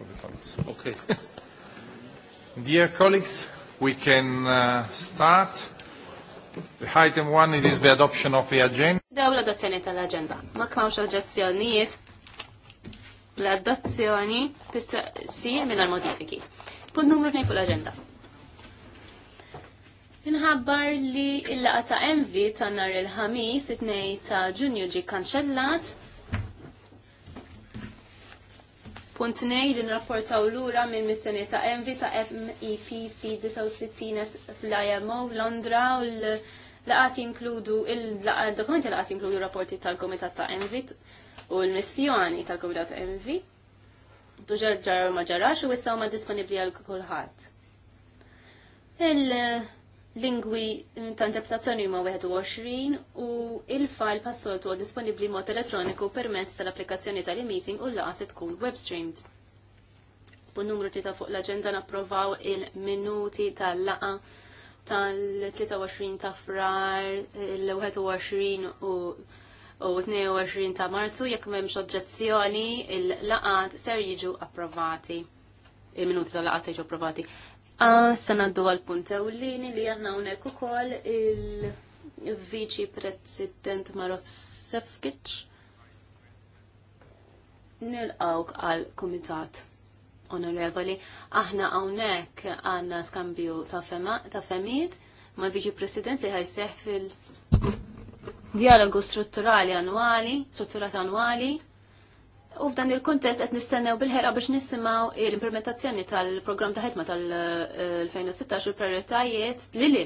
for the colleagues. Okay. Dear colleagues, we can uh, start. Item one, it is the adoption of the agenda. Daw l-adozzjoni tal-agenda. Ma kmawx oġġezzjonijiet. L-adozzjoni tista' sir minn modifiki Punt numru 2 fuq l-agenda. Inħabbar li il-laqa ta' MV ta' nhar il-ħamis 2 ta' ġunju ġi kanċellat Punt nej li nrapportaw lura minn missjoni ta' Envi ta' MEPC 69 fl-IMO Londra u l-laqat jinkludu, il-dokumenti laqat jinkludu rapporti tal-Komitat ta' Envi u l-missjoni tal-Komitat ta' Envi. Tuġa ma ġarax u issa ma disponibli għal kulħadd lingwi ta' interpretazzjoni huma 21 u il-file passoltu huwa disponibbli mod elettroniku permezz tal-applikazzjoni tal-e-meeting u laqgħa se tkun web streamed. Bu numru ta' fuq l-aġenda napprovaw il-minuti tal-laqa tal-23 ta' frar, l-21 u u 22 ta' marzu jekk m'hemmx oġġezzjoni il-laqat ser jiġu approvati. Il-minuti tal-laqat se jiġu approvati. Ah, sanaddu għal-punt ewlieni li għanna unek u il-Viċi President Marof Sefkic nil-għawk għal-Komitat onorevoli. Aħna għawnek għanna skambju ta' femid ma' viċi president li ħajseħ fil dialogu strutturali annuali, strutturat annuali U f'dan il-kontest qed nistennew bil-ħerqa biex nisimgħu l-implementazzjoni tal-programm ta' ħidma tal-2016 u prioritajiet lil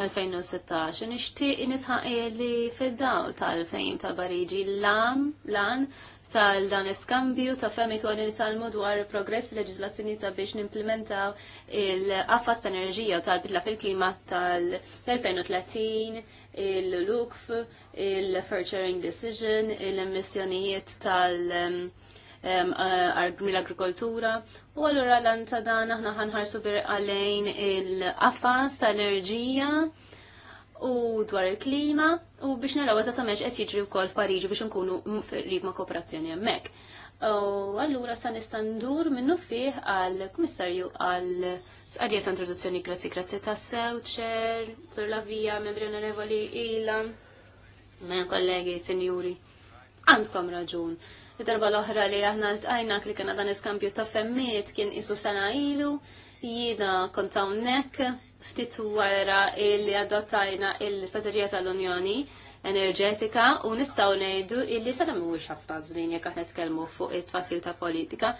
tal-2016. Nixtieq nisħaq li fid-daw tal-fejn ta' Pariġi lan an tal-dan iskambju ta' femmi tu li tal-mod dwar progress fil-leġizlazzjoni ta' biex nimplementaw il-qaffas ta' enerġija u tal-bidla fil-klima tal-2030 il-lukf, il-furturing decision, il-emissjonijiet tal- um, um, uh, mill-agrikoltura. U għallura l-anta dan aħna ħanħarsu għalajn il-qafas tal-enerġija u dwar il-klima u biex naraw eżattament qed jiġri wkoll f'Pariġi biex nkunu qrib ma' kooperazzjoni hemmhekk. U allura sa nista' ndur minnu fih għal kummissarju għal sqarrija ta' introduzzjoni grazzi grazzi ta' sew, ċer, sur la vija, membri onorevoli ila, men kollegi, senjuri. Għandkom raġun. Id-darba l-oħra li aħna l-tqajna li kena dan iskambju ta' femmiet kien isu sena ilu, jina kont hawnhekk ftit wara li adottajna il-strategija tal-Unjoni enerġetika u nistgħu ngħidu illi sa dan mhuwiex ħafna żmien jekk aħna tkellmu fuq it fasil ta' politika,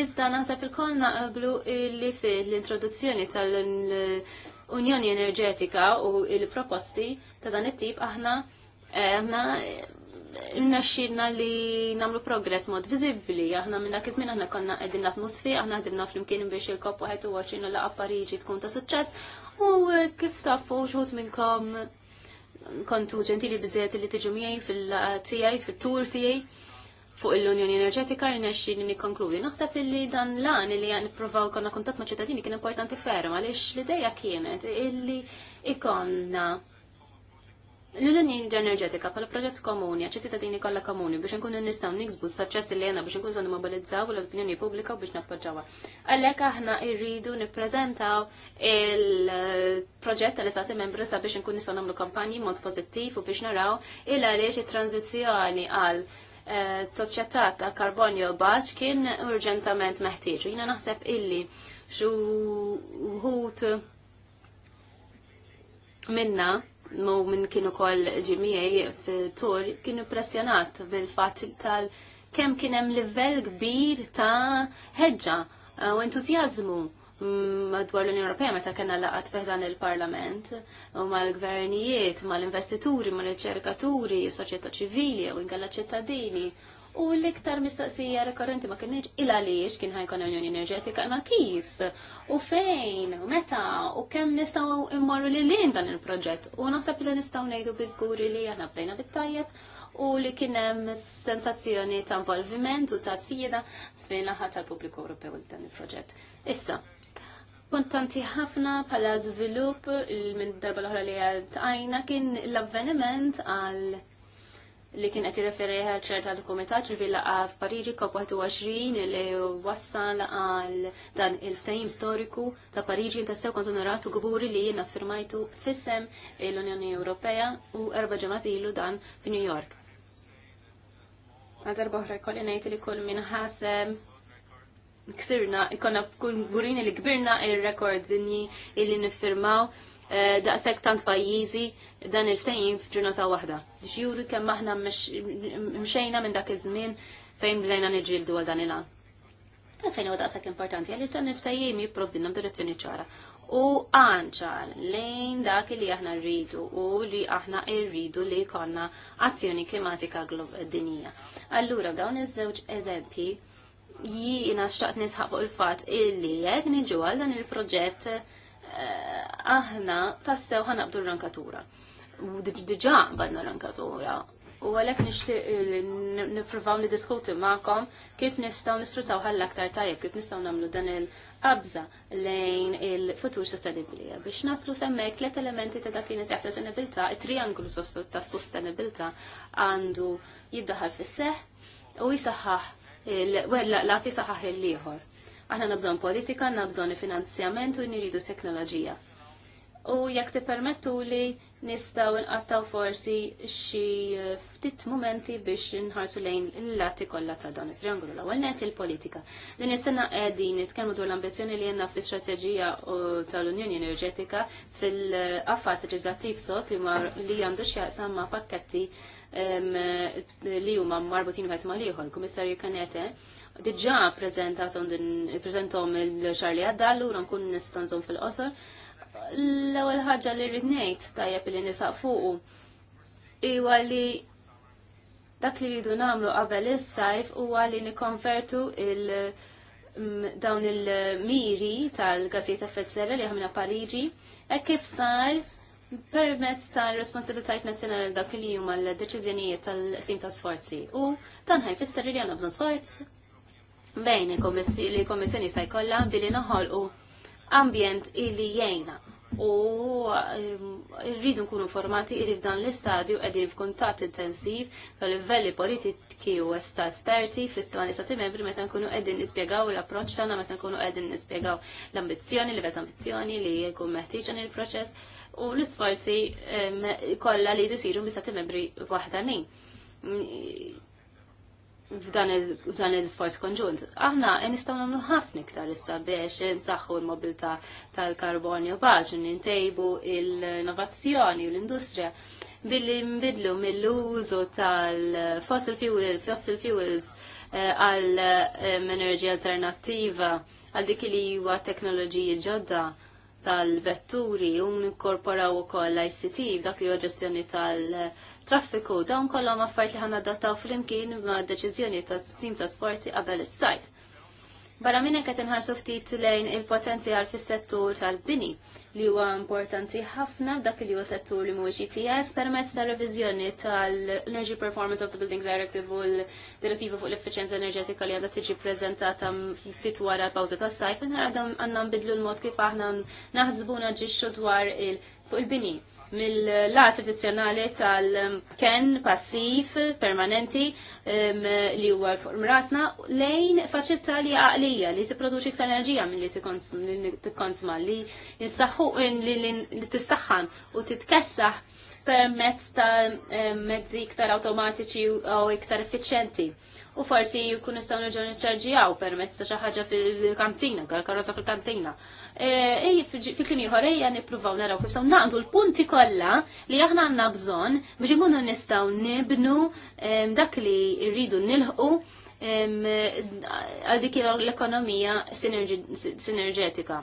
iżda naħseb fil koll naqblu illi fil-introduzzjoni tal-Unjoni Enerġetika u il-proposti ta' dan it-tip aħna eh, aħna rnaxxirna li namlu progress mod viżibbli, aħna minna kizmin aħna konna qegħdin l-atmosfi, aħna ħdimna flimkien biex il-kop 21 laqa Pariġi tkun ta' suċċess u kif tafu xħut minnkom kontu ġentili bizzet li tiġu miegħi fil-tiegħi, fit-tur tiegħi fuq l-Unjoni Enerġetika li nexxi li nikkonkludi. Naħseb illi dan lan li għan provaw konna kontat ma' ċittadini kien importanti ferm għaliex l ideja kienet illi ikonna L-Unjoni Enerġetika bħala proġett komuni, għax ċittadini kollha komuni biex nkunu nistgħu niksbu s-saċċess li għandna biex nkunu nimmobilizzaw l-opinjoni pubblika biex nappoġġawha. Għalhekk aħna rridu nippreżentaw il-proġett tal-Istati Membri sabiex nkunu nistgħu nagħmlu kampanji mod pożittiv u biex naraw il għaliex it-tranzizzjoni għal eh, soċjetà ta' karbonju baġ kien urġentament meħtieġ. Jiena naħseb illi xuħut minna mu minn kienu kol ġimijaj fil-tur kienu pressjonat bil-fat tal kem kienem livell kbir ta' ħedġa uh, u entuzjazmu mm, madwar l-Unjoni Ewropea meta kellna laqat fih dan il-Parlament u mal-gvernijiet, mal-investituri, mal-riċerkaturi, soċjetà ċivili u inkella ċittadini U l-iktar mistaqsija rekorrenti ma kienieġ il-għaliex kien ħajkon Unjoni Enerġetika imma kif u fejn u meta u kemm nistgħu immorru lil lin dan il-proġett. U naħseb li nistgħu ngħidu bizguri li aħna bdejna bit-tajjeb u li kien hemm sensazzjoni ta' involviment u ta' sieda fejn laħat tal-pubbliku Ewropew dan il-proġett. Issa, kontanti ħafna pala żvilupp minn darba l-oħra li għajna kien l-avveniment għal li kien qed jirreferiha ċer tal-Kumitat ġifi laqa f'Pariġi COP21 li wassal għal dan il-ftajim storiku ta' Pariġi ta' sew kont onoratu gburi li jien affirmajtu fissem l-Unjoni Ewropea u erba' ġemat ilu dan f'New York. Għadar boħra kolli ngħid li kull minn ksirna, ikonna kun gurini li kbirna il-rekord dinji illi niffirmaw Eh, daqshekk tant pajjiżi dan il-ftehim f'ġurnata waħda. Xjuri kemm aħna mxejna minn dak iż-żmien fejn bdejna niġġieldu għal dan il-għan. Fejn huwa daqshekk importanti għaliex dan il-ftehim jipprovdinna b'direzzjoni ċara. U għanċar lejn dak li aħna rridu u li aħna rridu li konna azzjoni klimatika dinija. Allura, dawn iż-żewġ eżempi jiena xtaqt nisħaq fuq il-fatt illi jekk niġu għal dan il-proġett aħna tassew ħanabdu r-rankatura. U diġa għadna rankatura U għalek niprofaw nidiskuti ma'kom kif nistaw nisrutaw ħall-aktar tajjeb, kif nistaw namlu dan il-qabza lejn il-futur sostenibli. Biex naslu semmek let elementi ta' dak li nitjaħ sostenibilta, il-trianglu ta' sostenibilta għandu jiddaħal fisseħ u jisaħħaħ, l-għella la' jisaħħaħ il-liħor Aħna nabżon politika, nabżon finanzjament u niridu teknoloġija u jekk tippermettu li nistaw nqattaw forsi xi eh, ftit momenti biex nħarsu lejn l-lati kollha ta' dan it-triangolu l-ewwel net il-politika. Din is-sena qegħdin nitkellmu dwar l-ambizzjoni li għandna fl-istrateġija tal-Unjoni Enerġetika fil affar leġislattiv sot li għandu x'jaqsam ma' pakketti li huma marbutin wieħed ma' liħor, kummissarju Kanete, diġà preżentatom il-xar li għadda, allura nkun nistanżom fil-qosor l-ewwel ħaġa li rrid ngħid tajjeb li nisaq fuqu iwa li dak li rridu nagħmlu qabel is-sajf huwa li nikkonvertu il dawn il-miri tal-gazzit effett li ħamna Pariġi e kif sar permezz tal-responsabilitajt nazzjonali dak li huma l-deċiżjonijiet tal qsim ta' sforzi u tanħaj fisser li għandna bżonn sforz bejn il-Kommissjoni sa jkollha billi noħolqu ambjent illi jgħinna u ehm, rridu nkunu formati li f'dan l-istadju qegħdin f'kuntatt intensiv tal-livelli politiki u sta esperti fl-istwan istati membri meta nkunu qegħdin nispjegaw l-approċċ tagħna meta nkunu qegħdin nispjegaw l-ambizzjoni, vet ambizzjoni li jkun meħtieġ dan il-proċess u l-isforzi ehm, kollha li jsiru bi stati membri waħdanin f'dan il-sforz konġunt. Aħna nistgħu nagħmlu ħafna iktar issa biex nsaħħu l-mobilità tal-karbonju baġu nintejbu l-innovazzjoni u l-industrija billi nbidlu mill-użu tal-fossil fuel, fossil fuels eh, għal eh, enerġija alternattiva għal dik li huwa teknoloġiji ġodda tal-vetturi u nkorporaw ukoll l ICT dak li huwa ġestjoni tal- traffiku dawn kollha affarijiet li ħana dataw flimkien ma' deċiżjoni ta' tim ta' sporti qabel is-sajf. Barra minn hekk qed inħarsu ftit lejn il-potenzjal fis-settur tal-bini li huwa importanti ħafna dak li huwa settur li mhuwiex ETS permezz ta' reviżjoni tal-Energy Performance of the Buildings Directive u l-Direttiva fuq l-Effiċenza Enerġetika li għandha tiġi preżentata ftit wara l-pawża tas-sajf, għandna nbidlu l-mod kif aħna naħsbuna naġixxu dwar il- fuq il-bini mill-lat tradizjonali tal-ken passiv permanenti li huwa fuq rasna lejn faċilità li għaqlija li tipproduċi iktar enerġija milli tikkonsma li jinsaħħu li tissaħħan u titkessaħ permezz ta' mezzi iktar awtomatiċi u iktar effiċjenti u forsi jkun nistgħu nerġgħu niċċarġijaw permezz ta' xi ħaġa fil-kantina, karozza fil-kantina. E, ej, fil-klim ieħor ejja nippruvaw naraw kif sew naqdu l-punti kollha li aħna għandna bżonn biex inkunu nistgħu nibnu dak li rridu nilħqu għal dik l-ekonomija sinerġetika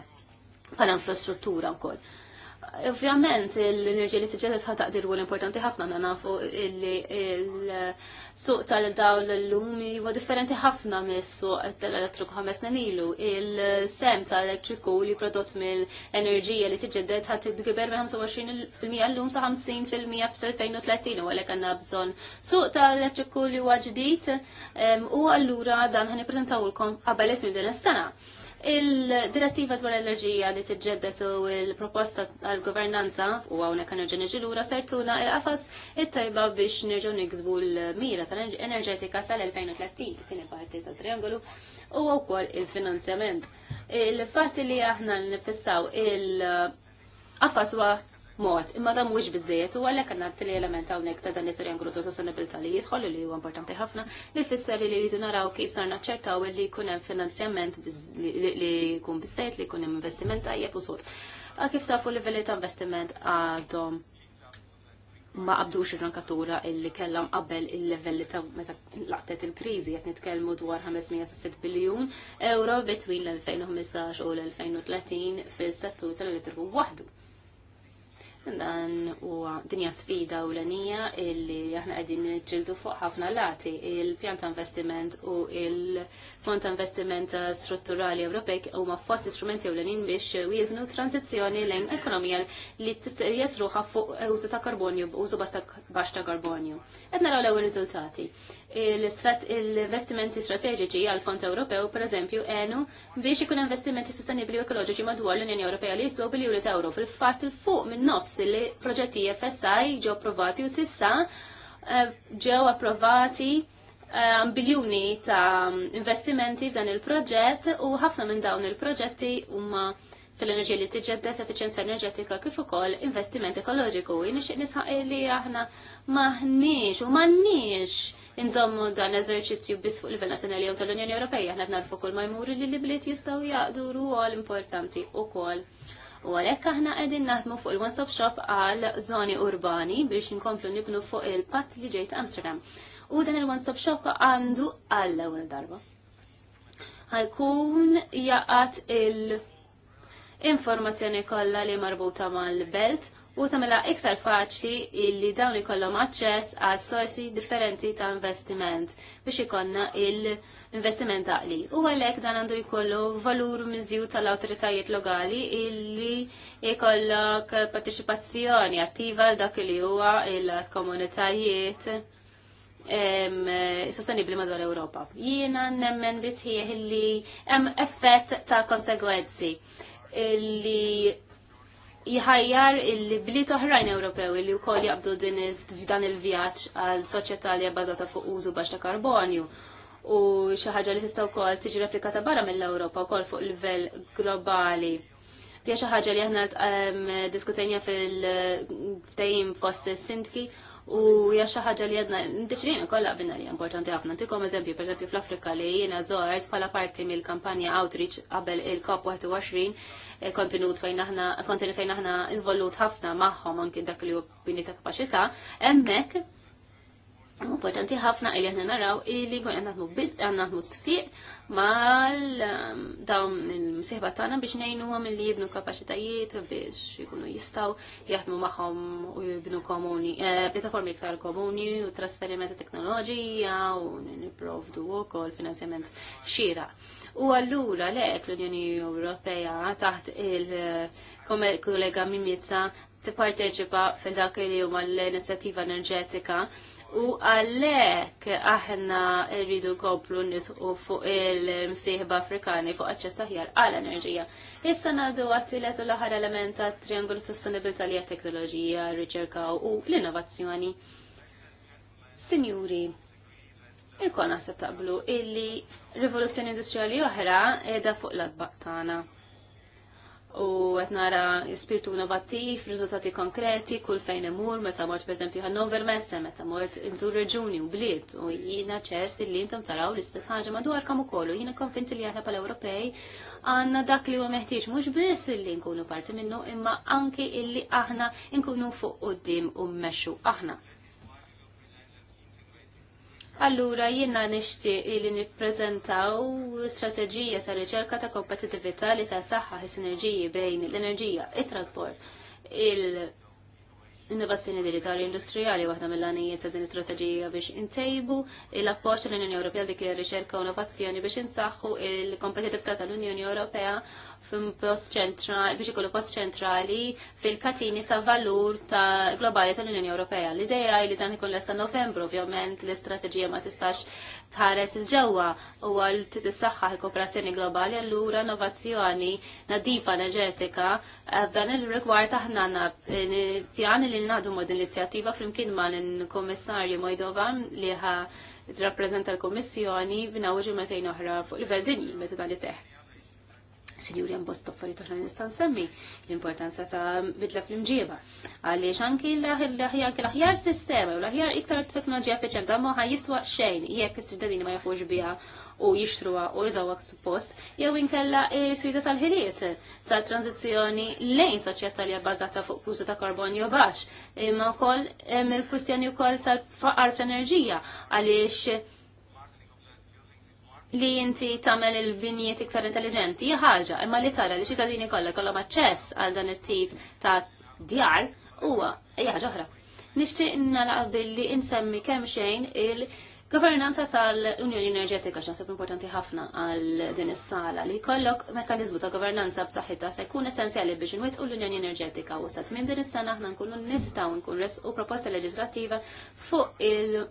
bħala infrastruttura wkoll. Ovvjament l-enerġija li tiġġedet ħa taqdir u l-importanti ħafna nafu li suq tal-dawl l-lumi huwa differenti ħafna mis-suq tal-elettriku ħames ilu. Il-sem tal-elettriku li prodott mill-enerġija li tiġġedded ħadd tidgiber minn 25% llum sa 50% f'l-2030 u għalek għandna bżonn suq tal-elettriku li huwa ġdid u allura dan prezentawulkom qabel minn din is-sena. Il-direttiva dwar l-enerġija li tiġġeddet u il-proposta għal-governanza u għawnek għanerġen ġilura sertuna il-qafas it-tajba biex nerġu nikzbu l-mira tal-enerġetika sal-2030, tini parti tal-triangolu, u għakwal il-finanzjament. Il-fat li aħna nifissaw il- qafas wa mod. Imma dan mhux biżejjed u għalhekk għandna tri element hawnhekk ta' dan it-triangolu ta' sostenibilità li jidħol li huwa importanti ħafna li fisser li jridu naraw kif sarna naċċertaw li jkun hemm finanzjament li jkun biżejjed li jkun hemm investiment tajjeb u sod. Kif tafu livelli ta' investiment għadhom ma qabdux ir-rankatura illi kellhom qabel il-livelli ta' meta laqtet il-kriżi qed nitkellmu dwar 506 biljun euro between l-2015 u l-2030 fis-settur tal-elettriku waħdu dan huwa dinja sfida u l għanija illi aħna qegħdin ġildu fuq ħafna lati il-pjan ta' investiment u il-fond ta' investiment strutturali Ewropej huma fost istrumenti l-għanin biex wieżnu tranzizzjoni lejn ekonomija li jesruħa fuq użu ta' karbonju b'użu baxx ta' karbonju. Qed naraw l-ewwel riżultati l-investimenti strateġiċi għal fond Ewropew, per eżempju, enu biex ikun investimenti sostenibli u ekoloġiċi madwar l-Unjoni Ewropea li jisu biljuri ta' euro. Fil-fatt il-fuq minn nofs li proġetti FSI ġew approvati u sissa eh, ġew approvati eh, biljuni ta' investimenti f'dan il-proġett u ħafna minn dawn il-proġetti huma fil-enerġija li tiġġeddet efficienza enerġetika kif ukoll investiment ekoloġiku. Nixtieq nisħaq li aħna maħniex u m'għandniex inżommu dan l-eżerċizzju biss fuq livell nazzjonali jew tal-Unjoni Ewropea aħna narfu kull ma jmur li l-bliet jistgħu jaqduru wkoll importanti ukoll. U għalhekk aħna qegħdin naħdmu fuq il-one stop shop għal żoni urbani biex inkomplu nibnu fuq il-patt li ġejt Amsterdam. U dan il-one stop shop għandu għall ewwel darba. Ħajkun jaqat il- informazzjoni kollha li marbuta mal-belt u tamela iktar faċli illi dawn ikollhom aċċess għal sorsi differenti ta' investiment biex ikonna il-investiment għaqli. U għalhekk dan għandu jkollu valur miżju tal-awtoritajiet lokali illi jkollok parteċipazzjoni attiva għal dak li huwa il-komunitajiet sostenibli madwar Ewropa. Jiena nemmen bisħieħ li hemm effett ta' konsegwenzi li jħajjar il-bliet oħrajn Ewropew li wkoll jaqbdu dan il-vjaġġ għal soċjetà li bbażata fuq użu baxx ta' karbonju u xi ħaġa li tista' wkoll tiġi replikata barra mill-Ewropa wkoll fuq livell globali. Dija xi ħaġa li aħna ehm, diskutejna fil-tejjim fost is-sindki U hija xi ħaġa li għedna ndeċidin kollha qbilna li importanti ħafna. Tikom eżempju, pereżempju fl-Afrika li jiena żort bħala parti mill-kampanja Outreach qabel il-COP21 l-kontinut fejn aħna kontinut fejn aħna involut ħafna magħhom anke dak li hu bini ta' kapaċità, hemmhekk Importanti ħafna illi aħna naraw illi kun għandna naħdmu biss għandna naħdmu sfiq mal um, dawn il-msieħba tagħna biex ngħinuhom illi jibnu kapaċitajiet biex ikunu jistgħu jaħdmu magħhom u jibnu komuni eh, pjattaformi iktar komuni u trasferiment ta' teknoloġija u nipprovdu wkoll finanzjament xira. U allura lek l-Unjoni Ewropea taħt il eh, kollega Mimica tipparteċipa fil dak li huma l-inizjattiva enerġetika u għalek aħna rridu koplu nisqu fuq il-msieħba Afrikani fuq aċċess aħjar għal enerġija. Issa nagħdu għattilet u l-aħħar element ta' triangolu sostenibilta li teknoloġija, riċerka u l-innovazzjoni. Sinjuri, il-kona se taqblu illi rivoluzzjoni industriali oħra edha fuq l adbaqtana tagħna u qed nara spiritu innovattiv, riżultati konkreti, kull fejn imur, meta mort esempio Hannover Messe, meta mort nżur reġuni u bliet u jiena ċert li jintom taraw l-istess madwar kam ukoll u jiena konfinti li aħna pal-Ewropej għanna dak li huwa meħtieġ mhux biss illi nkunu parti minnu imma anki illi aħna nkunu fuq dim u mmexxu aħna. Allura jiena nixtieq li nippreżentaw strateġija ta' riċerka ta' kompetitività li ta' saħħa sinerġiji bejn l-enerġija, it-trasport, il-innovazzjoni digitali industrijali waħda mill-għanijiet ta' din strategija biex intejbu l-appoġġ l-Unjoni Ewropea dik ir-riċerka u innovazzjoni biex insaħħu il-kompetitività tal-Unjoni Ewropea fil-post ċentrali biex ikollu post ċentrali fil-katini ta' valur ta' globali tal-Unjoni Ewropea. l ideja li dan ikun l-esta Novembru, ovvjament l-istrateġija ma tistax tħares il-ġewwa u għal titissaħħaħ kooperazzjoni globali allura innovazzjoni nadifa enerġetika eh, f'dan il-rigward aħna għandna eh, pjani li ngħadu mod l inizjattiva flimkien ma' l-Kummissarju Mojdovan li ħa rappresenta l-Kommissjoni b'naw ġimgħatejn oħra fuq il verdini meta dan iseħħ. Sinjuri għan bost toffariet uħra nistan semmi l-importanza ta' bidla fl-imġiba. Għaliex anki l-aħjar sistema u l ħjar iktar teknoloġija effiċenta ma ħaj jiswa xejn jekk is-ċittadini ma jafuġ biha u jixtruha u jizawak suppost, jew inkella swida tal-ħiliet tal tranzizjoni lejn soċjetà li bbażata fuq kusu ta' karbonju baxx, imma wkoll il u wkoll tal-faqar fl-enerġija għaliex li inti tagħmel il-binijiet iktar intelligenti hija ħaġa, imma li tara li ċittadini kollha kollhom aċċess għal dan it-tip ta' djar huwa hija ħaġa oħra. Nixtieq nalaq billi insemmi kemm xejn il-governanza tal-Unjoni Enerġetika x'naħseb importanti ħafna għal din is-sala li jkollok mekkaniżmu ta' governanza b'saħħitha se jkun essenzjali biex inwettqu l-Unjoni Enerġetika u sa tmiem din is-sena aħna nkunu nistgħu nkun resqu proposta leġislattiva fuq il-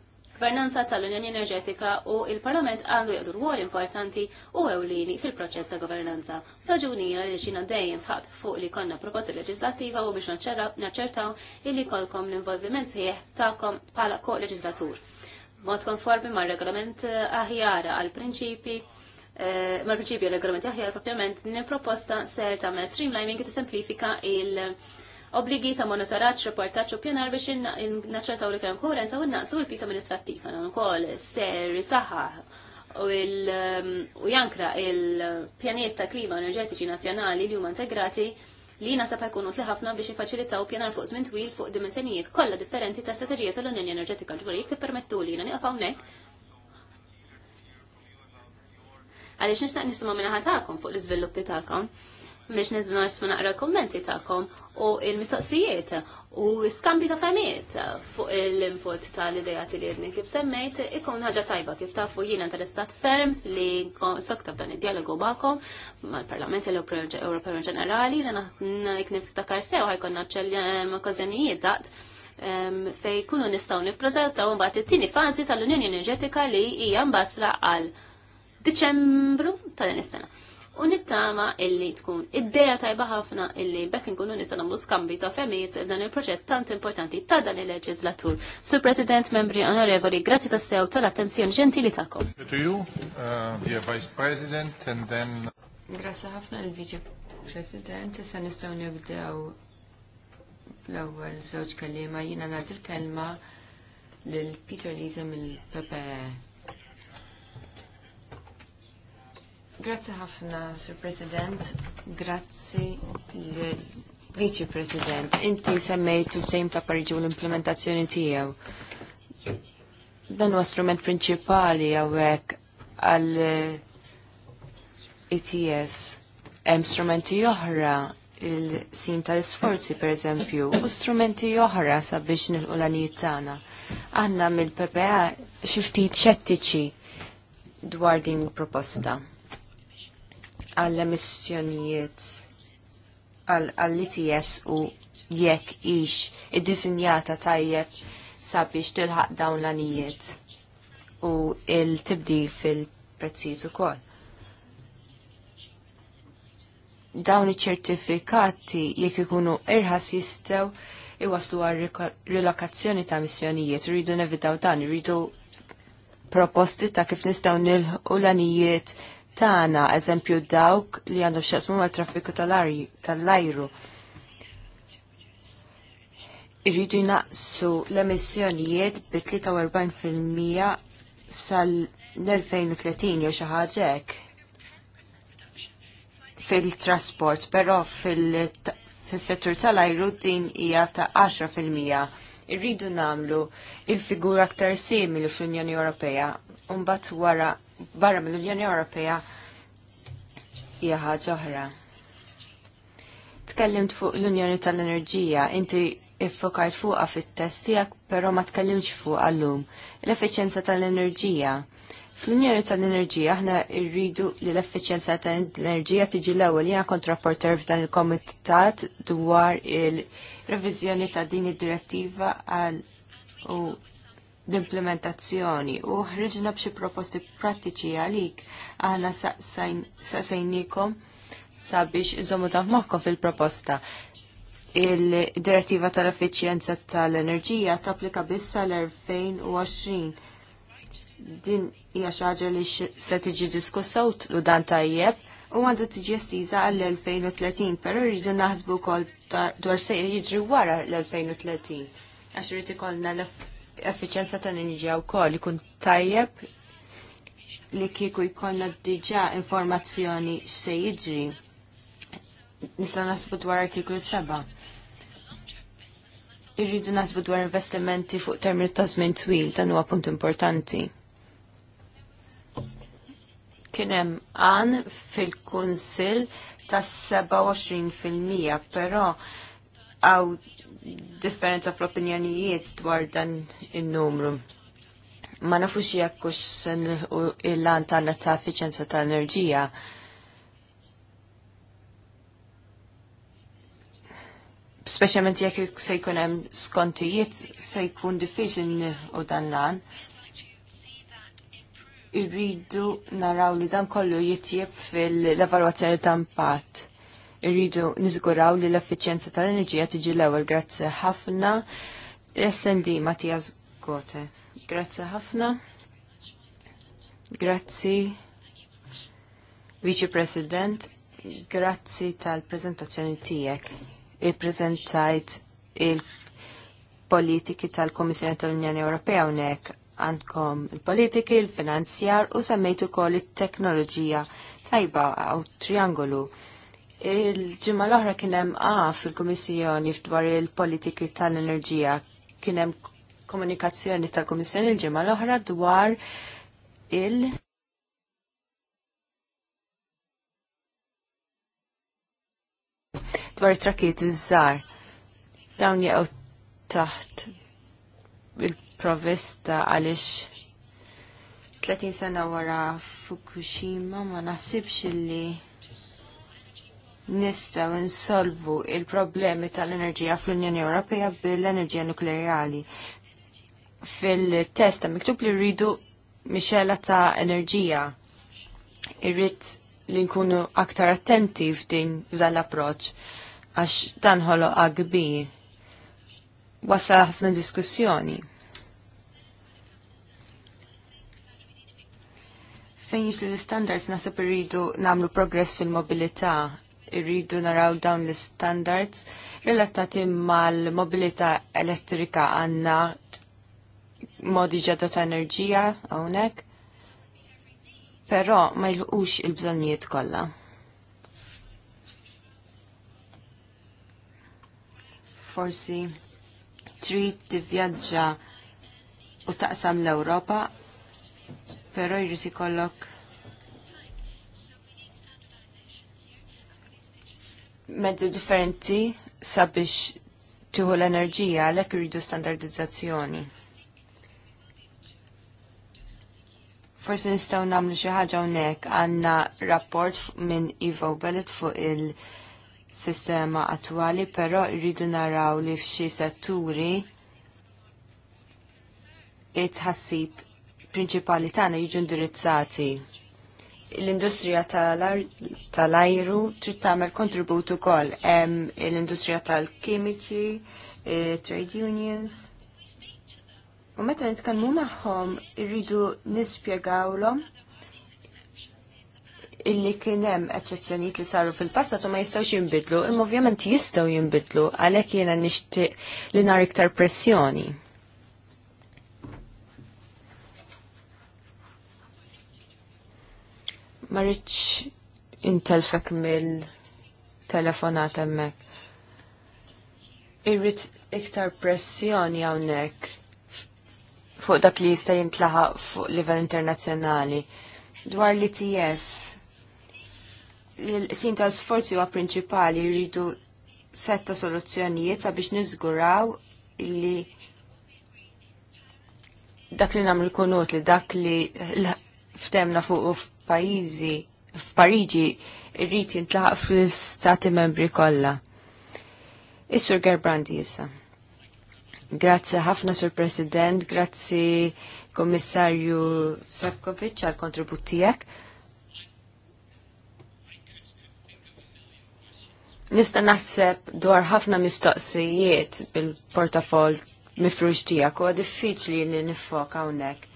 gvernanza tal-Unjoni Enerġetika u il-Parlament għandu jgħadu rwol importanti u ewlini fil-proċess ta' governanza. Raġuni li xina dejjem sħat fuq li konna proposti legislativa u biex naċċertaw illi kolkom l-involviment sieħ ta'kom pala ko legislatur. Mod konformi ma' regolament eh, aħjara għal-prinċipi eh, mal-prinċipju tal-regolament aħjara propjament din il-proposta ser tagħmel streamlining u tisemplifika il- obbligi ta' monitoraġġ, reportaġġ u pjanar biex naċċertaw li kemm kurenza u naqsu l-pis amministrattiv għandhom ukoll ser saħħaħ um, u jankra il-pjaniet ta' klima enerġetiċi nazzjonali li huma integrati li nasab ħajkunu tli ħafna biex ifaċilitaw pjanar fuq żmien twil fuq dimensjonijiet kollha differenti ta' strateġija tal-Unjoni Enerġetika ġbur jekk tippermettu li jiena nieqaf hawnhekk. Għaliex nista' nisimgħu minn ħatakom fuq l-iżviluppi tagħkom biex nizlu nisma naqra kommenti ta'kom u il-mistoqsijiet u skambi ta' femiet fuq l-input tal ideja li jedni kif semmejt ikun ħaġa tajba kif tafu jiena interessat ferm li sokta f'dan id-dialogu bakom mal-Parlament Europeo ġenerali li jek niftakar sew ħajkonna okkażjonijiet daqt fej kunu nistaw nippreżentaw mbagħad it-tieni fażi tal-Unjoni Enerġetika li hija mbassla għal Diċembru ta' din is-sena u nittama illi tkun id-deja tajba ħafna illi bekk nkunu nista' nagħmlu skambi ta' femijiet dan il-proġett tant importanti ta' dan il-leġislatur. Sur President, membri onorevoli, grazzi ta' sew tal attenzjon ġentili tagħkom. To you, uh, dear Vice President, and then. Grazzi ħafna il vice President, issa nistaw nibdew l-ewwel żewġ kelliema jiena nagħti l-kelma lil Peter Lisa mill-PPE. Grazzi ħafna, Sur President. Grazie l-Vice President. Inti semmejt u sejm ta' Pariġu l-implementazzjoni tiegħu. Dan huwa strument prinċipali hawnhekk għal ETS. Hemm strumenti oħra il-sim tal-sforzi per eżempju, u strumenti oħra sabiex nilqu l-għanijiet tagħna. Aħna mill-PPA xi ftit xettiċi dwar din il proposta għall-emissjonijiet għall-ITS u jekk ix id-disinjata tajjeb sabiex tilħaq dawn l-anijiet u il-tibdi fil-prezzijiet ukoll. Dawn iċ-ċertifikati jekk ikunu irħas jistgħu iwaslu għal rilokazzjoni ta' missjonijiet, rridu nevitaw dan, rridu proposti ta' kif nistgħu nilħu l-anijiet Tana eżempju dawk li għandu x'jaqsmu mal-traffiku tal-ajru. Irridu naqsu l-emissjonijiet bi 43% sal-2030 jew xi ħaġa fil-trasport, però fil-settur tal-ajru din hija ta' 10%. Irridu namlu il-figura aktar simili fl-Unjoni Ewropea, un wara barra mill-Unjoni Ewropea hija ħaġa oħra. Tkellimt fuq l-Unjoni tal-Enerġija, inti iffokajt fuqha fit-test tiegħek, però ma tkellimx fuq għallum. L-effiċjenza tal-enerġija. Fl-Unjoni tal-Enerġija aħna rridu li l-effiċjenza tal-enerġija tiġi l-ewwel jiena kontrapporter f'dan il-komitat dwar il-reviżjoni ta' din id-direttiva għal u l-implementazzjoni u ħriġna b'xi proposti prattiċi għalik aħna saqsajnikom sabiex iżommu taħmaħkom fil-proposta. Il-direttiva tal-effiċjenza tal-enerġija tapplika biss sal-2020. Din hija xi ħaġa li se tiġi diskussa u dan tajjeb u għandu tiġi estiza għall-2030, pero rridu naħsbu kol dwar se jiġri wara l-2030. Għax rrid ikollna efficienza ta' enerġija u kol ikun tajjeb li kieku jkollna diġa informazzjoni x'se jiġri. Nisa nasbu dwar artiklu 7. Irridu nasbu dwar investimenti fuq terminu ta' żmien twil dan huwa punt importanti. Kien hemm għan fil-Kunsill tas-27 fil-mija, però għaw differenza fl-opinjonijiet dwar dan in-numru. Ma nafux jekk hux il-lan tanna ta' effiċenza ta' enerġija. Speċjalment jekk se jkun hemm skontijiet se jkun diffiċli u dan lan. Irridu naraw li dan kollu jitjieb fil-evalwazzjoni ta' impatt irridu niżguraw li l-effiċjenza tal-enerġija tiġi l-ewwel grazzi ħafna. SND Mattias Gote. Grazzi ħafna. Grazzi. Vice President, grazzi tal-prezentazzjoni tiegħek. Ippreżentajt il-politiki tal-Komissjoni tal-Unjoni Ewropea hawnhekk għandkom il-politiki, il-finanzjar u semmejtu kol il-teknoloġija tajba għaw triangolu Il-ġimma l-oħra kienem a fil komissjoni f'dwar il-politiki tal-enerġija. Kienem komunikazzjoni tal-Komissjoni il-ġimma l-oħra dwar il- dwar it-trakiet iż-żar. Dawn jaqgħu taħt il-provista għaliex 30 sena wara Fukushima ma naħsibx li nistaw insolvu il-problemi tal-enerġija fl-Unjoni Ewropea bil-enerġija nukleari. Fil-testa miktub li rridu mixela ta' enerġija. Irrid li nkunu aktar attenti f'din f'dan l-approċ għax dan ħolo kbir. Wasa ħafna diskussjoni. fejn jisli l-standards nasib irridu namlu progress fil-mobilità irridu naraw dawn l-standards relatati mal-mobilità elettrika għanna modi ġodda ta' enerġija hawnhekk, però ma jilqux il-bżonnijiet kollha. Forsi trid tivvjaġġa u taqsam l-Ewropa, però jrid ikollok mezzi differenti sabiex tieħu l-enerġija għalhekk iridu standardizzazzjoni. Forsi nistgħu nagħmlu xi ħaġa hawnhekk għandna rapport minn Ivo Bellet fuq il- sistema attwali, però rridu naraw li f'xi setturi it-ħassib prinċipali tagħna jiġu indirizzati l-industrija tal-ajru trid tagħmel kontribut ukoll hemm l-industrija tal-kimiċi, eh, trade unions. U meta nitkellmu magħhom irridu nispjegawlhom illi kien hemm eċċezzjonijiet li saru fil-passat u ma jistgħux jinbidlu, imma ovvjament jistgħu jinbidlu għalhekk jiena nixtieq li nar iktar pressjoni. marriċ intelfek mill-telefonat emmek. Irrit iktar pressjoni għawnek fuq dak li jista' jintlaħa fuq livell internazzjonali. Dwar li TS, il-sin ta' sforzi huwa prinċipali jridu setta soluzzjonijiet sabiex niżguraw li dak li namlu konut li dak li ftemna fuq pajizi f'Pariġi irrid jintlaħaq fl-istati membri kollha. Is-Sur Gerbrandi issa. Grazzi ħafna Sur President, grazzi Kommissarju Sefkovic għal kontribut tiegħek. Nista' naħseb dwar ħafna mistoqsijiet bil-portafol mifrux tiegħek u diffiċli li nifok hawnhekk.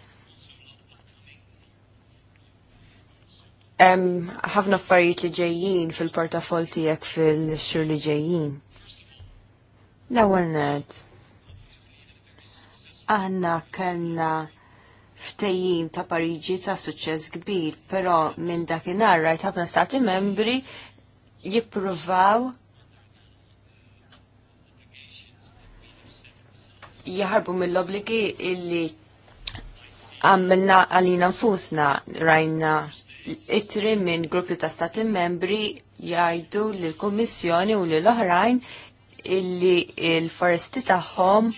ħafna affarijiet li ġejjin fil-portafol tiegħek fil-xhur li ġejjin. L-ewwel ned. Aħna kellna ftejjim ta' Pariġi ta' suċċess kbir, però minn dakinhar rajt ħafna stati membri jippruvaw jħarbu mill-obligi illi għamilna għalina nfusna rajna It-trim minn gruppi ta' stati membri jgħidu l komissjoni u l-oħrajn illi il-foresti tagħhom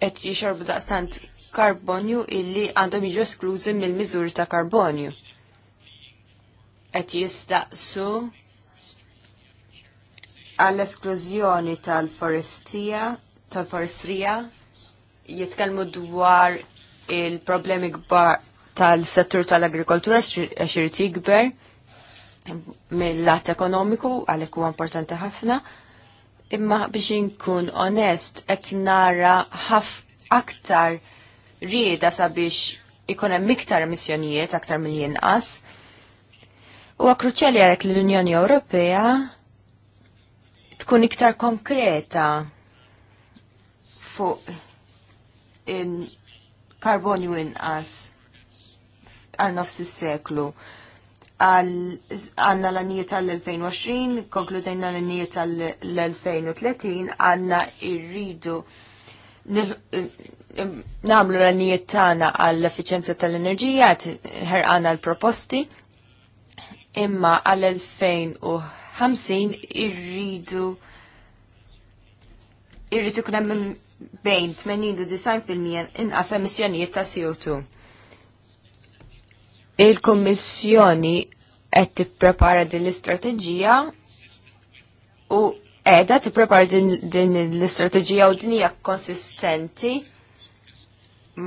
qed jixorbu daqstant karbonju illi għandhom jiġu esklużi mill-miżuri ta' karbonju. Qed jistaqsu għall-esklużjoni tal-forestija tal-forestrija jitkellmu dwar il-problemi kbar tal-settur tal-agrikoltura xir tigber mill-lat ekonomiku għalhekk huwa importanti ħafna. Imma biex inkun onest qed nara ħaf aktar rieda sabiex ikun hemm iktar emissjonijiet aktar milli jinqas. Huwa kruċjali għalhekk li l-Unjoni Ewropea tkun iktar konkreta fuq karbonju inqas għal nofs is-seklu. Għanna l-għanijiet għall-2020, konkludajna l-għanijiet għall-2030, għanna irridu namlu l-għanijiet tagħna għall-efficienza tal-enerġija, ħerqana l-proposti, imma għall-2050 irridu irridu ikun hemm bejn 80-90% inqas emissjonijiet ta' CO2. Il-Kommissjoni qed tipprepara din l-istrateġija u qiegħda tipprepara din l-istrateġija u din hija konsistenti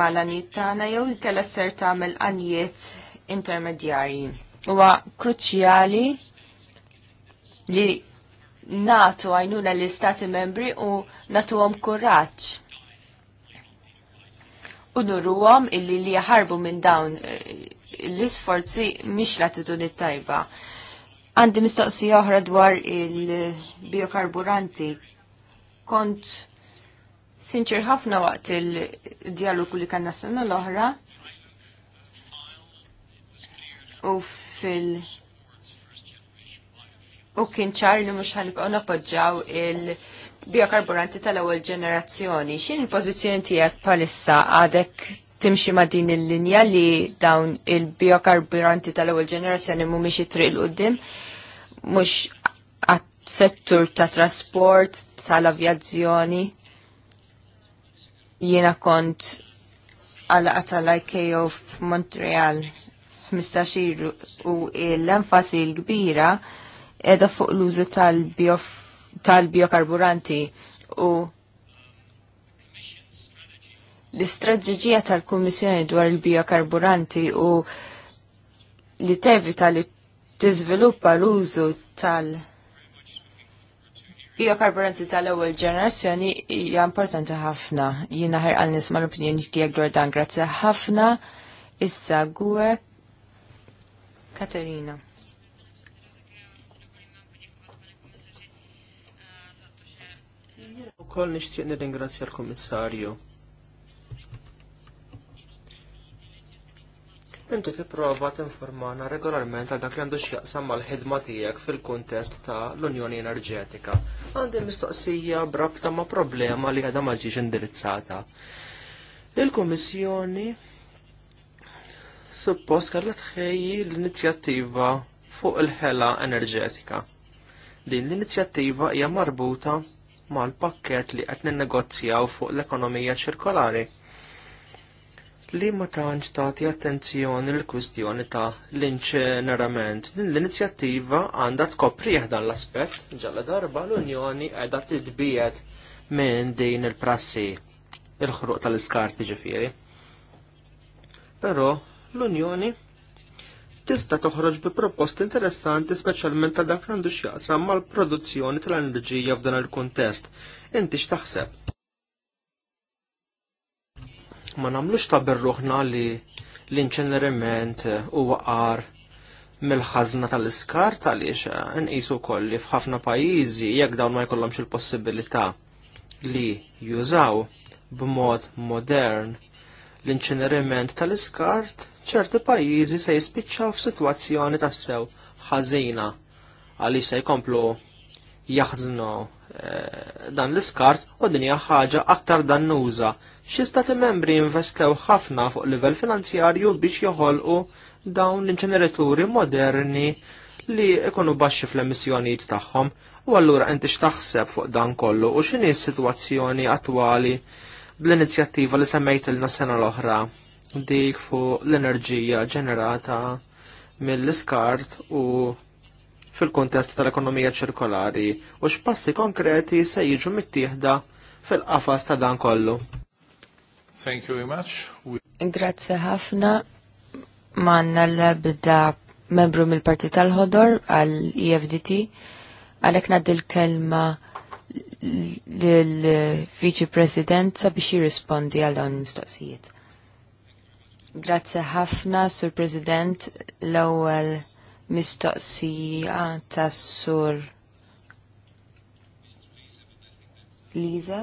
mal-għanijiet tagħna jew inkella ser tagħmel għanijiet intermedjarji. Huwa kruċjali li natu għajnuna l-istati membri u natu għom kurraċ. U għom illi li jaharbu minn dawn eh, l-isforzi miex l-attitudni tajba. Għandi mistoqsija oħra dwar il-biokarburanti. Kont sinċir ħafna waqt il-dialogu li kanna s-sena l-oħra u fil- u kien ċar li mhux ħalibqgħu nappoġġjaw il-biokarburanti tal-ewwel ġenerazzjoni. X'in il-pożizzjoni tiegħek bħalissa għadek timxi ma' din il-linja li dawn il-biokarburanti tal-ewwel ġenerazzjoni mhumiex it-triq l qudiem mhux għat-settur ta' trasport, tal-avjazzjoni. Jiena kont għalaqa tal-IKO f'Montreal 15 u l-enfasi l-kbira edha fuq l-użu tal-biokarburanti tal u l-istraġġeġija tal-Kummissjoni dwar il-biokarburanti u li tevita li tiżviluppa l-użu tal- Biokarburanti tal-ewwel ġenerazzjoni hija importanti ħafna. Jiena ħerqal nisma' l-opinjoni tiegħek dwar dan grazzi ħafna. Issa gwek Katerina. ukoll nixtieq nirringrazzja l-Kummissarju. Intu tipprova tinformana regolarment għal dak li għandu x'jaqsam mal-ħidma tiegħek fil-kuntest ta' l-Unjoni Enerġetika. Għandi mistoqsija brabta ma' problema li għadha ma indirizzata. Il-Kummissjoni suppost kellha tħejji l-inizjattiva fuq il-ħela enerġetika. Din l-inizjattiva hija marbuta mal-pakket li qed ninnegozjaw fuq l-ekonomija ċirkolari li ma tantx tagħti attenzjoni l kwistjoni ta' l-inċenerament. Din l-inizjattiva għandha tkopri dan l-aspett ġalla darba l-Unjoni qiegħda titbiet minn din il-prassi il-ħruq tal-iskarti ġifieri. Però l-Unjoni tista' toħroġ bi proposti interessanti speċjalment ta' dak għandu x'jaqsam mal-produzzjoni tal-enerġija f'dan il-kuntest. Inti x'taħseb? Ma nagħmlux ta' berruħna li l inċenerament u waqar mill-ħażna tal tal għaliex nqisu wkoll li f'ħafna pajjiżi jekk dawn ma jkollhomx il-possibilità li jużaw b'mod modern l inċenerament tal-iskart ċerti pajjiżi se jispiċċaw f'sitwazzjoni tas-sew ħażina għaliex se jkomplu jaħżnu eh, dan l-iskart u din hija ħaġa aktar dannuża. Xi stati membri investew ħafna fuq livell finanzjarju biex joħolqu dawn l-inċeneraturi moderni li ikunu baxxi fl-emissjonijiet tagħhom u allura inti x'taħseb fuq dan kollu u x'inhi s-sitwazzjoni attwali bl-inizjattiva li semmejt ilna sena l-oħra dik fuq l-enerġija ġenerata mill-iskart u fil-kontest tal-ekonomija ċirkolari u x'passi konkreti se jiġu mittieħda fil-qafas ta' dan kollu. Thank you very much. We... Grazzi ħafna manna l-bidda membru mill-Parti tal-ħodor għal-EFDT għalek nad il-kelma l-Viċi President sabiex jirrispondi għal dawn il-mistoqsijiet. Grazzi ħafna, Sur President, l-ewwel mistoqsija tas Sur Liza.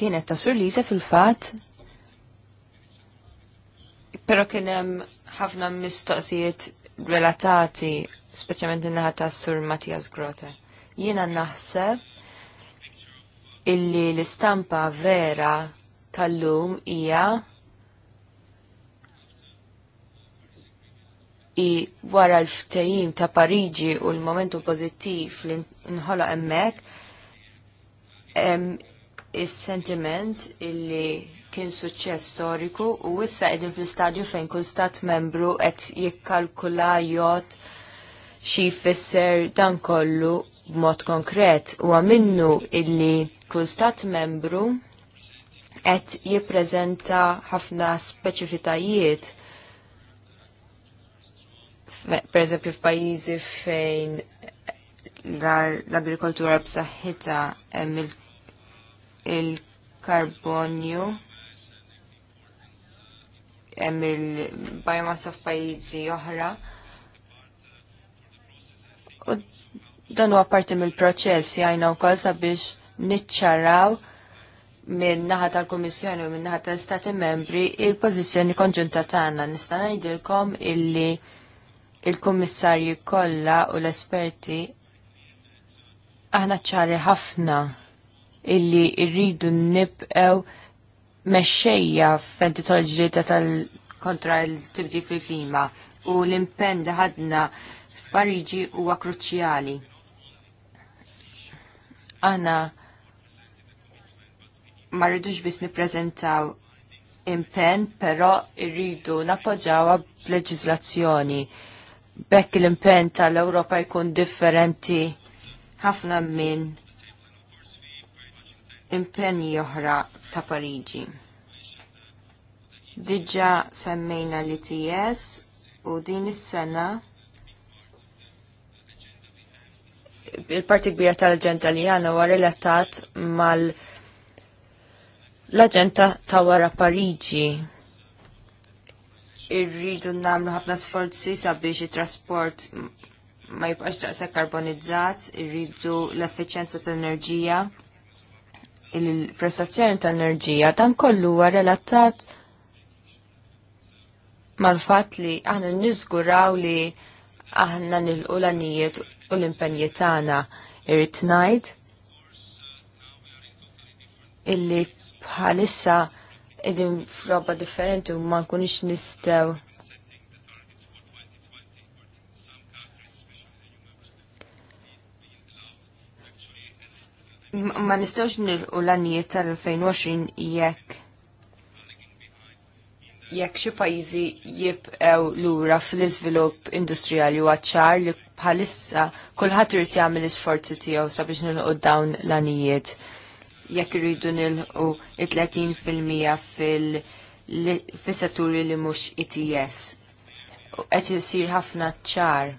Kienet ta' Sur Liza fil-fatt. Però kien hemm ħafna mistoqsijiet relatati, speċjalment in-naħa ta' Sur Mattias Grote. Jiena naħseb illi l-istampa vera tal-lum hija i wara l-ftejim ta' Pariġi u l-momentu pozittiv li nħola emmek, il-sentiment illi kien suċċess storiku u issa edin fil-stadju fejn kull stat membru qed jikkalkula jot xi jfisser dan kollu b'mod konkret u għaminnu illi kull stat membru qed jippreżenta ħafna speċifitajiet per eżempju f'pajjiżi fejn l-agrikoltura b'saħħitha hemm il-karbonju hemm il-biomassa f'pajjiżi oħra. U dan huwa parti mill-proċess jgħajna wkoll sabiex niċċaraw minn naħa tal-Komissjoni u minn naħa tal-Stati membri il-pozizjoni konġunta tagħna nista' ngħidilkom illi il-kummissarji kollha u l-esperti aħna ċari ħafna illi rridu nibqew mexxejja fenti tal tal-kontra l-tibdil fil-klima u l-impenn li ħadna f'Pariġi huwa kruċjali. Aħna ma rridux biss nippreżentaw impenn, però rridu nappoġġaw b'leġiżlazzjoni. Bekk l-impenn tal-Ewropa jkun differenti ħafna minn impenni oħra ta' Pariġi. Diġa semmejna l-ITS u din is-sena il-parti kbira tal ġenda li għana huwa relatat mal- l aġenta ta' wara Pariġi irridu namlu ħafna sforzi sabiex it-trasport ma jibqax daqshekk karbonizzat, irridu l efficienza ta' enerġija il-prestazzjoni ta' enerġija dan kollu huwa relatat mal-fatt li aħna niżguraw li aħna nilqu l-anijiet u l-impenjiet tagħna irrid ngħid illi bħalissa edin f'roba differenti u ma nkunix nistew. Ma nistawx nilqu l-għannijiet tal-2020 jekk jekk xi pajjiżi jibqgħu lura fl-iżvilupp industrijali u għaċċar li bħalissa kulħadd irid jagħmel isforzi tiegħu sabiex nilqu dawn l annijiet jekk irridu nilħu 30% fil-setturi li mhux ITS. Għet jisir ħafna ċar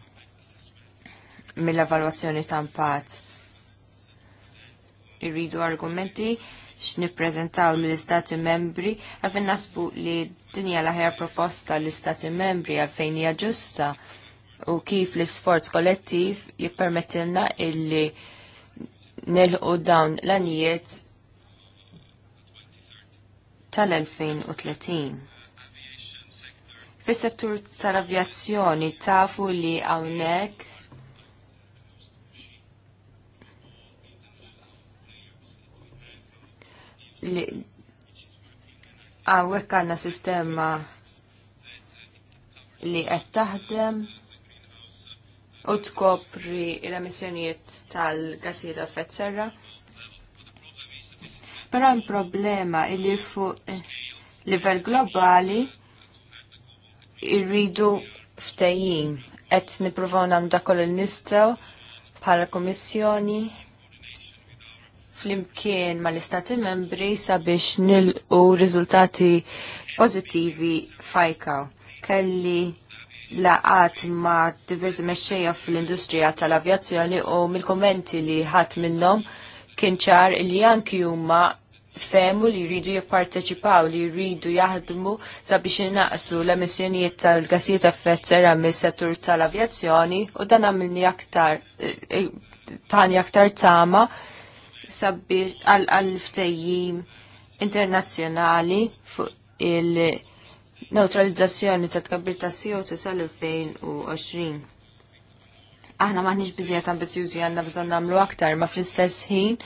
mill-evalwazzjoni ta' impatt. Irridu argumenti x'nippreżentaw lill-Istati Membri għalfejn nasbu li dinja l-aħjar proposta l-Istati Membri għalfejn hija ġusta u kif l-isforz kollettiv jippermettilna illi Nilqu dawn l-anijiet tal-2030. Fis-settur tal-avjazzjoni tafu li hawnhekk li għawek għanna sistema li qed taħdem u tkopri l-emissjonijiet tal-gassijiet effett serra. Però l-problema li fuq eh, livell globali irridu ftejjim qed nippruvaw nagħmlu dakol il nistgħu bħala Kummissjoni flimkien mal-Istati Membri sabiex nilqu riżultati pożittivi fajkaw. Kelli laqat ma diversi mexxejja fl-industrija tal-avjazzjoni u mill-kommenti li ħadd minnhom kien ċar li anki huma femu li jridu jipparteċipaw, li jridu jaħdmu sabiex inaqsu l-emissjonijiet tal-gassijiet effett sera mis-settur tal-avjazzjoni u dan għamilni aktar eh, eh, tani aktar tama sabiex għal-ftejjim internazzjonali fuq il- neutralizzazzjoni ta' tkabbir ta' CO2 sal-2020. Aħna maħniġ biżjed ambizjużi għandna bżonn nagħmlu aktar, ma fl-istess ħin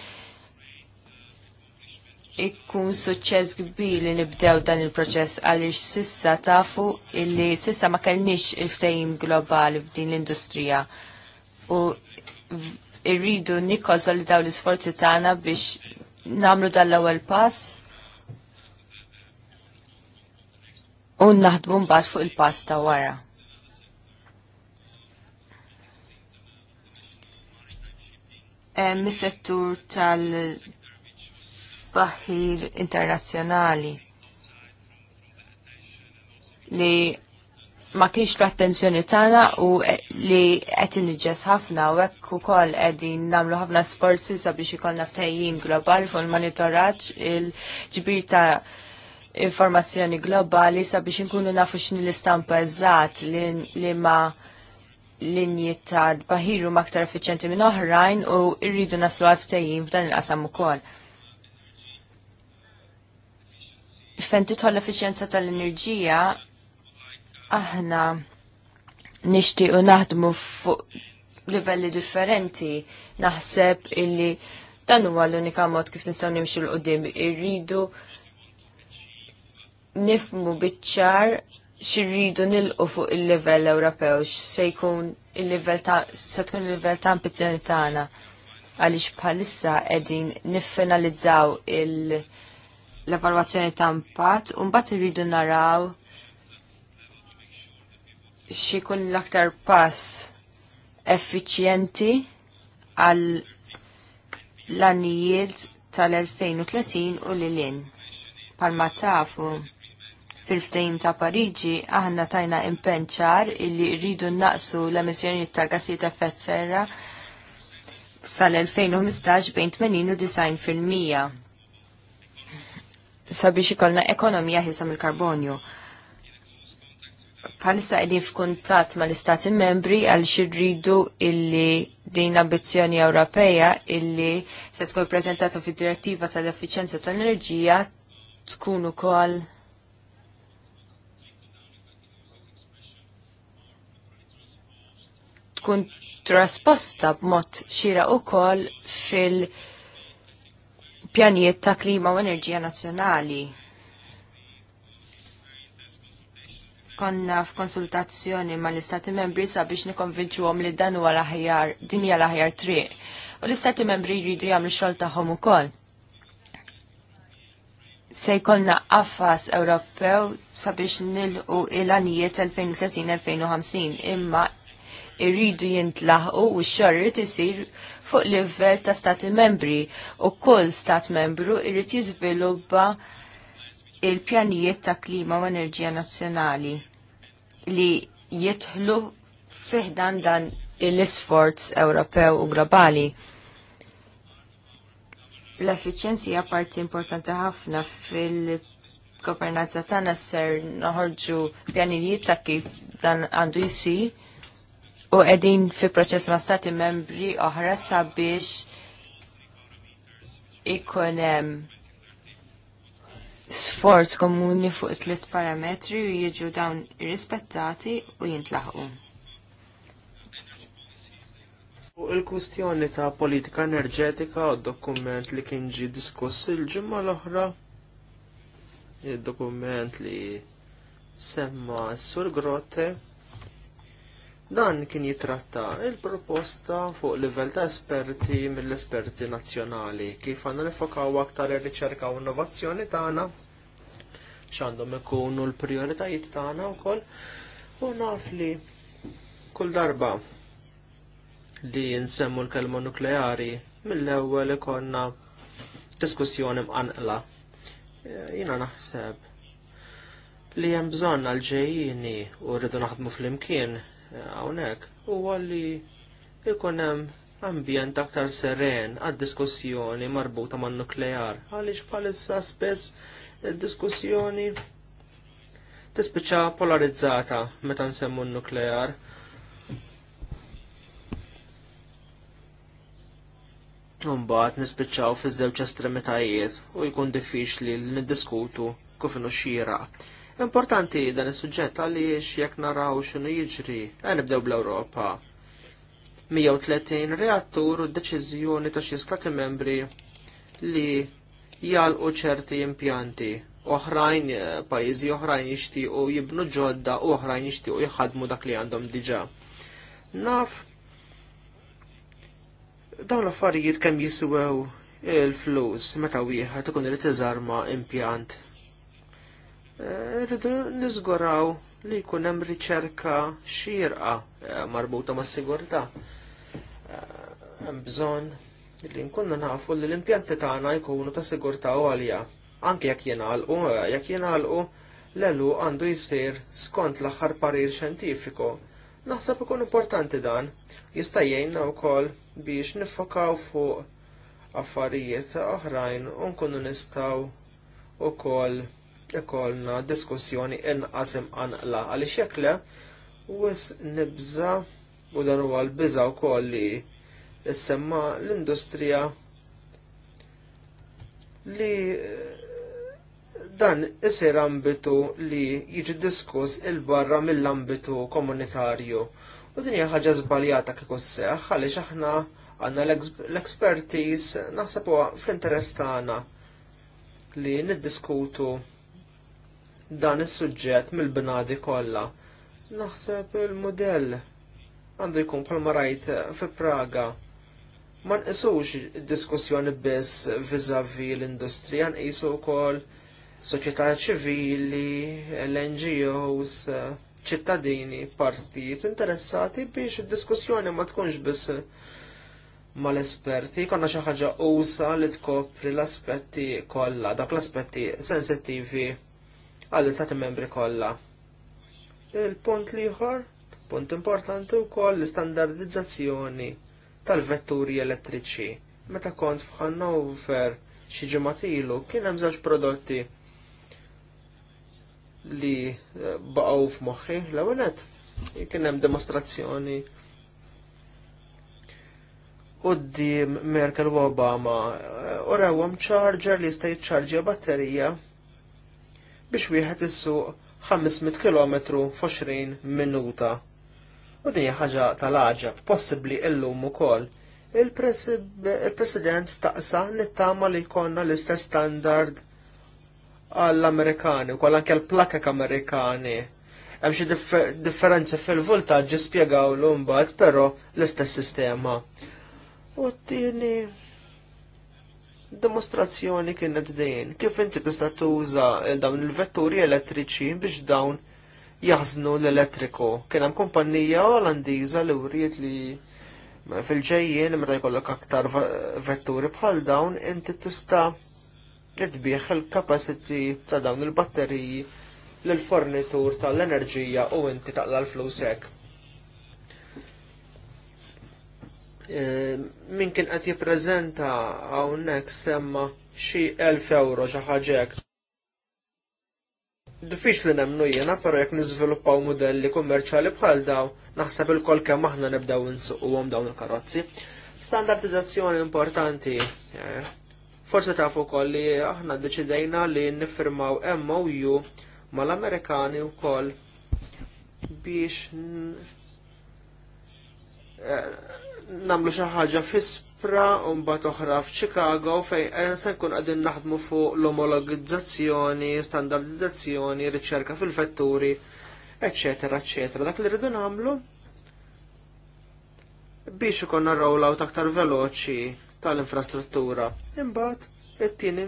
ikkun suċċess kbir li nibdew dan il-proċess għaliex sissa tafu illi sissa ma kellniex il-ftehim globali f'din l-industrija. U irridu nikkonsolidaw l-isforzi tagħna biex namlu dal-ewwel pass u naħdmu mbagħad fuq il-pasta wara. Mis-settur tal-baħir internazzjonali li ma kienx l-attenzjoni tagħna u li qed inniġġes ħafna u hekk ukoll qegħdin nagħmlu ħafna sforzi sabiex ikollna ftehim global fuq il-monitoraġġ il-ġbir ta' informazzjoni globali sabiex inkunu nafu x'ni l-istampa eżatt li ma linji ta' baħiru maktar effiċenti minn oħrajn u rridu naslu għal f'dan il-qasam ukoll. Fejn titħol l-effiċjenza tal-enerġija, aħna nixtiequ naħdmu fuq livelli differenti naħseb illi dan huwa l-unika mod kif nistgħu nimxu l-qudiem irridu nifmu bitċar xirridu nilqu fuq il-livell Ewropew, se jkun il level ta' se tkun il-livell ta' ambizzjoni tagħna għaliex bħalissa qegħdin niffinalizzaw l-evalwazzjoni ta' impatt u mbagħad irridu naraw xikun l-aktar pass effiċjenti għal l-annijiet tal-2030 u l-lin. Palma tafu fil-ftejim ta' Pariġi aħna tajna impenċar illi rridu naqsu l-emissjonijiet ta' gassijiet effett serra sal-2015 bejn 80 u 90 fil-mija sabiex ikollna ekonomija ħisam il-karbonju. Palissa qegħdin f'kuntatt mal-Istati membri għal xirridu illi din ambizzjoni Ewropea illi se tkun preżentata fid-direttiva tal efficienza tal-enerġija tkun ukoll tkun trasposta b'mod xira u kol fil-pjanijiet ta' klima u enerġija nazzjonali. konna f'konsultazzjoni ma l-istati membri sabiex nikonvinċu għom li dan huwa l-aħjar, din hija l-aħjar triq. U l-istati membri jridu jagħmlu xogħol tagħhom ukoll. Se jkollna affas Ewropew sabiex nilqu il-għanijiet 2030-2050 imma irridu jintlaħqu u x-xorri tisir fuq livell ta' stati membri u kull stat membru irrit jiżviluppa il-pjanijiet ta' klima u enerġija nazzjonali li jitħlu fiħdan dan l-isforz Ewropew u globali. L-effiċjenzija parti importanti ħafna fil governanza tagħna ser noħorġu pjanijiet ta' kif dan għandu jsir u qegħdin fi proċess ma' stati membri oħra sabiex ikun hemm sforz komuni fuq tliet parametri u jiġu dawn irrispettati u jintlaħqu. Fuq il-kwistjoni ta' politika enerġetika u dokument li kien ġi diskuss il-ġimma l-oħra, il-dokument li semma s-sur grotte, Dan kien jitratta il-proposta fuq livell ta' esperti mill-esperti nazzjonali kif għandna nifokaw aktar ir-riċerka u innovazzjoni tagħna x'għandhom ikunu l-prijoritajiet tagħna wkoll u naf li kull darba li nsemmu l-kelma nukleari mill-ewwel ikonna diskussjoni mqanqla. Jina naħseb li hemm bżonn għal ġejjini u rridu naħdmu flimkien hawnhekk u għalli ikonem hemm ambjent aktar seren għad-diskussjoni marbuta man nuklear għaliex bħalissa spess diskussjoni tispiċa polarizzata meta nsemmu n-nuklear. Mbagħad nispiċċaw fiż-żewġ estremitajiet u jkun diffiċli li niddiskutu kif xira. Importanti dan is-suġġett għaliex jekk naraw x'inhu jiġri, għan nibdew bl-Ewropa. 130 reattur u deċiżjoni ta' xi stati membri li jalqu ċerti impjanti. Oħrajn eh, pajjiżi oħrajn jixtiequ jibnu ġodda u oħrajn jixtiequ jħadmu dak li għandhom diġà. Naf dawn l-affarijiet kemm jiswew il-flus meta wieħed ikun irid iżarma impjant rridu niżguraw li jkun hemm riċerka xierqa eh, marbuta mas sigurtà. Eh, hemm bżonn li nkunna nafu li l-impjanti tagħna jkunu ta' sigurtà għalja. Anke jekk jingħalqu, eh, jekk jingħalqu l-elu għandu jsir skont l-aħħar parir xjentifiku. Naħseb ikun importanti dan, jista' jgħinna wkoll biex niffokaw fuq affarijiet oħrajn u nkunu nistgħu wkoll ikolna diskussjoni inqas imqanqla għaliex jekk le wis nibża u dan huwa l-biża wkoll li issemma l-industrija li eh, dan isir ambitu li jiġi diskuss il-barra mill-ambitu komunitarju. U din hija ħaġa żbaljata kieku seħħ għaliex aħna għandna l-expertise naħseb fl-interess tagħna li niddiskutu dan is-suġġett mill-binadi kollha. Naħseb il-modell għandu jkun bħal rajt fi Praga. Ma nqisux diskussjoni biss vizavi l-industrija, nqisu wkoll soċjetà ċivili, l-NGOs, ċittadini, partijiet interessati biex id-diskussjoni ma tkunx biss mal-esperti, konna xi ħaġa usa li tkopri l-aspetti kollha, dak l-aspetti sensittivi għall-istati membri kollha. Il-punt liħor, punt importanti u koll l-standardizzazzjoni tal-vetturi elettriċi. Meta kont f'Hannover xi ġimgħat ilu kien hemm żewġ prodotti li eh, baqgħu f'moħħi l-ewwel kien hemm dimostrazzjoni Uddim Merkel u Obama eh, u rewhom charger li jista' jiċċarġja batterija biex wieħed issuq 500 km f'20 minuta. U din hija ħaġa tal-aġab possibbli illum ukoll. Il-President staqsa nittama li jkollna l-istess standard għall-Amerikani, u koll anke l-plakek Amerikani. Hemm xi differenza fil-voltaġġi spjegaw l mbagħad però l-istess sistema. U tieni Dimostrazzjoni kien bdejjin. Kif inti tista' tuża dawn il-vetturi elettriċi biex dawn jaħznu l-elettriku. Kien hemm kumpanija Olandiża li wriet li fil-ġejjien meta jkollok aktar vetturi bħal dawn inti tista' tbieħ il-kapacity ta' dawn il-batteriji l-fornitur tal-enerġija u inti taqla l-flus hekk. Eh, min kien qed jippreżenta hawnhekk semma xi elf euro xi ħaġek. Diffiċ li jiena, però jekk niżviluppaw modelli kummerċjali bħal daw, naħseb il-kol kemm aħna nibdew insuquhom dawn il-karozzi. Standardizzazzjoni importanti. Eh, forse tafu ukoll li aħna deċidejna li niffirmaw MOU mal-Amerikani wkoll biex eh, namlu xi ħaġa fispra u mbagħad oħra f'Chicago fejn eh, se nkun qegħdin naħdmu fuq l-omologizzazzjoni, standardizzazzjoni, riċerka fil-vetturi, eċetera, eċetera. Dak li rridu nagħmlu biex ikonna rollout aktar veloċi tal-infrastruttura. Imbagħad it-tieni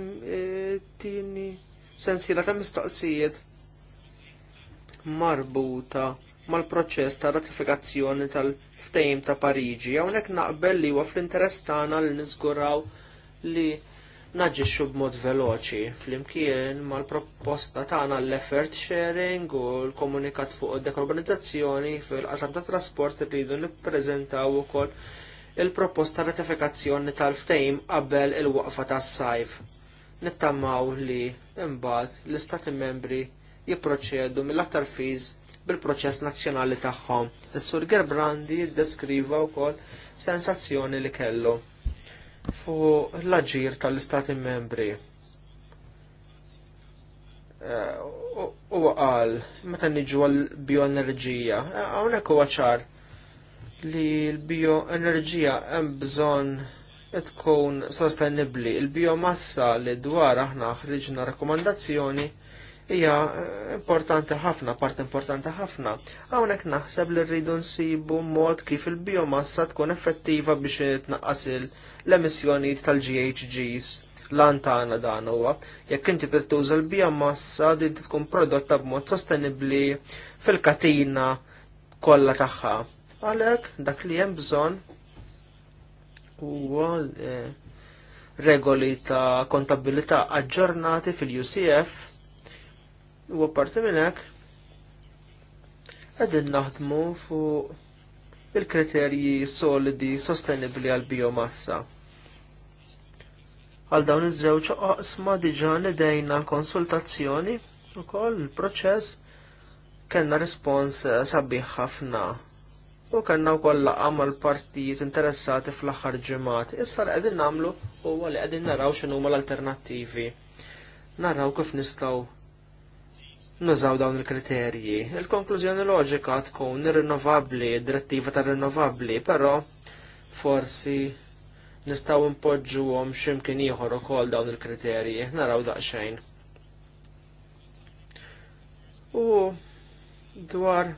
tieni sensiela ta' mistoqsijiet marbuta mal-proċess ta' ratifikazzjoni tal ftejm ta' Pariġi. Hawnhekk naqbel li huwa fl-interess tagħna li nizguraw li naġixxu b'mod veloċi flimkien mal-proposta tagħna l-effort sharing u l-komunikat fuq dekarbonizzazzjoni fil qasab ta' trasport niprezentaw nippreżentaw ukoll il-proposta ratifikazzjoni tal ftejm qabel il-waqfa tas-sajf. Nittammaw li imbagħad l-Istati membri jipproċedu mill-aktar fiż bil-proċess nazzjonali tagħhom. Is-Sur Gerbrandi ddeskriva wkoll sensazzjoni li kellu Fu l-aġir tal-Istati membri. Eh, u għal, meta niġu għal bioenerġija, eh, hawnhekk huwa ċar li l-bioenerġija hemm bżonn tkun sostenibbli. Il-biomassa li dwar aħna ħriġna rakkomandazzjoni hija importanti ħafna, part importanti ħafna. Hawnhekk naħseb li rridu nsibu mod kif il-biomassa tkun effettiva biex tnaqqas l-emissjoni tal-GHGs lantana dan huwa. Jekk inti trid tuża l-biomassa din tkun prodotta b'mod sostenibbli fil-katina kollha tagħha. Għalhekk dak li hemm bżonn huwa eh, regoli ta' kontabilità aġġornati fil-UCF U apparti minn hekk naħdmu fuq il-kriterji solidi sostenibbli għal biomassa. Għal dawn iż-żewġ oqsma diġà l konsultazzjoni ukoll il-proċess kena respons sabiħ ħafna u kena u koll laqam partijiet interessati fl-axar ġemat. Issa li għedin namlu u għalli għedin naraw xinu ma l-alternativi. Naraw kif nistaw nużaw dawn il-kriterji. Il-konklużjoni loġika tkun rinnovabbli, direttiva ta' rinnovabbli, però forsi nistaw impoġġuhom x'imkien ieħor ukoll dawn il-kriterji, naraw daqsxejn. U dwar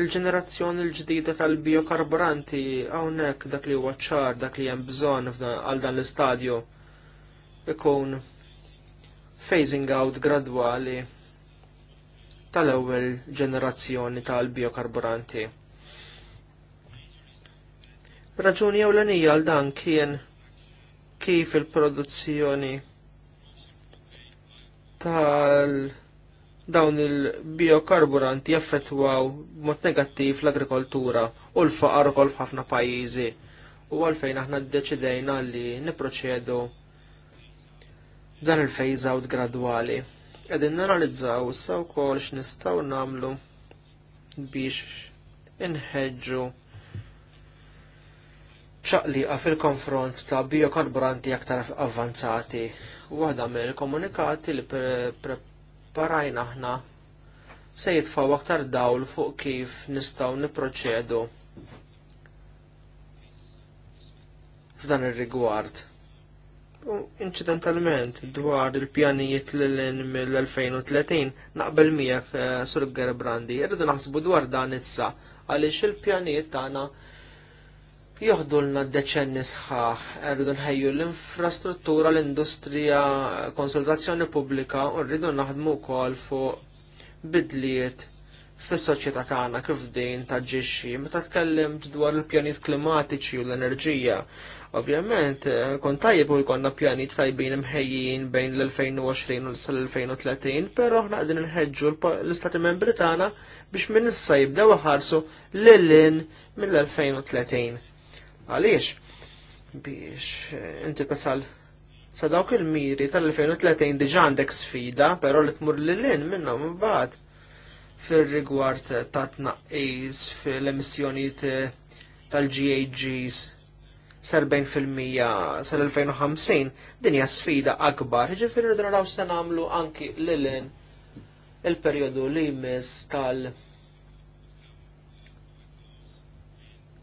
il-ġenerazzjoni l-ġdida tal-biokarburanti hawnhekk dak li huwa ċar dak li hemm bżonn għal dan l-istadju ikun phasing out gradwali tal-ewwel ġenerazzjoni tal-biokarburanti. Raġuni ewlenija għal dan kien kif il-produzzjoni tal dawn il-biokarburanti jaffettwaw mod negattiv l-agrikoltura u l-faqar kol f'ħafna pajjiżi u għalfejn aħna ddeċidejna li niproċedu dan il-phase out gradwali. Qegħdin naralizzaw kol x x'nistgħu nagħmlu biex inħeġġu ċaqliqa fil-konfront ta' biokarburanti aktar avvanzati. Waħda mill-komunikati li preparajna aħna se jitfaw aktar dawl fuq kif nistaw niproċedu f'dan ir-rigward. Incidentalment, dwar il-pjanijiet l-lin mill-2030, naqbel miegħek eh, Sur Gerbrandi, irridu naħsbu dwar dan issa, għaliex il-pjanijiet tagħna joħdulna d-deċenni sħaħ, rridu nħejju l-infrastruttura, l-industrija, konsultazzjoni pubblika, u rridu naħdmu wkoll fuq bidliet fis-soċjetà tagħna kif din taġġixxi meta tkellimt dwar il-pjanijiet klimatiċi u l-enerġija Ovvjament, eh, kon tajjeb u jkonna pjani tajbin imħejjin bejn l-2020 u l-2030, pero ħna għadin nħedġu l-Istati Membri tagħna biex minn issa jibdew ħarsu l-lin mill-2030. Għaliex? Biex eh, inti tasal sa dawk il-miri tal-2030 diġa għandek sfida, pero li tmur l-lin minnhom imbagħad fil-rigward ta' tnaqqis fil-emissjonijiet eh, tal-GHGs sal-40% sal-2050 din hija sfida akbar. Ġifieri rridu naraw se nagħmlu anki lilin il-perjodu li jmiss tal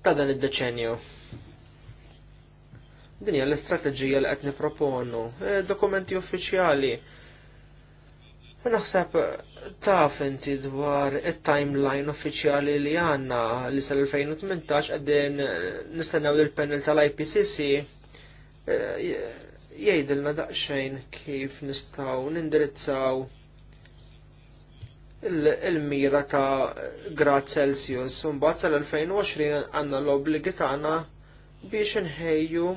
ta' dan id-deċenju. Din hija l-istrateġija li qed nipproponu, eh, dokumenti uffiċjali. Naħseb taf inti dwar il-timeline uffiċjali li għanna li sal-2018 għaddin eh, nistennaw il-panel tal-IPCC eh, jgħidilna daqxajn kif nistaw nindirizzaw il-mira ta' grad Celsius. Mbagħad sal-2020 għandna l-obbligi tagħna biex inħejju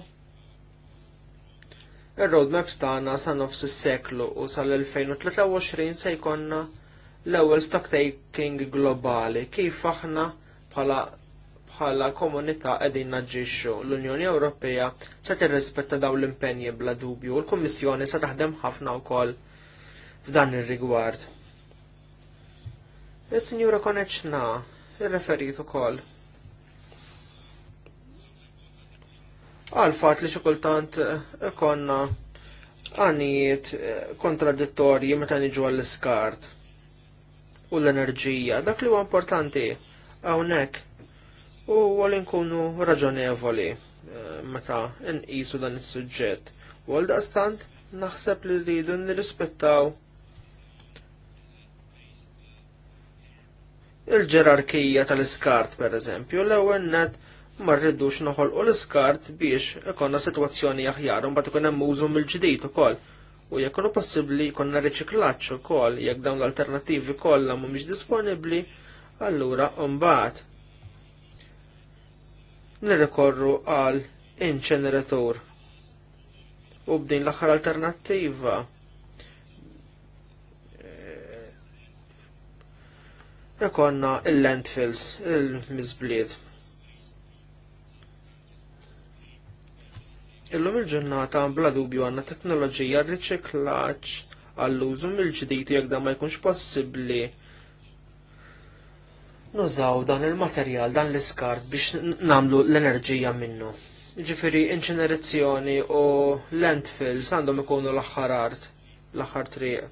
il-roadmaps tagħna sa nofs is-seklu u sal-2023 se jkollna l-ewwel stocktaking globali kif aħna bħala bħala komunità qegħdin naġġixxu l-Unjoni Ewropea se tirrispetta dawn l-impenji bla dubju u l-Kummissjoni se taħdem ħafna wkoll f'dan ir-rigward. Is-Sinjura Koneċna irreferit ukoll. Għalfat li xi kultant ikonna eh, għanijiet eh, kontradittorji meta niġu għall-iskart u l-enerġija. Dak li huwa importanti hawnhekk u għal inkunu raġonevoli eh, meta nqisu dan is-suġġett. U għal daqstant naħseb li rridu nirrispettaw il-ġerarkija tal-iskart pereżempju, l-ewwel net ma rridux noħolqu l-iskart biex ikonna sitwazzjoni aħjar u mbagħad ikun hemm użu mill-ġdid ukoll u jekk huwa possibbli jkollna riċiklaġġ ukoll jekk dawn l-alternattivi kollha mhumiex disponibbli, allura mbagħad nirrikorru għal inċeneratur. U b'din l-aħħar alternattiva eh, ikonna il-landfills, il-miżbliet. Illum il-ġurnata bla dubju għandna teknoloġija riċiklaġġ għall-użu mill-ġdid jekk dan ma jkunx possibbli nużaw dan il-materjal, dan l-iskart biex namlu l-enerġija minnu. Ġifiri, inċenerazzjoni u landfills għandhom ikunu l-axħar art, l-axħar triq.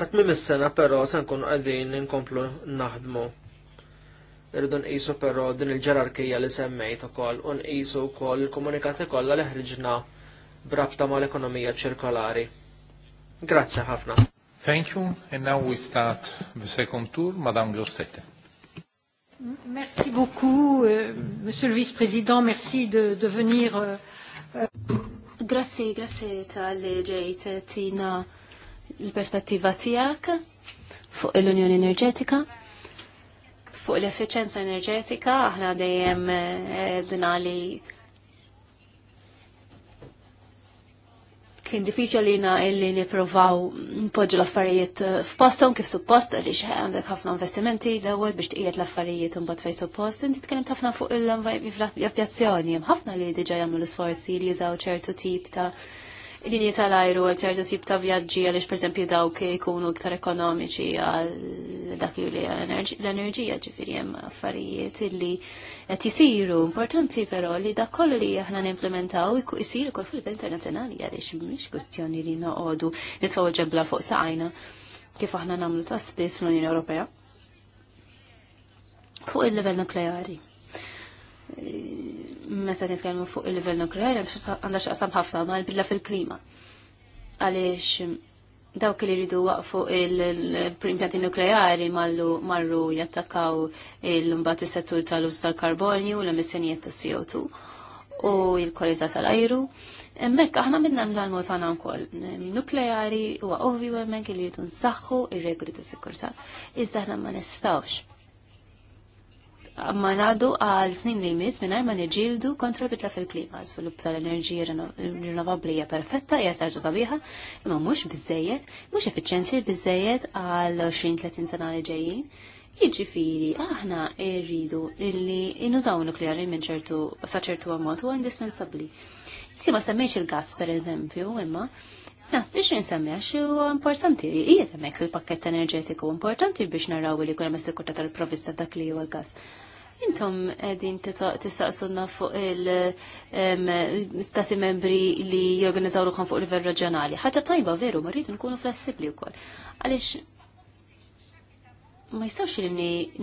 Sa tmim is-sena però se nkunu qegħdin inkomplu naħdmu. Irridu nqisu però din il-ġerarkija li semmejt ukoll u nqisu wkoll il-komunikati kollha li ħriġna brabta mal-ekonomija ċirkolari. Grazzi ħafna. Thank you, and now we start the second tour, Madame Grostette. Merci beaucoup, euh, Monsieur le Vice-président. Merci de, de venir. Euh, Grazie, grazie tal-li tina il perspettiva tijak fuq e l-Unjoni Enerġetika fuq l-efficienza enerġetika aħna dejjem eh, dinali li kien diffiċli na illi niprovaw npoġġu l-affarijiet eh, f'postom kif suppost li għandek ħafna investimenti l-ewwel biex tqiegħed l-affarijiet imbagħad fejn suppost. Inti tkellimt ħafna fuq l-appjazzjoni, hemm ħafna li diġà jagħmlu sforzi li jużaw ċertu tip ta' l dinji tal-ajru għal ċertu sib ta' vjaġġi għaliex daw dawk jkunu iktar ekonomiċi għal dak li l-enerġija ġifiri jem affarijiet illi qed jisiru. Importanti però li dak kollu li aħna n-implementaw jisiru kol fil internazzjonali għaliex mhix kustjoni li noqogħdu nitfaw ġebla fuq saqajna kif aħna nagħmlu ta' spiss l-Unjoni Ewropea fuq il-level nukleari meta nitkellmu fuq il-livell nukleari għandha x'qasam ħafna ma' l-bidla fil-klima. Għaliex dawk li jridu waqfu l-impjanti nukleari mallu marru jattakaw l-mbagħad is-settur tal-użu tal-karbonju, l-emissjonijiet tas-CO2 u l-kwalità tal-ajru. Emmek, aħna minna l-mod għana nkoll. Nukleari u ovvju emmek li jridu nsaxħu ir-regoli tas-sikurtà. Iżda aħna ma nistawx ma nadu għal snin li jmiss mingħajr ma niġġieldu kontra bitla fil-klima. Żvilupp tal-enerġija rinnovabbli hija perfetta, hija sarġa sabiħa, imma mhux biżejjed, mhux effiċjenzi biżejjed għal 20-30 sena li ġejjin. Jiġifieri aħna rridu illi innużaw nukleari minn ċertu sa ċertu ammont huwa indispensabbli. Sima semmejx il-gas pereżempju, imma Nastix nsemmiha xi huwa importanti, hija hemmhekk il-pakkett enerġetiku importanti biex naraw li kuna messi sikurtà tal provista dak li huwa l-gas. Intom edin tistaqsuna fuq il-stati membri li jorganizzaw ruħan fuq livell reġjonali. Ħaġa tajba veru, ma rridu nkunu flessibli wkoll. Għaliex ma jistawx li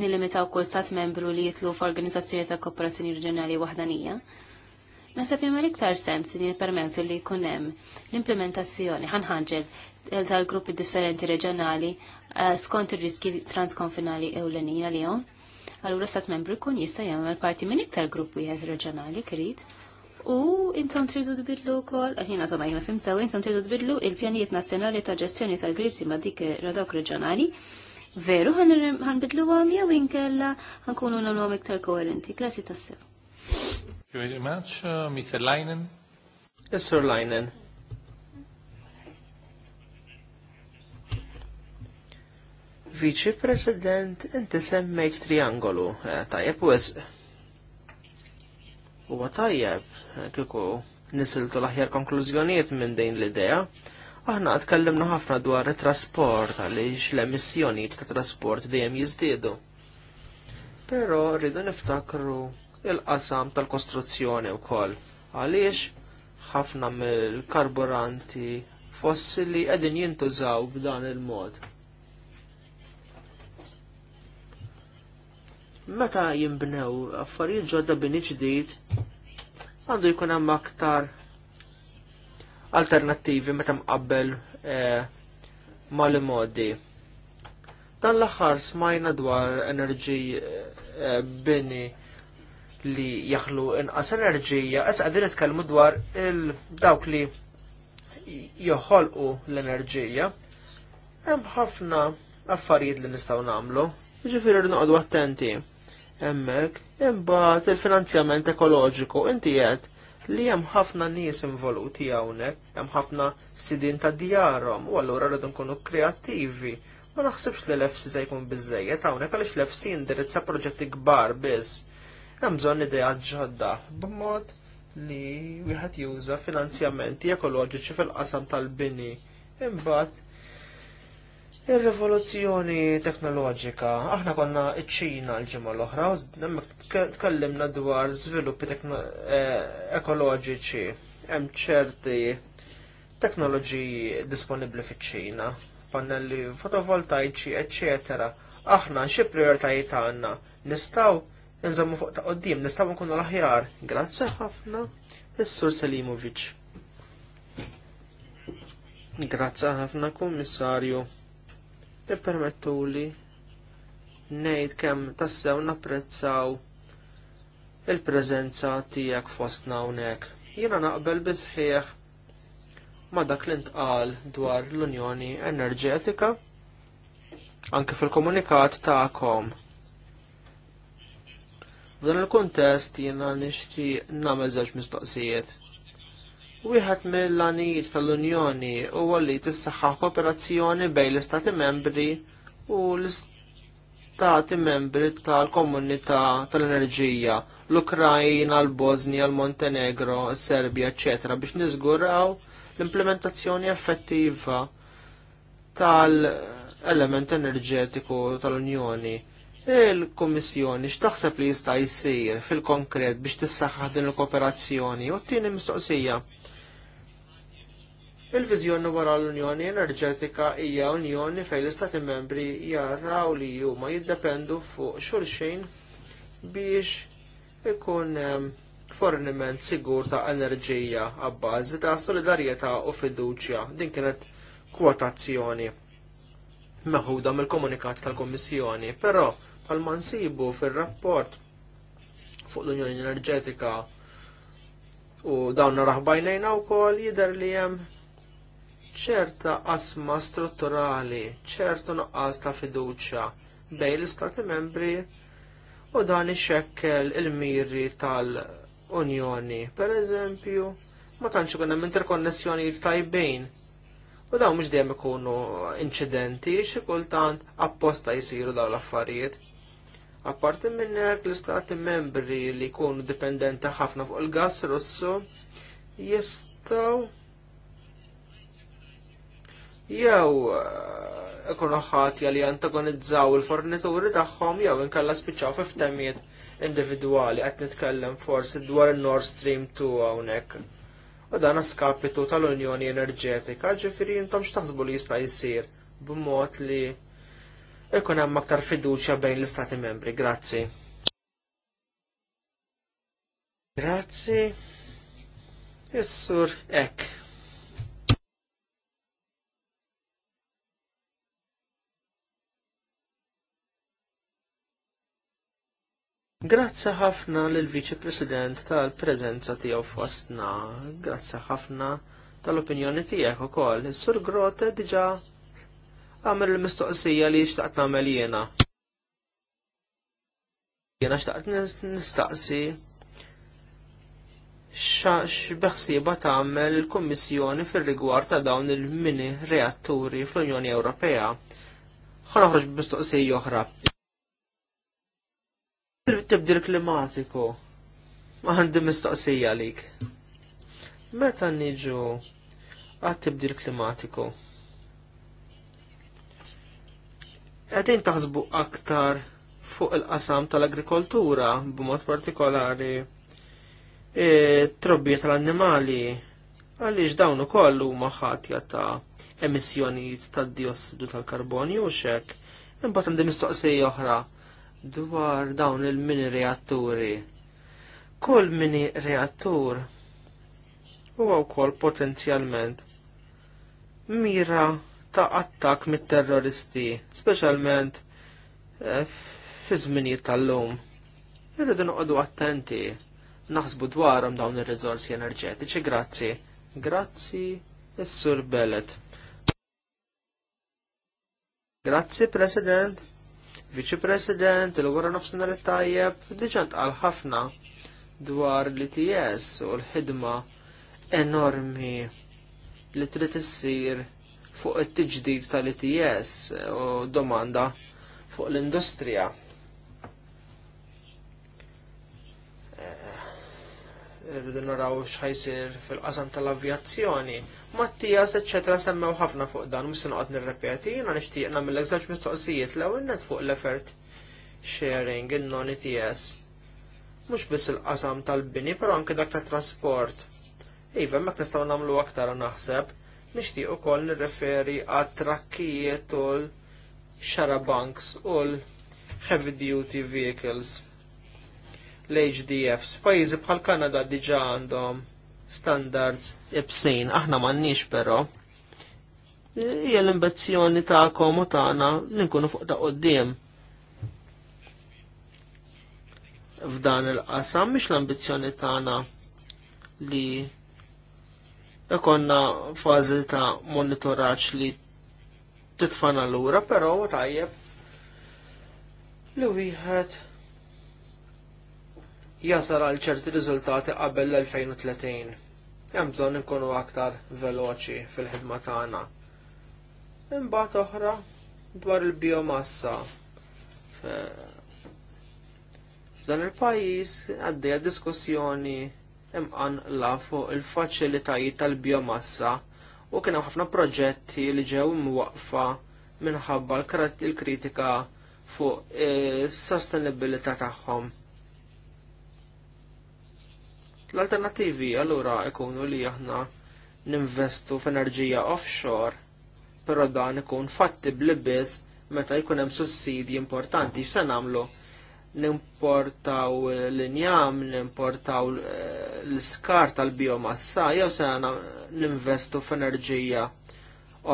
nilimitaw kull stat membru li jitlu f'organizzazzjoni ta' kooperazzjoni reġjonali wahdanija. Nasab jemma iktar sens li permettu li kunem l-implementazzjoni ħanħanġel eh, tal-gruppi differenti reġjonali eh, skont ir-riski transkonfinali ewlenina li jom. Allura stat membru kun jista' jgħamil parti minn iktar grupp wieħed reġjonali kirid. U intom tridu dbidlu kol, għahina zoma jgħna fim sew, intom tridu dbidlu il-pjanijiet nazjonali ta' ġestjoni ta' grids ma' dik radok reġjonali. Veru għan bidlu għam jew inkella għan kunu ħankunu għom iktar koherenti. Grazie tassew. Thank you very much, uh, Mr. Leinen. Yes, Sir Leinen. Viċi President, inti semmejt triangolu, eh, tajjeb u eżq. U tajjeb, eh, kiku nisiltu l-aħjar konklużjonijiet minn din l-idea. Aħna għatkellimnu ħafna dwar trasport għaliex l-emissjonijiet ta' trasport dejjem jiżdiedu. Però rridu niftakru il-qasam tal-kostruzzjoni wkoll għaliex ħafna mill-karburanti fossili qegħdin jintużaw b'dan il-mod Meta jimbnew affarijiet ġodda bini ġdid, għandu jkun hemm aktar alternattivi meta mqabbel eh, mal-modi. Dan l-aħħar smajna dwar enerġi eh, bini li jaħlu inqas enerġija, issa qegħdin nitkellmu dwar il-dawk li joħolqu l-enerġija. Hemm ħafna affarijiet li nistgħu nagħmlu, jiġifieri noqogħdu attenti hemmhekk, imbagħad il-finanzjament ekoloġiku inti qed li hemm ħafna nies involuti hawnhekk, hemm ħafna sidin ta' djarhom u allura rridu nkunu kreattivi. Ma naħsibx li l-FC se jkun biżejjed hawnhekk għaliex l-FC indirizza proġetti kbar biss. Hemm bżonn idea ġodda b'mod li wieħed juża finanzjamenti ekoloġiċi fil-qasam tal-bini. Imbagħad Ir-rivoluzzjoni teknoloġika, aħna konna iċ-ċina l-ġimgħa l-oħra, tkellimna dwar żviluppi e, ekoloġiċi hemm ċerti teknoloġiji disponibbli fiċ-Ċina, pannelli fotovoltaiċi, eccetera. Aħna xi prioritajiet għandna nistgħu nżommu fuq ta' qoddim, nistgħu nkunu l-aħjar. Grazzi ħafna, is-Sur Selimovic. Grazzi ħafna, Kummissarju. Ippermettu li ngħid kemm tassew napprezzaw il prezenza tiegħek fostna hawnhekk. Jiena naqbel bisħieħ ma dak li ntqal dwar l-Unjoni Enerġetika anke fil-komunikat tagħkom. F'dan il-kuntest jiena nishti nagħmel żewġ mistoqsijiet. Wieħed mill-għanijiet tal-Unjoni huwa li tissaħħa kooperazzjoni bejn l-Istati membri u l-Istati membri tal-Komunità tal-Enerġija, l-Ukrajna, l bosnia l-Montenegro, s-Serbja, eċetera, biex niżguraw l-implementazzjoni effettiva tal-element enerġetiku tal-Unjoni. Il-Kommissjoni x'taħseb li jista' jsir fil-konkret biex tissaħħa din il-kooperazzjoni u tieni mistoqsija Il-viżjoni wara l-Unjoni Enerġetika hija Unjoni fejn l-Istati membri jarraw li huma jiddependu fuq xulxin biex ikun ehm, forniment sigur ta' enerġija għabbażi ta' solidarjetà u fiduċja. Din kienet kwotazzjoni meħuda mill-komunikat tal-Kommissjoni, però palma nsibu fir rapport fuq l-Unjoni Enerġetika u dawn naraħbajnejna u kol jider li jem ċerta qasma strutturali, ċertu nuqqas ta' fiduċja bejn l-Istati membri u dan ixekkel il-miri tal-Unjoni. Per eżempju, ma tantx ikun hemm interkonnessjonijiet tajbin U dawn mhux dejjem ikunu inċidenti, xi kultant apposta jsiru dawn l-affarijiet. Apparti minn hekk l-istati membri li jkunu dipendenti ħafna fuq il-gass Russu jistgħu jew eh, ikunu ħati li antagonizzaw il-fornituri tagħhom jew inkella spiċċaw ftemijiet individwali qed nitkellem forsi dwar in-Nord Stream 2 hawnhekk. U dan skapitu tal-Unjoni Enerġetika, ġifieri intom x'taħsbu li jista' jsir b'mod li ikun hemm aktar fiduċja bejn l-Istati membri. Grazzi. Grazzi. Jissur, ek. Grazzi ħafna lil viċi President tal-preżenza tiegħu fostna. Grazzi ħafna tal-opinjoni tiegħek ukoll. Sur Grote diġà għamel il mistoqsija li xtaqt nagħmel jiena. Jiena xtaqt nistaqsi x'beħsieba tagħmel il-Kummissjoni fir-rigward ta' dawn il-mini reatturi fl-Unjoni Ewropea. Ħa noħroġ b'mistoqsija oħra tibdil klimatiku. Ma għandi mistoqsija għalik. Meta niġu għat tibdil klimatiku? Għedin taħsbu aktar fuq il-qasam tal-agrikoltura b'mod partikolari e, trobbija tal-annimali għaliex dawn ukoll huma ħatja ta' emissjonijiet tad-diossidu tal-karbonju u xek. Imbagħad għandi mistoqsija oħra dwar dawn il-mini reatturi. Kull mini reattur huwa wkoll potenzjalment mira ta' attak mit-terroristi, speċjalment eh, fi żminijiet tal-lum. Irridu noqogħdu attenti naħsbu dwarhom dawn ir-riżorsi enerġetiċi. Grazzi. Grazzi is-Sur Bellet. Grazzi President. Viċi President, il-għura nofsinhar it-tajjeb, diġà tqal ħafna dwar l-ITS u l-ħidma enormi li trid issir fuq it-tiġdid tal-ITS u domanda fuq l-industrija. rridu naraw x'ħajsir fil-qasam tal-avjazzjoni. Mattias, eċċetera, semmew ħafna fuq dan, mis noqgħod nirrepeti, jiena nixtieq nagħmel żewġ mistoqsijiet l-ewwel net fuq l-effert sharing il-non ETS. Mhux biss il-qasam tal-bini, però anke dak tat-trasport. Iva, hemmhekk nistgħu nagħmlu aktar naħseb, nixtieq ukoll referi għat-trakkijiet u l-xarabanks u l-heavy duty vehicles l-HDFs. Pajjiżi bħal Kanada diġà għandhom standards ibsin, aħna m'għandniex però. Hija l-imbezzjoni tagħkom u tagħna li nkunu fuq ta' qudiem. F'dan il-qasam mish l-ambizzjoni tagħna li ikonna fażi ta' monitoraċ li titfana lura, però tajjeb li wieħed jasal għal ċerti riżultati qabel l-2030. Hemm bżonn inkunu aktar veloċi fil-ħidma tagħna. Imbagħad oħra dwar il-biomassa. Dan il-pajjiż għaddejja diskussjoni imqanqla fuq il-faċilitajiet tal-biomassa u kien hemm ħafna proġetti li ġew imwaqfa minħabba l-kritika fuq is-sostenibilità tagħhom L-alternativi allura ikunu li aħna ninvestu f'enerġija offshore, però dan ikun fatti bliss meta jkun hemm sussidji importanti se nagħmlu nimportaw l-injam, nimportaw eh, l-skar tal-biomassa, jew se ninvestu f'enerġija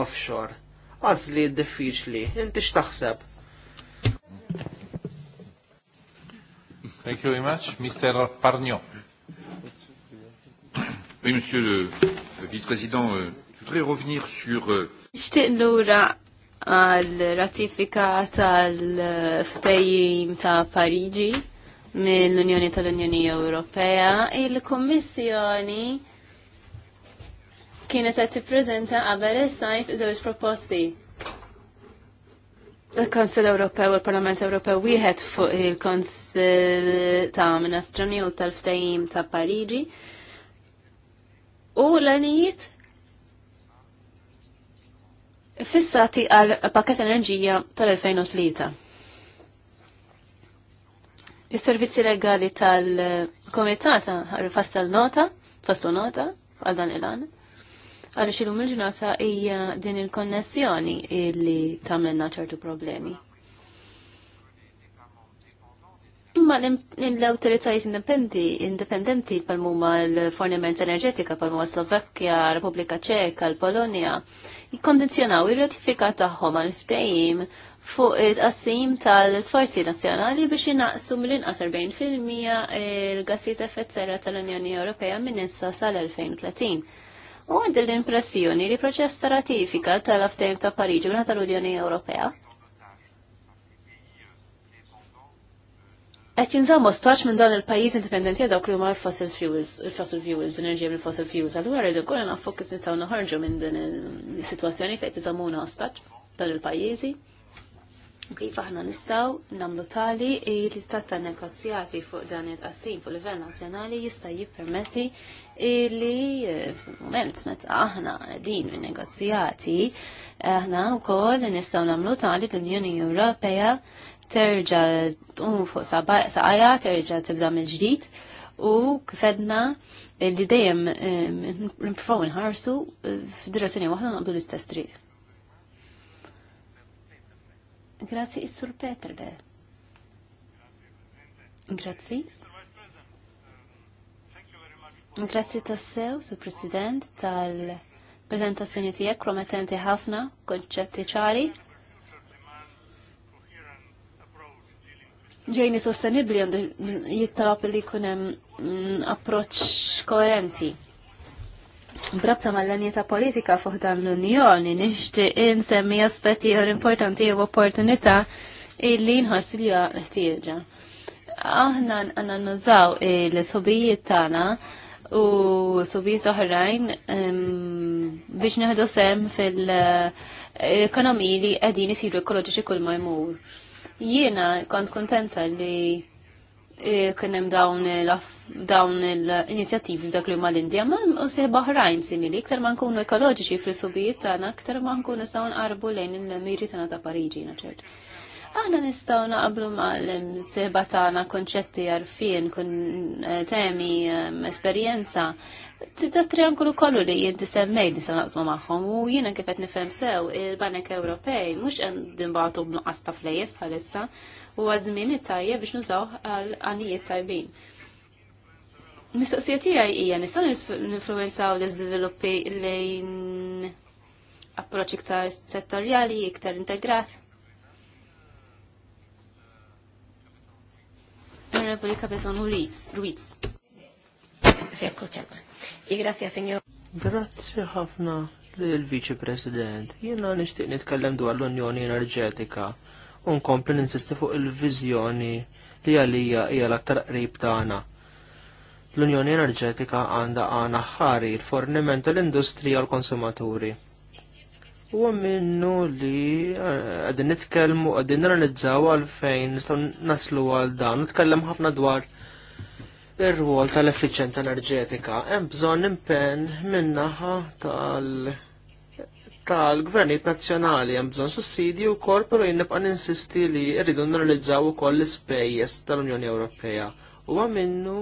offshore. Għazli diffiċli, inti x'taħseb? Thank you very much, Mr. Parnio. Oui, monsieur le vice-président, euh, je voudrais revenir sur... Euh, Ixtiq nura għal-ratifika tal-ftejjim ta' Parigi mill-Unjoni tal-Unjoni Ewropea, il-Kommissjoni kienet qed tippreżenta qabel is-sajf żewġ proposti. Il-Konsil Ewropew u l-Parlament Ewropew wieħed fuq il-Konsil ta' Ministru tal-Ftehim ta' Parigi u l-għanijiet fissati għal pakket enerġija tal-2003. Is-servizzi legali tal-komitata fassal nota, faslu nota għal dan il-għan, għal xilu il ġnota hija din il-konnessjoni illi tamlenna ċertu problemi. Imma l-autoritajiet indipendenti pal muma l-forniment enerġetika pal huma Slovakkja, Repubblika Ċeka, l-Polonja, jikondizjonaw ir-ratifika tagħhom għal-ftehim fuq it-qassim tal-sforzi nazzjonali biex jinaqsu mill-inqas 40% il gassiet effett serra tal-Unjoni Ewropea minn issa sal-2030. U għandil l-impressjoni li proċess ta' ratifika tal-aftajm ta' Pariġu minna tal-Unjoni Ewropea qed jinżammu mostax minn dan il-pajjiż indipendenti għadaw kli li huma l-fossil fuels, il-fossil fuels, l-enerġija mill fossil fuels. Allura rridu wkoll nafu kif nistgħu noħorġu minn din is-sitwazzjoni fejn tiżammuna stax dan il-pajjiżi. Kif aħna nistgħu nagħmlu tali l-istat ta' negozjati fuq dan il-qassim fuq livell nazzjonali jista' jippermetti li eh, f'mument meta aħna din minn negozjati aħna wkoll nistgħu nagħmlu tali l-Unjoni Ewropea terġa tqum fuq saqajja, terġa tibda mill ġdid u kifedna li dejjem eh, niprofaw nħarsu eh, f'direzzjoni waħda naqbdu l-istess triq. Grazzi is-Sur Peter le. Grazzi. Grazzi tassew, Sur President, tal-prezentazzjoni tiegħek, kromettenti ħafna, konċetti ċari. ġejni sostenibli għandu jittalab li kunem mm, approċ koerenti. Brabta mal-lanjeta politika fuħdan l-Unjoni nixti insemmi aspetti għor importanti u opportunità illi nħossi li għahtieġa. Aħna għanna nużaw l-sobijiet tana u sobijiet oħrajn biex neħdu sem fil-ekonomiji eh, li għedin isiru ekoloġiċi kull majmur. jmur Jiena kont kontenta li eh, kienem dawn dawn l-inizjattivi dak li huma l-Indja, ma usieħ Bahrajn simili, iktar ma nkunu ekoloġiċi fil subijiet tagħna, iktar ma nkunu nistgħu nqarbu lejn il-miri tagħna ta' Pariġi naċert. Aħna nistgħu naqblu mal l tagħna konċetti għarfien, kun eh, temi, eh, esperjenza, Tidda triangolu kollu li jinti semmej li sanaqsmu maħħom u jiena kifet nifhem sew il-Banek Ewropej mhux għan dimbatu b'nuqqas ta' flejjes bħalissa u għażmin tajjeb biex nużaw għal għanijiet tajbin. Mistoqsija għaj hija nisan ninfluwenzaw l-iżviluppi lejn approċ iktar settorjali, iktar integrat. għan għan għ se e Grazie, signor. Grazie ħafna l-Viċi President. Jena nishtiq nitkellem dwar l-Unjoni Enerġetika u nkompli ninsisti fuq il-vizjoni li għalija hija l-aktar qrib tagħna l-Unjoni Enerġetika għandha għana ħari l-forniment tal-industrija l-konsumaturi. U minnu li eh, għadin nitkellmu għadin nanalizzaw għalfejn nistgħu naslu għal dan, nitkellem ħafna dwar ir-rwol tal-effiċenza enerġetika. Hemm bżonn impenn min-naħa tal- tal-gvernijiet nazzjonali hemm bżonn u wkoll però jinnibqa' ninsisti li rridu nirrealizzaw ukoll l-ispejjeż tal-Unjoni Ewropea. Huwa minnu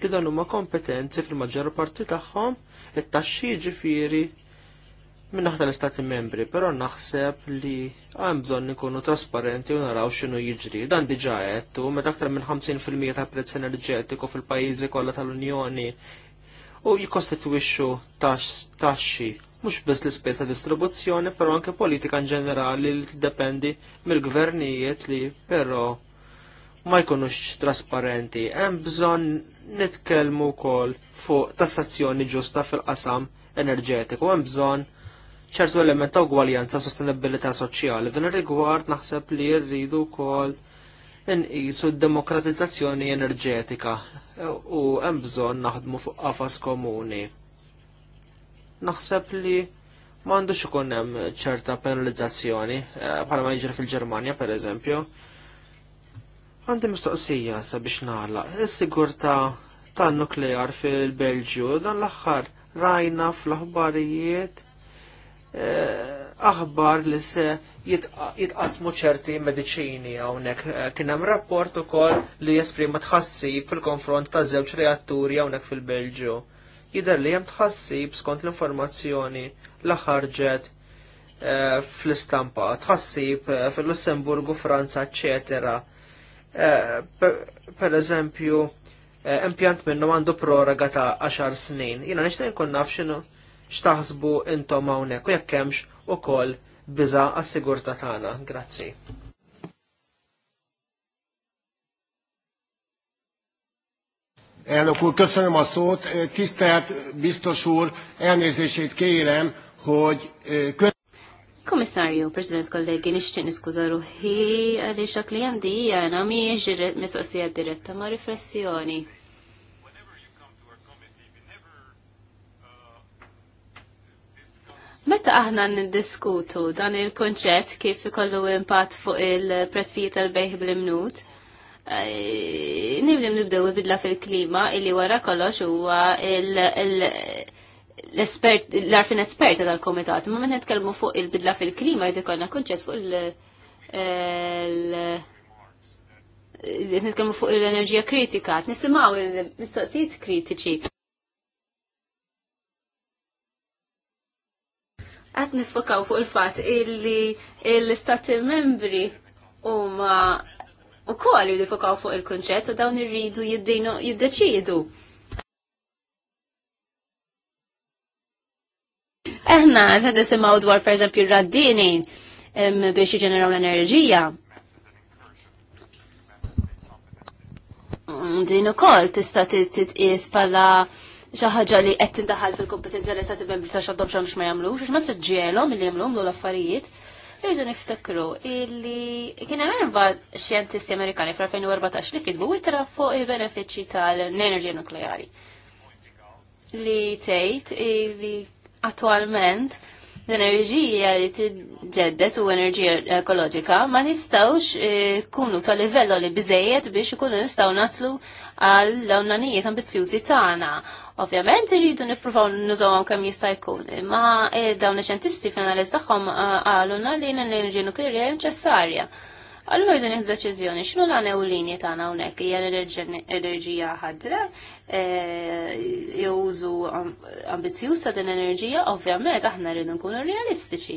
li dan huma kompetenzi fil-maġġor parti tagħhom it-taxxi ġifieri minnaħta l-Istati membri, pero naħseb li għam bżon nikonu trasparenti u naraw xinu jiġri. Dan diġa għettu, meta aktar minn 50% ta' prezz enerġetiku fil-pajizi kollha tal-Unjoni u jikostitwixxu taxxi mhux biss l-ispejs ta' distribuzzjoni, però anke politika in ġenerali li tiddependi mill-gvernijiet li però ma jkunux trasparenti. Hemm bżonn nitkellmu wkoll fuq tassazzjoni ġusta fil-qasam enerġetiku, hemm bżonn ċertu element ta' ugwaljanza sostenibilità soċjali. dan ir-rigward naħseb li rridu wkoll inqisu d-demokratizzazzjoni enerġetika u hemm bżonn naħdmu fuq qafas komuni. Naħseb li m'għandux ikun hemm ċerta penalizzazzjoni eh, bħala ma jiġri fil-Ġermanja pereżempju. Għandi mistoqsija sabiex nagħlaq. Is-sigurtà tan-nuklear fil-Belġju dan l-aħħar rajna fl-aħbarijiet Eh, aħbar li se jitqasmu ċerti medicini hawnhekk. Eh, kien hemm rapport ukoll li jesprima tħassib fil-konfront ta' żewġ reatturi hawnhekk fil-Belġju. Jidher li hemm tħassib skont l-informazzjoni li ħarġet eh, fl-istampa, tħassib fil-Lussemburgu, Franza, eccetera. Per eżempju, impjant minnu għandu proroga ta' 10 snin. Jina nixtieq nkun naf x'inhu xtaħsbu intom hawnhekk u jekkemx hemmx ukoll biża għas-sigurtà tagħna. Grazzi. Elnök úr, köszönöm a szót. Tisztelt biztos úr, elnézését kérem, hogy... Komissárió, prezident Komissarju, President kollegi, nixtieq niskuża ruħi għaliex għakli għandi għana miex mistoqsija diretta a riflessjoni Meta aħna niddiskutu dan il-konċett kif ikollu impatt fuq il-prezzijiet tal-bejħ bl-imnut, eh, nibdew nibdew bidla fil-klima illi wara kollox huwa l-espert, l-arfin esperta tal-komitat, ma minn nitkellmu fuq il-bidla fil-klima jrid ikollna konċett fuq il- nitkellmu fuq l-enerġija kritika, nisimgħu il-mistoqsijiet kritiċi. għat nifokaw fuq il-fat illi l-istati membri u ma u koll li fokaw fuq il-konċett u dawn irridu jiddeċidu. Eħna, għan nisimaw dwar per eżempju raddini biex jġeneraw l-enerġija. Din ukoll tista' titqies pala xi ħaġa li qed tindaħal fil-kompetenza li stati membri ta' xaddom xamx ma jagħmlux, għax ma mill li jagħmlhom l affarijiet. jgħidu niftakru illi kien hemm erba' xjentisti Amerikani fl-2014 li kidbu għitra fuq il-benefiċċji tal-enerġija nukleari. Li tgħid li attwalment l-enerġija li tiġġeddet u enerġija ekoloġika ma nistawx eh, kunu ta' livello li biżejjed biex ikunu nistaw naslu għal l-onnanijiet ambizzjużi tagħna. Ovvjament irridu nippruvaw nużawhom kemm jista' jkun, imma eh, dawn ix-xjentisti fl-analiż tagħhom eh, għaluna li l-enerġija nukleari hija neċessarja. Allura jdu nieħdu deċiżjoni x'nu l-għana u linji tagħna hawnhekk hija l-enerġija ħadra, Eh, jowżu ambizjuż din enerġija, ovvjament aħna rridu nkunu realistiċi.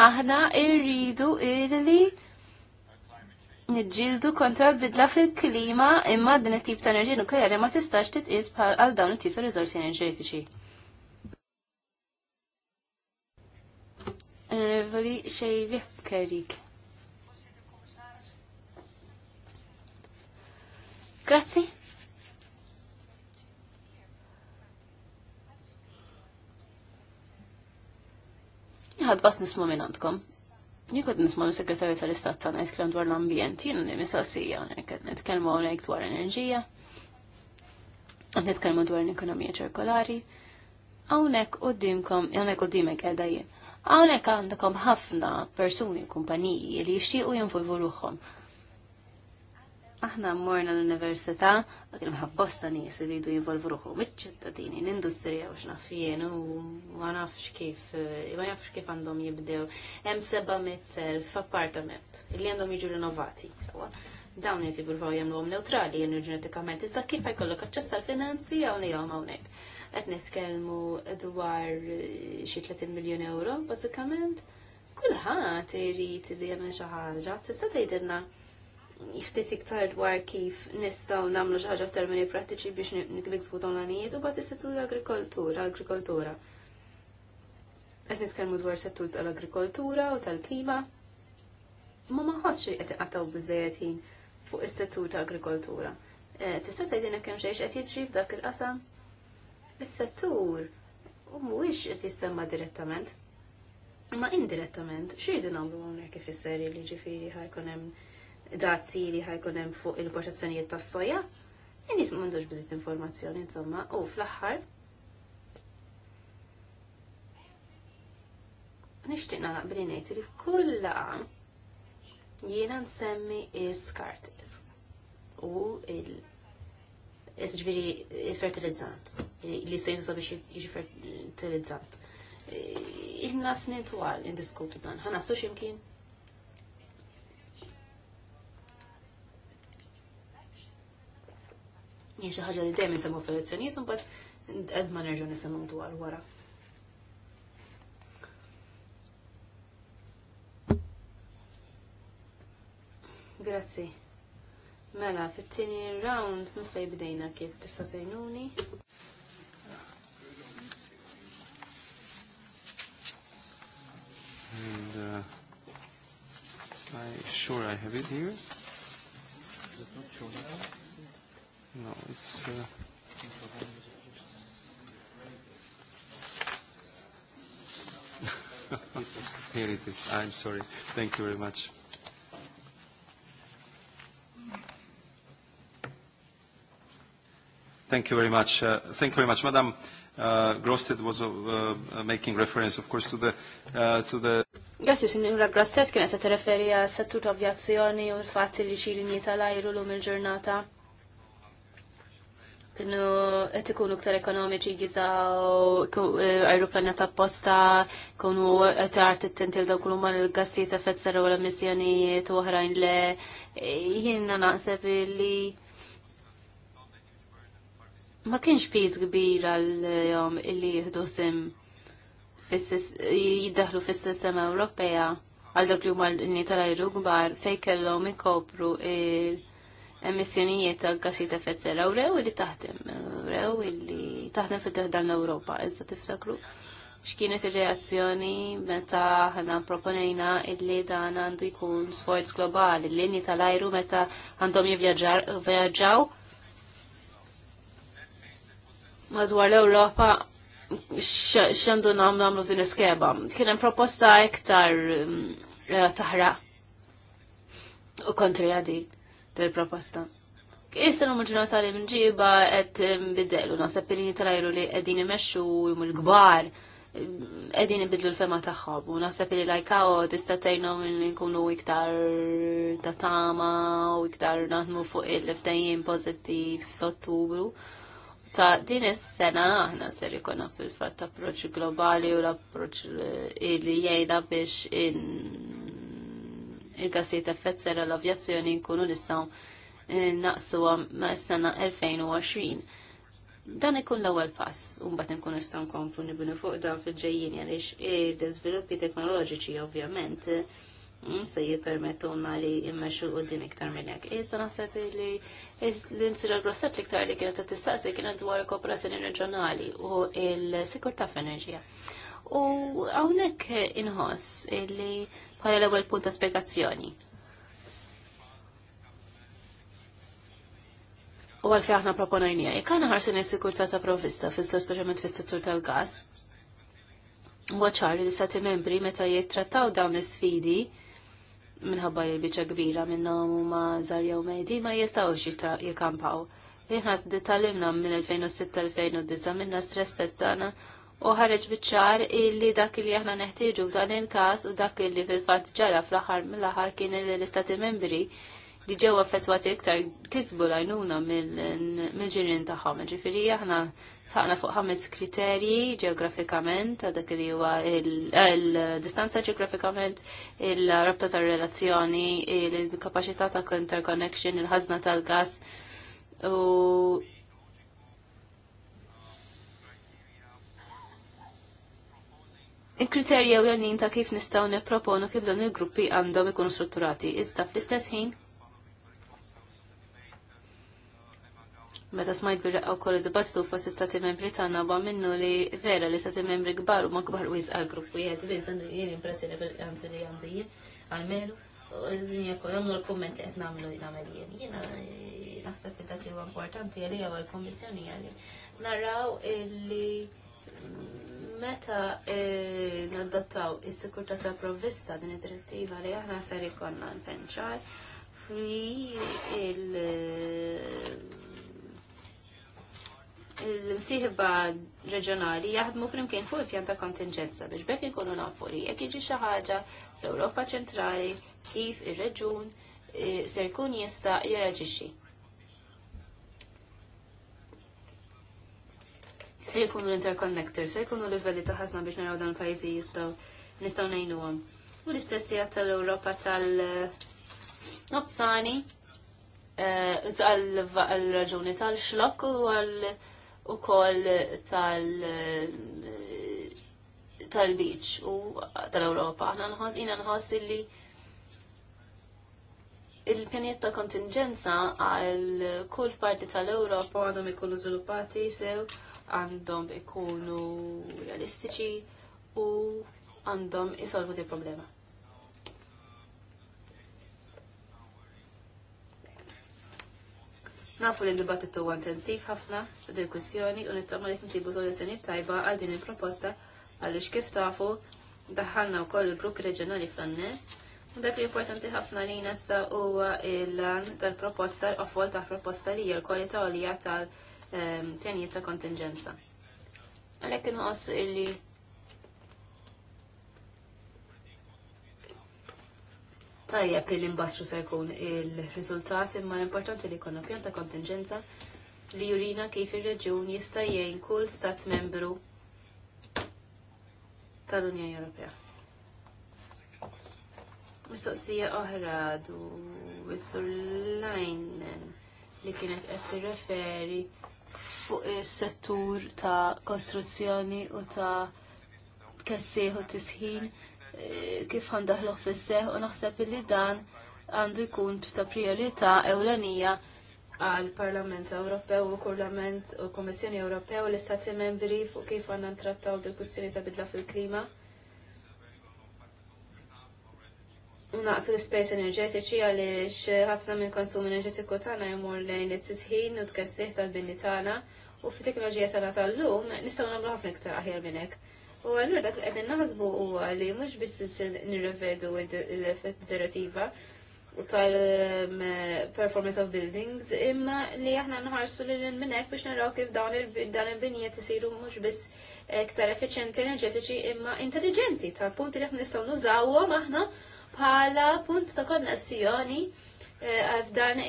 Aħna rridu illi niġġieldu kontra l-bidla fil-klima imma din it-tip ta' enerġija nukleari ma tistax titqis bħal għal dawn it-tip ta' riżorsi enerġetiċi. Voli xej Grazie. Nħad għas nismu minn għandkom. Jien nismu minn segretarju tal-istat ta' najtkellem dwar l-ambjent, jien mistoqsija għonek, nitkelmu għonek dwar enerġija, għad dwar l-ekonomija ċirkolari, għonek u dimkom, għonek u dimek edha jien. Għonek għandkom ħafna persuni, kumpaniji li jixtiequ jinvolvu ruħom Aħna morna l-università, ma kienem ħabbosta nies li jdu jinvolvu ruħu miċ-ċittadini, l-industrija u x'naf jien u ma nafx kif eh, ma nafx kif għandhom jibdew. Hemm seba' mit-telf appartament li għandhom jiġu rinnovati dawn jisibu burfaw faw jamluhom neutrali jenu ġenetikament. Iżda kif jkollok aċċess għal-finanzi għaw li għom għawnek. Għet nitkelmu dwar eh, xi 30 miljon euro, bazzikament. kulħadd irrit li xi xaħġa, tista' tgħidilna ftit iktar dwar kif nistgħu nagħmlu xi ħaġa f'termini prattiċi biex nikbiksbu dawn l-għanijiet u bagħad is-settur agrikoltura, agrikoltura. Qed nitkellmu dwar settur tal-agrikoltura u tal-klima. Ma ma ħossx qed inqataw biżejjed ħin fuq is-settur tal agrikoltura. Eh, tista' tgħidilna kemm xejn qed jiġri f'dak il-qasam? Is-settur mhuwiex qed jissemma direttament. Ma indirettament, xejdu nagħmlu hawnhekk ifisser li ġifieri ħajkun hemm dazzi li ħajkun hemm fuq il-importazzjonijiet tas-soja. In-nies m'għandux biżit informazzjoni insomma u fl-aħħar nixtieq naqbel bli ngħid li f'kull għam jiena nsemmi is-skart u il- il fertilizzant, li se jintuża biex jiġi fertilizzant. Eh, Inna snin twal indiskutu dan, ħana su ximkien? Jien xi ħaġa li dejjem insemmu fil elezzjonijiet imbagħad qed ma nerġgħu nisimgħu dwar wara. Grazzi. Mela, fit-tieni round minn fejn bdejna kif tista' tgħinuni. And uh, I sure I have it here. Is it not sure up? No, it's... Uh... Here it is. I'm sorry. Thank you very much. Thank you very much. Uh, thank you very much. Madam uh, Grosted was uh, uh, making reference, of course, to the... Uh, to the Grazie, signora Grosted, kienet għat referi għal settur ta' avjazzjoni u l-fatti li xilinji tal-ajru l-lum il e giornata kienu qed ikunu iktar ekonomiċi jiżaw eh, ajruplani ta' posta, kunu qed art tintil daw kull mal gassijiet effett serra u l-emissjonijiet oħrajn le jiena naqseb li ma kienx piż kbir għal jom illi jieħdu sim jiddaħlu fis-sistema Ewropea għal dak li huma l-inni tal-ajru kbar fejn kellhom ikopru il- emissjonijiet ta' gassi ta' effett serra u rew li taħdem, rew li taħdem fit teħdan l-Ewropa, iżda tiftakru x'kienet ir-reazzjoni meta ħana proponejna illi dan għandu jkun sforz globali, l-linji tal-ajru meta għandhom jivvjaġġaw madwar l-Ewropa xandu nam namlu f'din iskeba. Kien hemm proposta iktar mm, taħra u kontri għadi tal-proposta. Issa l-numru ġurnata li mġiba qed bidelu, naħseb il tal-ajru li qegħdin imexxu jum il-kbar qegħdin ibidlu l-fema tagħhom u naħseb li lajkaw tista' tgħinhom minn nkunu iktar ta' tama u iktar naħdmu fuq il-ftehim pożittiv f'Ottubru. Ta' din is-sena aħna ser ikonna fil-fatt approċċ globali u l-approċċ li jgħidha biex in il-gassijiet effett serra l-avjazzjoni nkunu nistgħu eh, naqsu ma' s-sena 2020. Dan ikun l-ewwel pass, u mbagħad inkun nistgħu nkomplu nibnu fuq dan fil-ġejjin għaliex l-iżviluppi teknoloġiċi ovvjament mm, se jippermettuna li jimmexxu l-qudiem iktar minn hekk. Issa naħseb li l-insula grossat iktar li kienet li kienet dwar kooperazzjoni reġjonali u l-sikurtà f'enerġija. U hawnhekk inħoss li bħala l-ewwel punt ta' spjegazzjoni. U għalfi aħna proponajnija, jekk ħarsu nis sikurta ta' provvista fis-sor speċjalment fis-settur tal-gas, għacħar li stati membri meta jittrattaw dawn is-sfidi minħabba li biċa kbira minnhom huma żar jew mejdi ma jistgħux jikampaw. Iħna detalimna minn 2006-2009 minna stress testana. tagħna u ħareġ bitċar illi dak li aħna neħtieġu f'dan il-każ u dak li fil-fatt ġara fl-aħħar mill-aħħar kien l-istati membri li ġew affettwati iktar kisbu lajnuna mill-ġirien tagħhom. Ġifieri aħna saqna fuq ħames kriterji ġeografikament ta' dak li huwa il-distanza ġeografikament, il-rabta tar-relazzjoni, il-kapaċità ta' interconnection, il-ħażna tal-gas u il-kriterji ewlenin ta' kif nistaw nipproponu kif dan il-gruppi għandhom ikunu strutturati. Iżda fl-istess ħin meta smajt birraqqa wkoll id-dibattitu fost istati membri ta' naba minnu li vera li stati membri gbar u ma kbar wis għal gruppi bizzan li jien impressjoni bil għanzi li għandi għal-melu jekk jomlu l-komment li namlu nagħmlu jnagħmel jien. Jiena eh, naħseb li dak li huwa importanti għalija għal komissjoni għalija. Narraw li Meta eh, nadottaw is sikurta ta' provvista din id-direttiva li aħna ser ikonna npenċar fri il- eh, il-msiħba reġjonali jaħdmu flimkien fuq il-pjan ta' kontingenza biex bekk ikunu nafu li jekk jiġi xi ħaġa fl-Ewropa ċentrali kif ir-reġun eh, ser jkun jista' jereġixxi. Se jkunu l-interconnector, se jkunu l livelli ta' ħasna biex naraw dan pajzi jistgħu nistgħu nejnu għom. U l-istess tal-Ewropa tal-Nozzani, eh, għal-raġuni tal-xlok u għal u tal- tal-beach u tal-Europa. Aħna nħoss jina nħoss illi il pjanietta ta' kontingenza għal kull parti tal-Europa għadhom ikunu żviluppati sew għandhom ikunu realistiċi u għandhom isolvu di problema. Nafu li l dibattitu huwa intensiv ħafna fil kwissjoni u nittama li nsibu soluzjoni tajba għal din il-proposta għaliex kif tafu daħħalna wkoll il grupp reġjonali fl-annes u dak li importanti ħafna li nessa huwa il-lan tal-proposta l-qofol tal-proposta li hija l-kwalità għolija tal-proposta Ehm, pjanijiet ta' kontingenza. Għalhekk inħoss illi tajjeb li imbastru se jkun il-riżultat imma l-importanti li jkollna pjan ta' kontingenza li jurina kif ir-reġjun jista' jgħin kull stat membru tal-Unjoni Ewropea. Mistoqsija oħra du lajn li kienet qed tirreferi fuq is-settur ta' kostruzzjoni u ta' kessieħu t tisħin eh, kif għandaħlu fis-seħ u naħseb li dan għandu jkun ta' priorità ewlenija għal Parlament Ewropew u Kurlament u Kommissjoni Ewropew l-Istati Membri fuq kif għandna ntrattaw dil-kustjoni ta' bidla fil-klima. naqsu l-ispejs enerġetiċi għaliex ħafna minn konsum enerġetiku tagħna jmur lejn it-tisħin u tkessih tal-bini tagħna u fit-teknoloġija tagħna tal-lum nistgħu nagħmlu ħafna iktar aħjar minn hekk. U għallur dak li għedin naħsbu huwa li mhux biex nirrevedu l-direttiva tal-performance of buildings, imma li aħna nħarsu li l hekk biex naraw kif dawn il-binijiet isiru mhux biss iktar effiċenti enerġetiċi imma intelligenti tal punti li aħna nistgħu nużawhom aħna bħala punt ta' konnessjoni eh, għal dan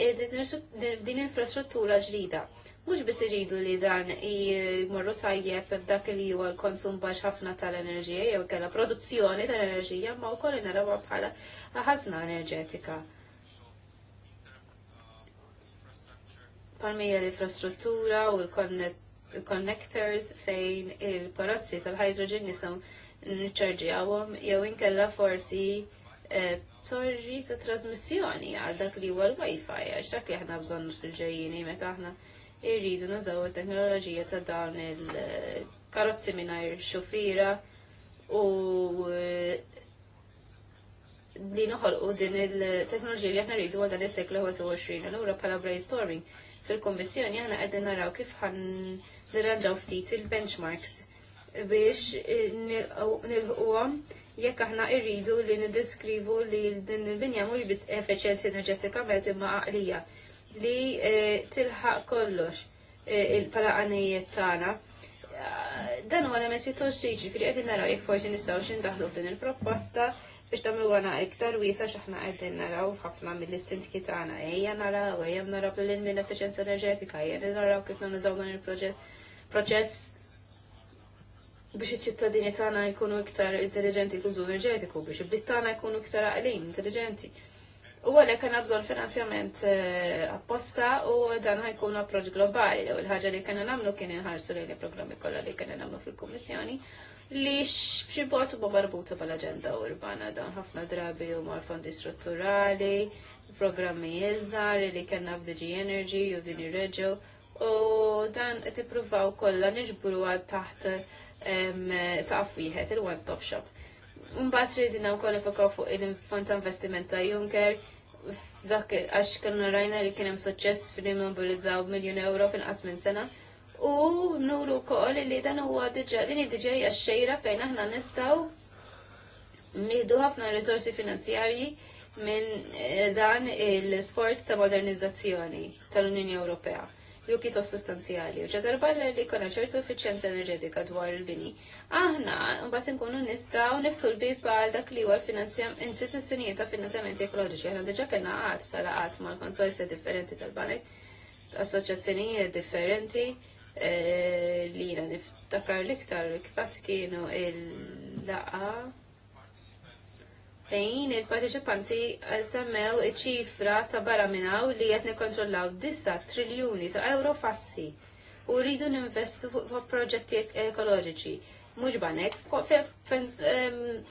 din infrastruttura ġrida. Mux biss iridu li dan jmorru tajjeb f'dak li huwa l-konsum baxx ħafna tal-enerġija jew kella produzzjoni tal-enerġija ma wkoll narawha bħala ħażna enerġetika. Palmija l-infrastruttura u l-connectors fejn il-parazzi tal-hydrogen nisom nċarġi għawom jew inkella forsi E, torri ta' trasmissjoni għal dak li huwa l-Wi-Fi, għax dak li aħna bżonn fil-ġejjini meta aħna irridu nażaw il-teknoloġija ta' dawn il-karozzi mingħajr xufira u e, li noħolqu din il-teknoloġija li aħna rridu għal dan is-seklu 21 allura bħala brainstorming fil-kommissjoni aħna qegħdin naraw kif ħan nirranġaw ftit il-benchmarks biex nilħuhom nil jekk aħna irridu li niddeskrivu li din il-binja mhux biss enerġetika enerġetikament imma għaqlija li e, tilħaq kollox e, il-pala għanijiet tagħna. Dan huwa element pjuttost ġiġi fil qegħdin naraw jekk forsi nistgħu xindaħlu f'din il-proposta biex tagħmlu għana iktar wiesa x'aħna qegħdin naraw ħafna mill sintki tagħna ejja naraw ejja naraw lil min effiċjenza enerġetika ejja naraw kif nagħmlu dan il-proċess biex iċ-ċittadini tagħna jkunu iktar intelligenti fl-użu enerġetiku, biex iblit tagħna jkunu iktar għaqlin, intelligenti. U għalhekk għana bżonn finanzjament eh, apposta u dan ħajkun approċ globali. U l ħaġa li kena nagħmlu kien inħarsu lejn il programmi kollha li kena nagħmlu fil kummissjoni li xibot u barbuta bħal aġenda urbana dan ħafna drabi u fondi strutturali, programmi jizzar li kena f'DG Energy u din reġgħu u dan qed ippruvaw kollha niġburu għal taħt saqaf wieħed il-one stop shop. Mbagħad ridina wkoll ifokaw fuq il-fond ta' investiment ta' Juncker dak għax kellna rajna li kien hemm suċċess fil mobilizzaw miljun euro fil-qas minn sena. U nuru wkoll li dan huwa diġà din diġà hija xejra fejn aħna nistgħu nieħdu ħafna riżorsi finanzjarji minn eh, dan il sport ta' modernizzazzjoni tal-Unjoni Ewropea jew pjuttost sostanzjali u ġedarba li jkollna ċertu efficienza enerġetika dwar il-bini. Aħna mbagħad inkunu nistgħu niftu l-bib għal dak li huwa l-istituzzjonijiet ta' finanzjamenti ekoloġiċi. Aħna diġà kellna qatt tal-qatt mal-konsorzja differenti tal-banek, assoċjazzjonijiet differenti e, li jina niftakar liktar kifat kienu il-laqa fejn il-parteċipanti semmew iċ-ċifra ta' barra minnaw li qed nikkontrollaw disa' triljuni ta' euro fassi u rridu ninvestu fuq proġetti ekoloġiċi, mhux banek,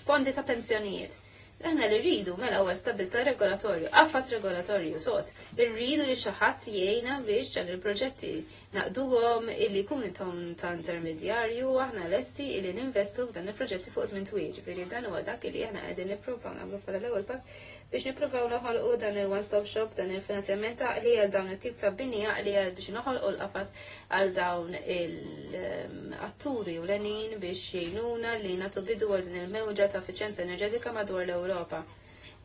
fondi ta' pensjonijiet. Aħna li rridu mela huwa stabilta regolatorju, qafas regolatorju sot. Irridu li xi ħadd jgħinna biex ċan il-proġetti naqduhom illi jkun intom ta' intermedjarju aħna lesti illi ninvestu f'dan il-proġetti fuq żmien twil. Ġifieri dan huwa dak li aħna qegħdin nipprova nagħmlu bħala l-ewwel pass biex nippruvaw noħolqu dan il-one-stop shop, dan il-finanzjament li għal dawn il tip ta' bini li għal biex u l-qafas għal dawn il-atturi u l enin biex jgħinuna li natu bidu għal din il-mewġa ta' efficienza enerġetika madwar l-Ewropa.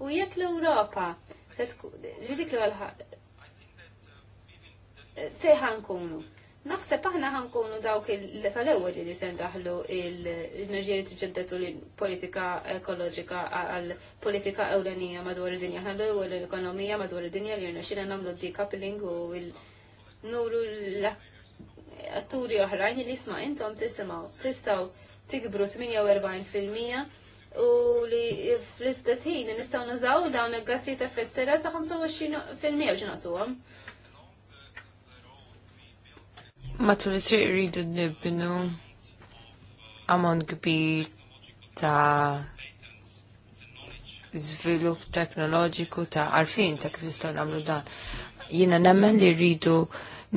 U jekk l-Ewropa, ġvidik li għal eh, fejħan kunu? Naħseb aħna ħankunu dawk li tal-ewwel li se ndaħlu il enerġija li tiġġeddet l-politika ekoloġika għal politika ewlenija madwar id-dinja ħallu u l-ekonomija madwar id-dinja li rnexxina nagħmlu decoupling u nuru l-atturi oħrajn li isma' intom tisimgħu tistgħu tikbru 48% u li fl-istess ħin nistgħu nażaw dawn il-gassi ta' effett sera sa' 25% biex naqsuhom. Matul it-triq rridu nibnu għamon gbir ta' żvilupp teknoloġiku ta' arfin ta' kif nistgħu nagħmlu dan. Jiena nemmen li rridu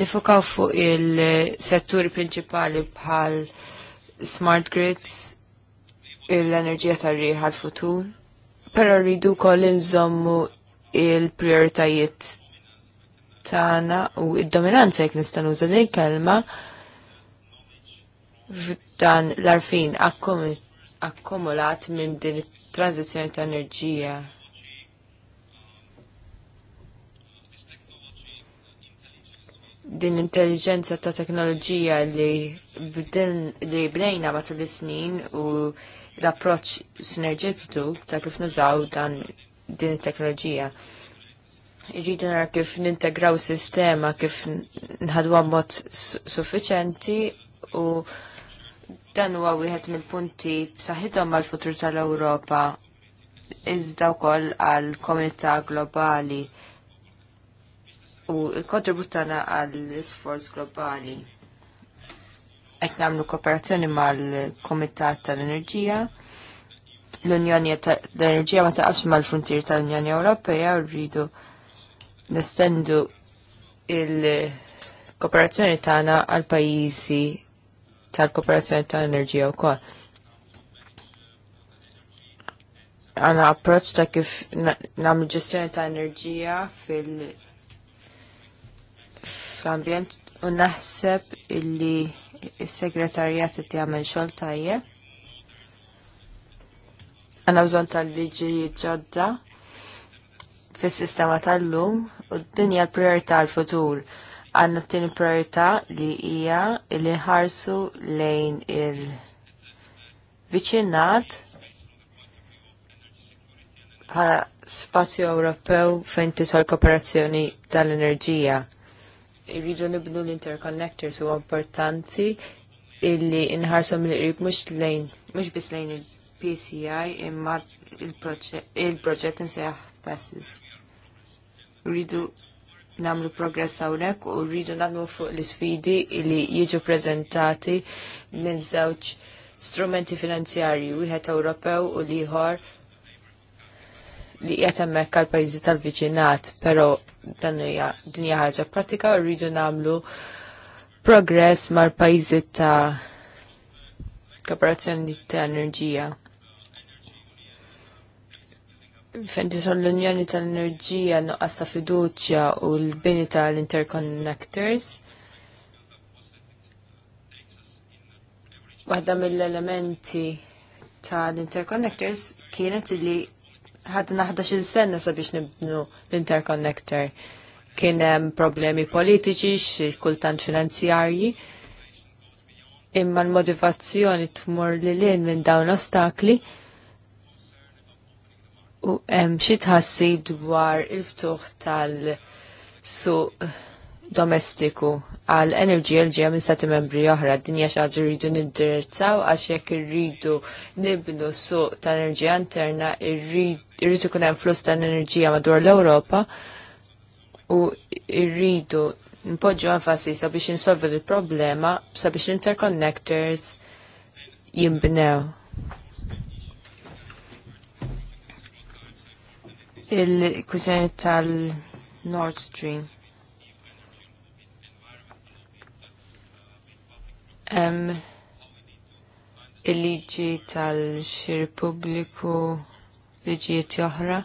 nifokaw fuq il-setturi prinċipali bħal smart grids, l-enerġija tar-riħa futur però rridu kollin zommu il-prioritajiet tagħna u id-dominanza jekk nistgħu nuża din il-kelma f'dan l-arfin akkumulat minn din it-tranzizzjoni ta' enerġija. Din l-intelligenza ta' teknoloġija li bdin li bnejna matul is-snin u l-approċċ sinerġetiku ta' kif nużaw dan din it-teknoloġija. Irridu nara kif nintegraw sistema kif nħadwa mod suffiċenti u dan huwa wieħed mill-punti b'saħħithom għal futur tal-Ewropa iżda wkoll għall komunità globali u l-kontribut tagħna għall-isforz globali. Qed nagħmlu kooperazzjoni mal-Kumitat tal-Enerġija, l-Unjoni tal-Enerġija ma taqax mal funtir tal-Unjoni Ewropea u rridu nestendu il-kooperazzjoni tagħna għal pajjiżi tal-kooperazzjoni tal-enerġija wkoll. Għana approċ ta' kif nagħmlu ġestjoni ta' enerġija fil- fl-ambjent u naħseb illi s segretarjat qed jagħmel xogħol tajjeb. Għana bżon tal-liġi ġodda fis-sistema tal-lum u d-dinja l-priorità l-futur. Għanna t-tini priorità li hija li ħarsu lejn il-viċinat bħala spazju Ewropew fejn tisol kooperazzjoni tal-enerġija. Irridu nibnu l-interconnectors u importanti illi inħarsu mill-qrib mhux lejn mux biss lejn il-PCI imma il-proġett il insejjaħ passes rridu namlu progress hawnhekk u rridu nagħmlu fuq l-isfidi li jiġu preżentati minn żewġ strumenti finanzjarji wieħed Ewropew u liħor li qed hemmhekk għal pajjiżi tal-viċinat, però dan hija din hija ħaġa pratika u rridu nagħmlu progress mal-pajjiżi ta' kooperazzjoni ta' enerġija. Fendi l-Unjoni tal-Enerġija nuqqas ta' fiduċja u l-bini tal-interconnectors. Waħda mill-elementi tal-interconnectors kienet li ħadna 11 sena sabiex nibnu l-interconnector. Kien hemm problemi politiċi, xi kultant finanzjarji, imma l-motivazzjoni tmur li lin minn dawn l ostakli u hemm xi tħassi dwar il-ftuħ tal su domestiku għal enerġija l ġija minn stati membri oħra d-dinja ħaġa rridu nindirizzaw għax jekk irridu nibnu suq tal-enerġija interna irridu kun hemm flus tal-enerġija madwar l-Ewropa u irridu npoġġu enfasi sabiex insolvu il-problema sabiex l-interconnectors jinbnew. il-kwistjoni tal-Nord Stream. Um, il-liġi tal-xir publiku liġi t liġijiet oħra.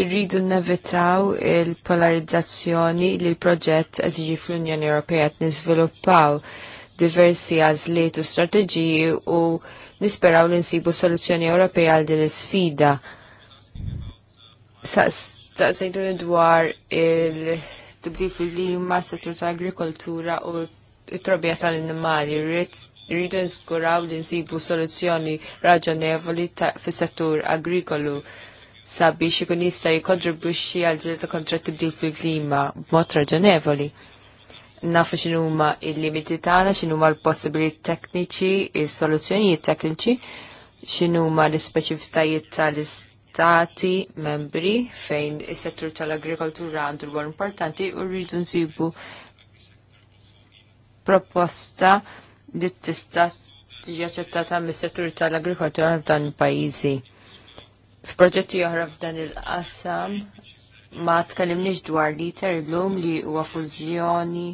Irridu nevitaw il-polarizzazzjoni li l-proġett qed jiġi fl-Unjoni Ewropea qed niżviluppaw diversi għażliet u strateġiji u nisperaw li nsibu soluzzjoni Ewropea għal din sfida Sa' sejdu dwar il-tibdil fil-klima, settur ta' agrikoltura u it-trobija tal-annimali. Rridu nżguraw li nsibu soluzzjoni raġonevoli fis settur agrikolu sabiex ikun jista' jikkontribwixxi għal ġilda kontra tibdil fil-klima b'mod raġonevoli. Nafu x'inhuma il-limiti tagħna, x'inhuma l-possibilijiet tekniċi, is-soluzzjonijiet tekniċi, x'inhuma l-ispeċifitajiet tal-istati membri fejn is-settur tal-agrikoltura għandu rwol importanti u rridu nsibu proposta li tista' tiġi aċċettata mis-settur tal-agrikoltura f'dan il-pajjiżi. F'proġetti oħra f'dan il-qasam ma tkellimniex dwar li illum li huwa fużjoni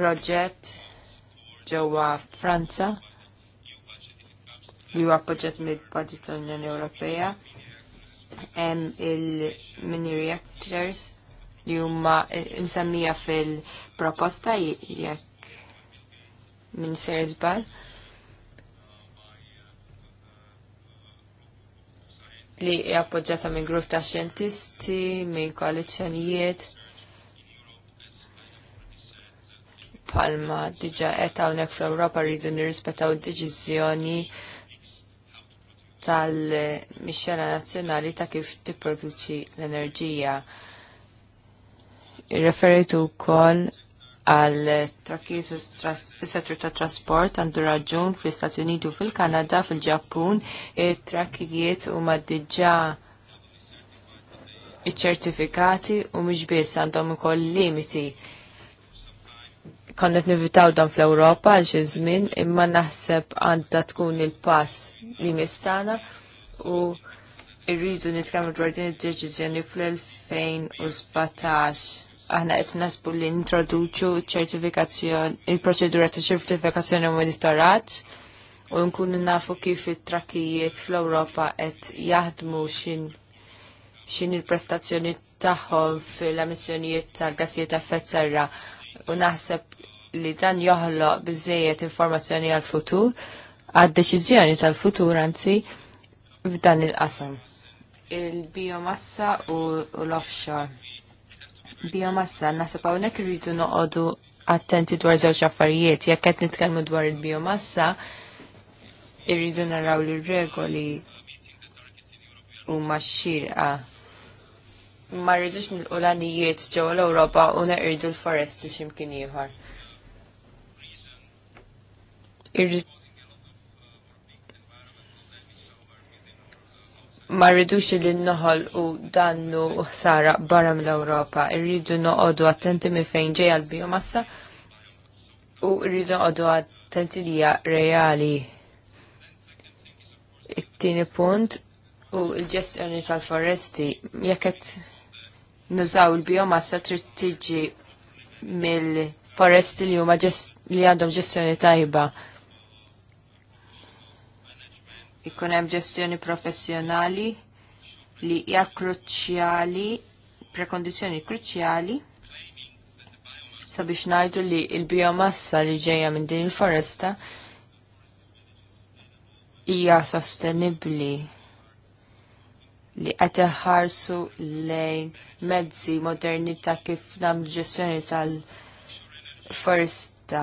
proġett ġewwa Franza li huwa proġett mill-Budget tal-Unjoni Ewropea hemm il-mini reactors li huma insemmija fil-proposta jekk minn Serzbal. li hija appoġġjata minn grupp ta' xjentisti, minn koalizzjonijiet. Palma diġa qed hawnhekk fl-Ewropa rridu nirrispettaw id-deċiżjoni tal mixena nazzjonali ta' kif tipproduċi l-enerġija. Irreferitu wkoll għal trakkiż u settur ta' trasport għandu raġun fl-Istati Unitu fil-Kanada, fil-Ġappun, trakkijiet u diġà iċ-ċertifikati u mhux biss għandhom ukoll limiti. Konnet nivitaw dan fl-Ewropa għal xi żmien, imma naħseb għandha tkun il-pass li mistana u rridu nitkellmu dwar din id-deċiżjoni fl-2017 aħna qed nasbu li nintroduċu ċertifikazzjoni il-proċedura ta' ċertifikazzjoni u monitorat u nkunu nafu kif it-trakkijiet fl-Ewropa qed jaħdmu xin xin il-prestazzjoni tagħhom fil-emissjonijiet tal-gassijiet ta' effett serra u naħseb li dan joħloq biżejjed informazzjoni għal-futur għad-deċiżjoni tal-futur anzi f'dan il-qasam il-biomassa u l-offshore biomassa, nasab hawnhekk irridu noqogħdu attenti dwar żewġ affarijiet, jekk qed nitkellmu dwar il-biomassa, irridu naraw li regoli huma xxirqa. Ma rridux nilqulanijiet ġew l-Ewropa u rridu l-foresti x'imkien ieħor. Irrid ma rridux li noħol u dannu u ħsara barra mill-Ewropa. Irridu noqogħdu attenti minn fejn ġej għall-biomassa u rridu noqogħdu attenti li reali. It-tieni punt u l-ġestjoni tal-foresti jekk qed nużaw il-biomassa trid tiġi mill-foresti li huma li għandhom ġestjoni tajba Ikun hemm ġestjoni professjonali li hija kruċjali, prekondizzjoni kruċjali sabiex ngħidu li l-biomassa li ġejja minn din il-foresta hija sostenibbli li qed iħarsu lejn mezzi moderni ta' kif nagħmlu ġestjoni tal-foresta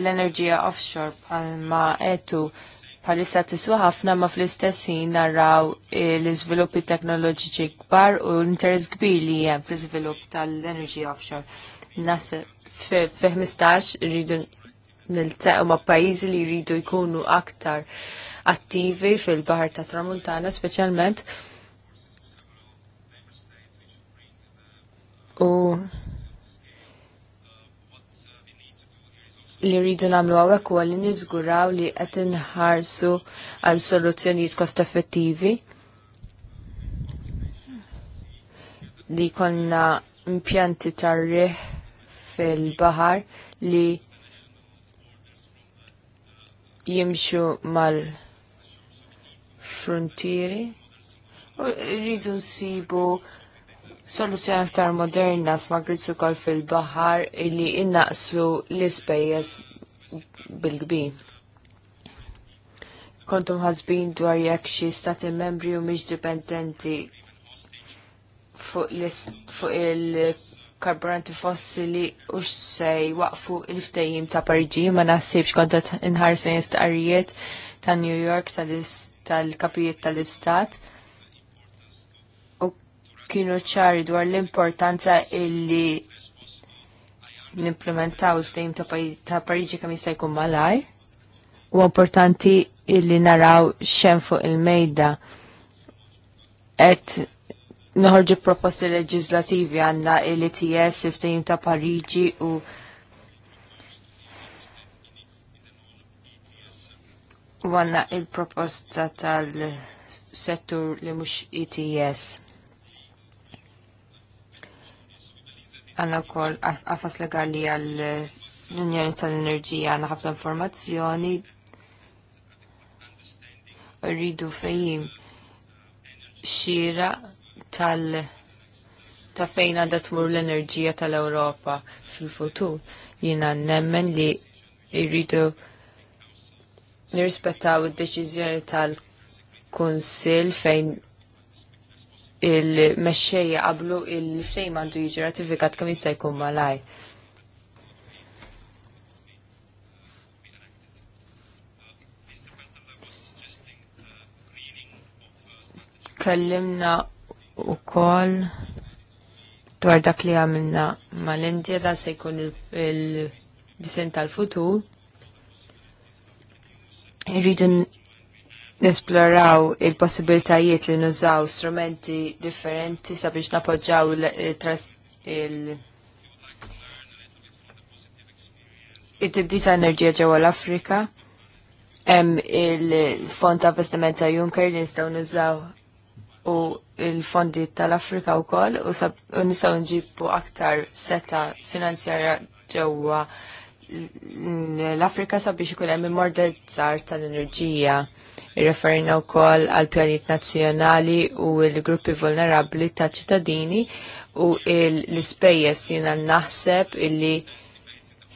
l-enerġija offshore bħalma etu bħalissa tiswa ħafna ma fl-istess ħin naraw eh, l-iżviluppi teknoloġiċi kbar u l-interess kbir li hemm fl-iżvilupp tal-enerġija offshore. Nas fi 15 rridu niltaqgħu ma' pajjiżi li jridu jkunu aktar attivi fil-Baħar ta' Tramuntana speċjalment. U li rridu namlu għawek u għalli nizguraw li qed nħarsu għal soluzzjonijiet kost effettivi li konna impjanti tarriħ fil-bahar li jimxu mal-frontieri u rridu nsibu soluzzjoni aktar moderna sma' grids ukoll fil-baħar illi innaqsu l-ispejjeż bil-kbir kontum ħazbin dwar jekk xi stati membri u mhix dipendenti fuq il-karburanti fossili u x'sej waqfu il-ftejjim ta' Pariġi ma naħsibx konta inħarsen istqarrijiet ta' New York tal-kapijiet tal-istat kienu ċari dwar l-importanza illi nimplementaw il fdejm ta' Pariġi kemm jista' jkun malaj U importanti illi naraw xem fuq il-mejda et noħorġu proposti leġislativi għandna l-ITS, il fdejm ta' Pariġi u u għanna il-proposta tal-settur li mux ETS. għanna koll għafas legali għal l-Unjoni tal-Enerġija għanna ħafna informazzjoni rridu fejjim xira tal- ta' fejn għandha tmur l-enerġija tal-Ewropa fil-futur. Jiena nemmen li rridu nirrispettaw id-deċiżjoni tal-Kunsill fejn il mesċeja qablu il-ftejn għandu jiġi ratifikat kemm jista' jkun malaj. Kellimna u koll dwar dak li għamilna mal indja dan se jkun il-disin tal-futur. Irridu nesploraw il-possibilitajiet li nużaw strumenti differenti sabiex napoġġaw il- it-tibdi ta' enerġija ġewwa l-Afrika, hemm il-fond ta' investiment ta' Juncker li nistgħu nużaw u il-fondi tal-Afrika wkoll u, u nistgħu nġibu aktar seta finanzjarja ġewwa l-Afrika sabiex ikun hemm immordezzar tal-enerġija. Irreferina wkoll għal pjanit nazzjonali u l-gruppi vulnerabbli ta' ċittadini u l-ispejjeż jiena naħseb illi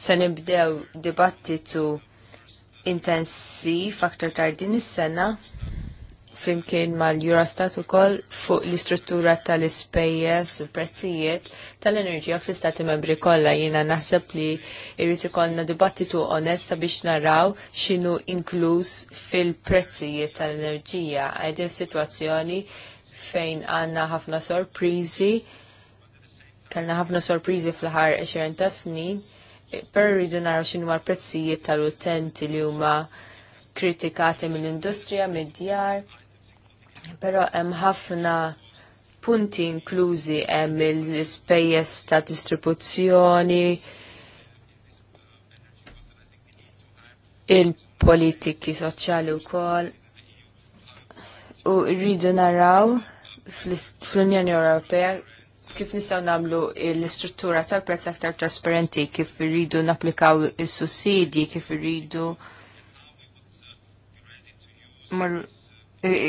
se nibdew dibattitu intensiv aktar tard din is-sena flimkien mal-Eurostat ukoll fuq l-istruttura tal-ispejjeż u prezzijiet tal-enerġija fl-istati membri kollha jiena naħseb li jrid ikollna dibattitu onest sabiex naraw x'inhu inkluż fil-prezzijiet tal-enerġija qegħdin sitwazzjoni fejn għandna ħafna sorpriżi kellna ħafna sorpriżi fl-ħar 20 ta' snin, però rridu naraw x'inhu l-prezzijiet tal-utenti li huma kritikati mill-industrija, mid-djar, Però hemm ħafna punti inklużi hemm il-spejjeż ta' distribuzzjoni, il-politiki soċjali wkoll. U rridu naraw fl-Unjoni Ewropea kif nistgħu nagħmlu l-istruttura tal-prezz aktar trasparenti, kif irridu napplikaw is-sussidji, kif irridu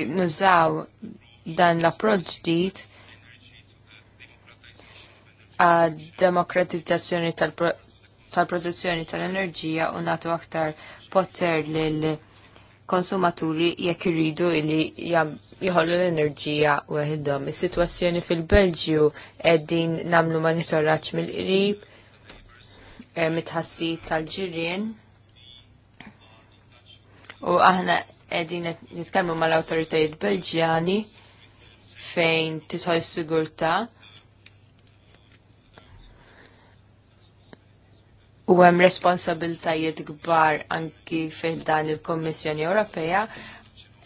nużaw dan l-approċ dit għad demokratizzazzjoni tal-produzzjoni tal tal-enerġija u natu aktar poter lil konsumaturi jekk irridu li jħollu l-enerġija u għeddom. Is-sitwazzjoni fil-Belġju qegħdin namlu monitoraġġ mill-qrib eh, mitħassib tal-ġirien u aħna edin nitkellmu mal-autoritajiet Belġjani fejn titħol sigurta u hemm responsabiltajiet kbar anki fejn dan il-Kommissjoni Ewropea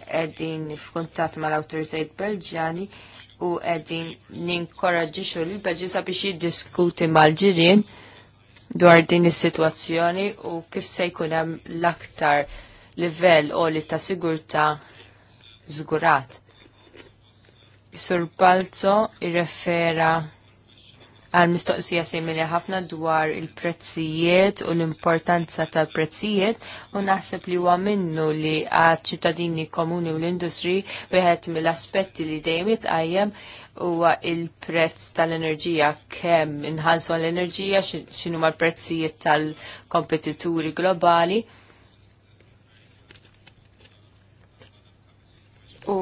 qegħdin f'kuntatt mal-awtoritajiet Belġjani u qegħdin ninkoraġġixu lil Belġju sabiex jiddiskuti mal-ġirien dwar din is-sitwazzjoni u kif se jkun hemm l-aktar livell o li ta' sigurta zgurat. Sur Balzo irrefera għal mistoqsija simili ħafna dwar il-prezzijiet u l-importanza tal-prezzijiet u naħseb li huwa minnu li għad ċittadini komuni u l-industri wieħed mill-aspetti li dejjem jitqajjem huwa il-prezz tal-enerġija kemm inħallsu għall-enerġija x'inhu l-prezzijiet tal-kompetituri globali U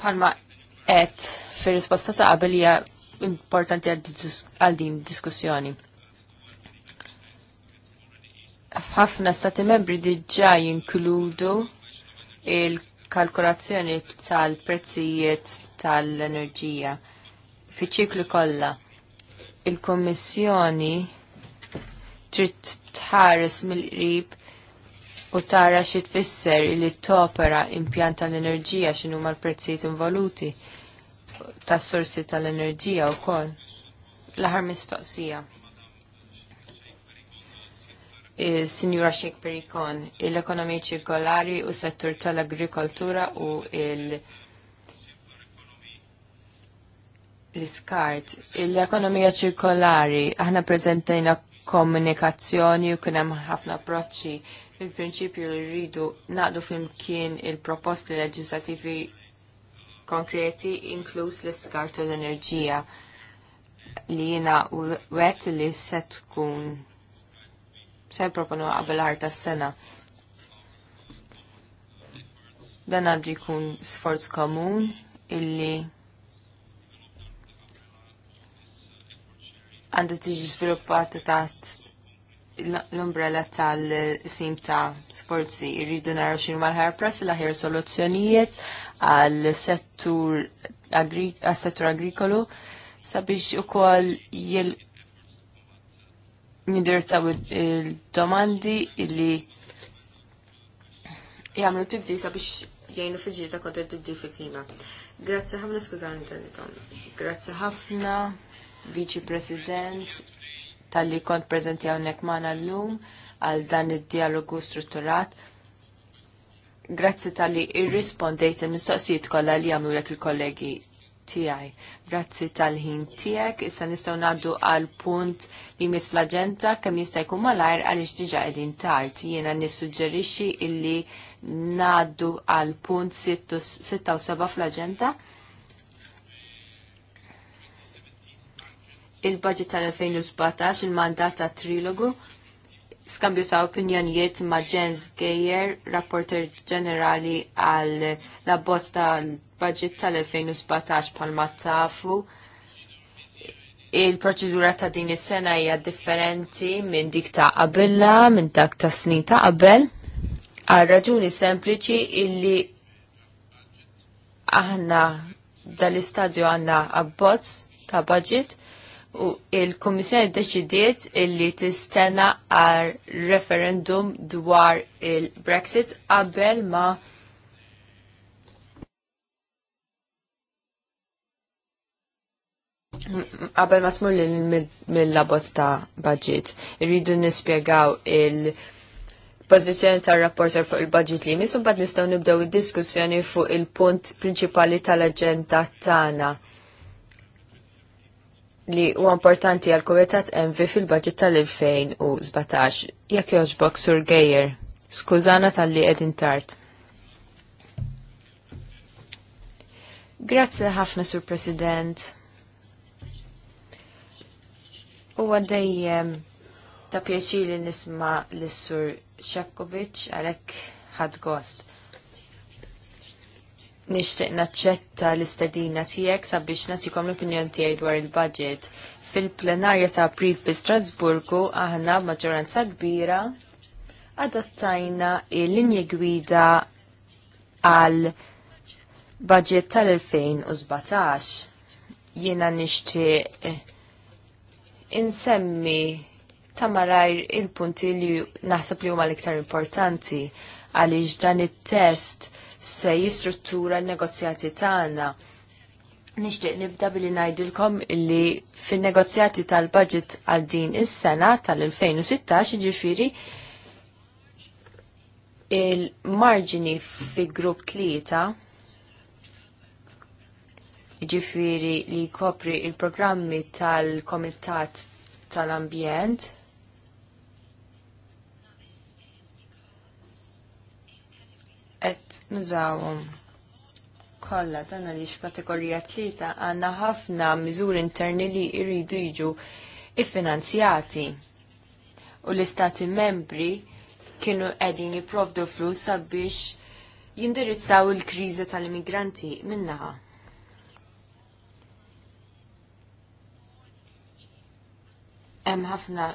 palma et fir-risposta ta' qabel hija importanti għal din diskussjoni. F'ħafna stati membri diġà jinkludu il-kalkolazzjoni tal-prezzijiet tal-enerġija Fiċiklu ċiklu kollha. Il-Kommissjoni trid tħares mill-qrib u tara xi tfisser li topera impjant tal-enerġija x'inhu l-prezzijiet involuti tas-sorsi tal-enerġija wkoll. L-aħħar mistoqsija. Signora Sheikh Perikon, l-ekonomija ċirkolari u settur tal-agrikoltura u il- l-iskart. L-ekonomija ċirkolari, aħna prezentajna komunikazzjoni u kienem ħafna approċċi fil-prinċipju li rridu naqdu flimkien il-proposti leġislativi konkreti inkluż l-iskartu l-enerġija li jina wet li se tkun se proponu qabel ħarta s-sena. Dan għandu jkun sforz komun illi għandu tiġi sviluppata ta' l-umbrella tal-sim ta' sforzi irridu naraw xinu mal-ħar press l soluzzjonijiet għal-settur għal agrikolu sabiex u kol jil nidirtaw il-domandi illi jgħamlu tibdi sabiex jgħinu fil kontra tibdi fi klima Grazie ħafna, skużani tal-kom. Grazie ħafna, Vice President, tal-li kont prezenti hawnhekk l llum għal dan id-dialogu strutturat. Grazzi tal-li irrispondejt il-mistoqsijiet kollha li għamlu l-ek il-kollegi tiegħi. Grazzi tal-ħin tiegħek, issa nistgħu naddu għal punt li mis fl-aġenda kemm jista' jkun malajr għaliex diġa' qegħdin tard. Jiena nissuġġerixxi illi ngħaddu għal punt 6 u 7 fl-aġenda il-budget tal-2017 il-mandat ta' trilogu skambju ta' opinjonijiet ma' Jens Geyer, rapporter ġenerali għal la bozz tal-budget tal-2017 palma tafu. Il-proċedura ta' din is-sena hija differenti minn dik ta' qabilla, minn dak ta' snin ta' qabel, għal raġuni sempliċi illi aħna dal-istadju għanna abbozz ta' budget u il komissjoni deċidiet illi tistenna għal referendum dwar il-Brexit qabel ma qabel ma tmur mill labot ta' budget. Irridu nispjegaw il- Pożizzjoni tar rapporter fuq il-budget li mis bad nistgħu nibdew id-diskussjoni fuq il-punt prinċipali tal-aġenda tagħna li u importanti għal kuvetat MV fil-budget tal-2017, jekk joġbok sur Gejer. Skużana tal-li edin tart. Grazie ħafna, Sur President. U għaddejjem ta' pjaċi li nisma l-Sur Shevkovic għalek ħad gost nixtieq naċċetta l-istedina tiegħek sabiex nagħtikom l opinjon tiegħi dwar il-budget. Fil-plenarja ta' April fi Strasburgu aħna maġoranza kbira adottajna il-linje gwida għal budget tal-2017. Jiena nixtieq insemmi ta' malajr il-punti li naħseb li huma l-iktar importanti għaliex dan it-test se jistruttura l-negozjati tagħna. Nixtieq nibda billi ngħidilkom illi fin-negozjati tal-budget għal din is-sena tal-2016 ġifieri il-marġini fi grupp tlieta ġifiri li kopri il-programmi tal-Komitat tal-Ambjent qed nużawhom kollha dan għaliex kategorija tlieta għandna ħafna miżuri interni li jridu jiġu iffinanzjati u l-istati membri kienu qegħdin jipprovdu flus sabiex jindirizzaw il-kriżi tal-immigranti minnaħa. Hemm ħafna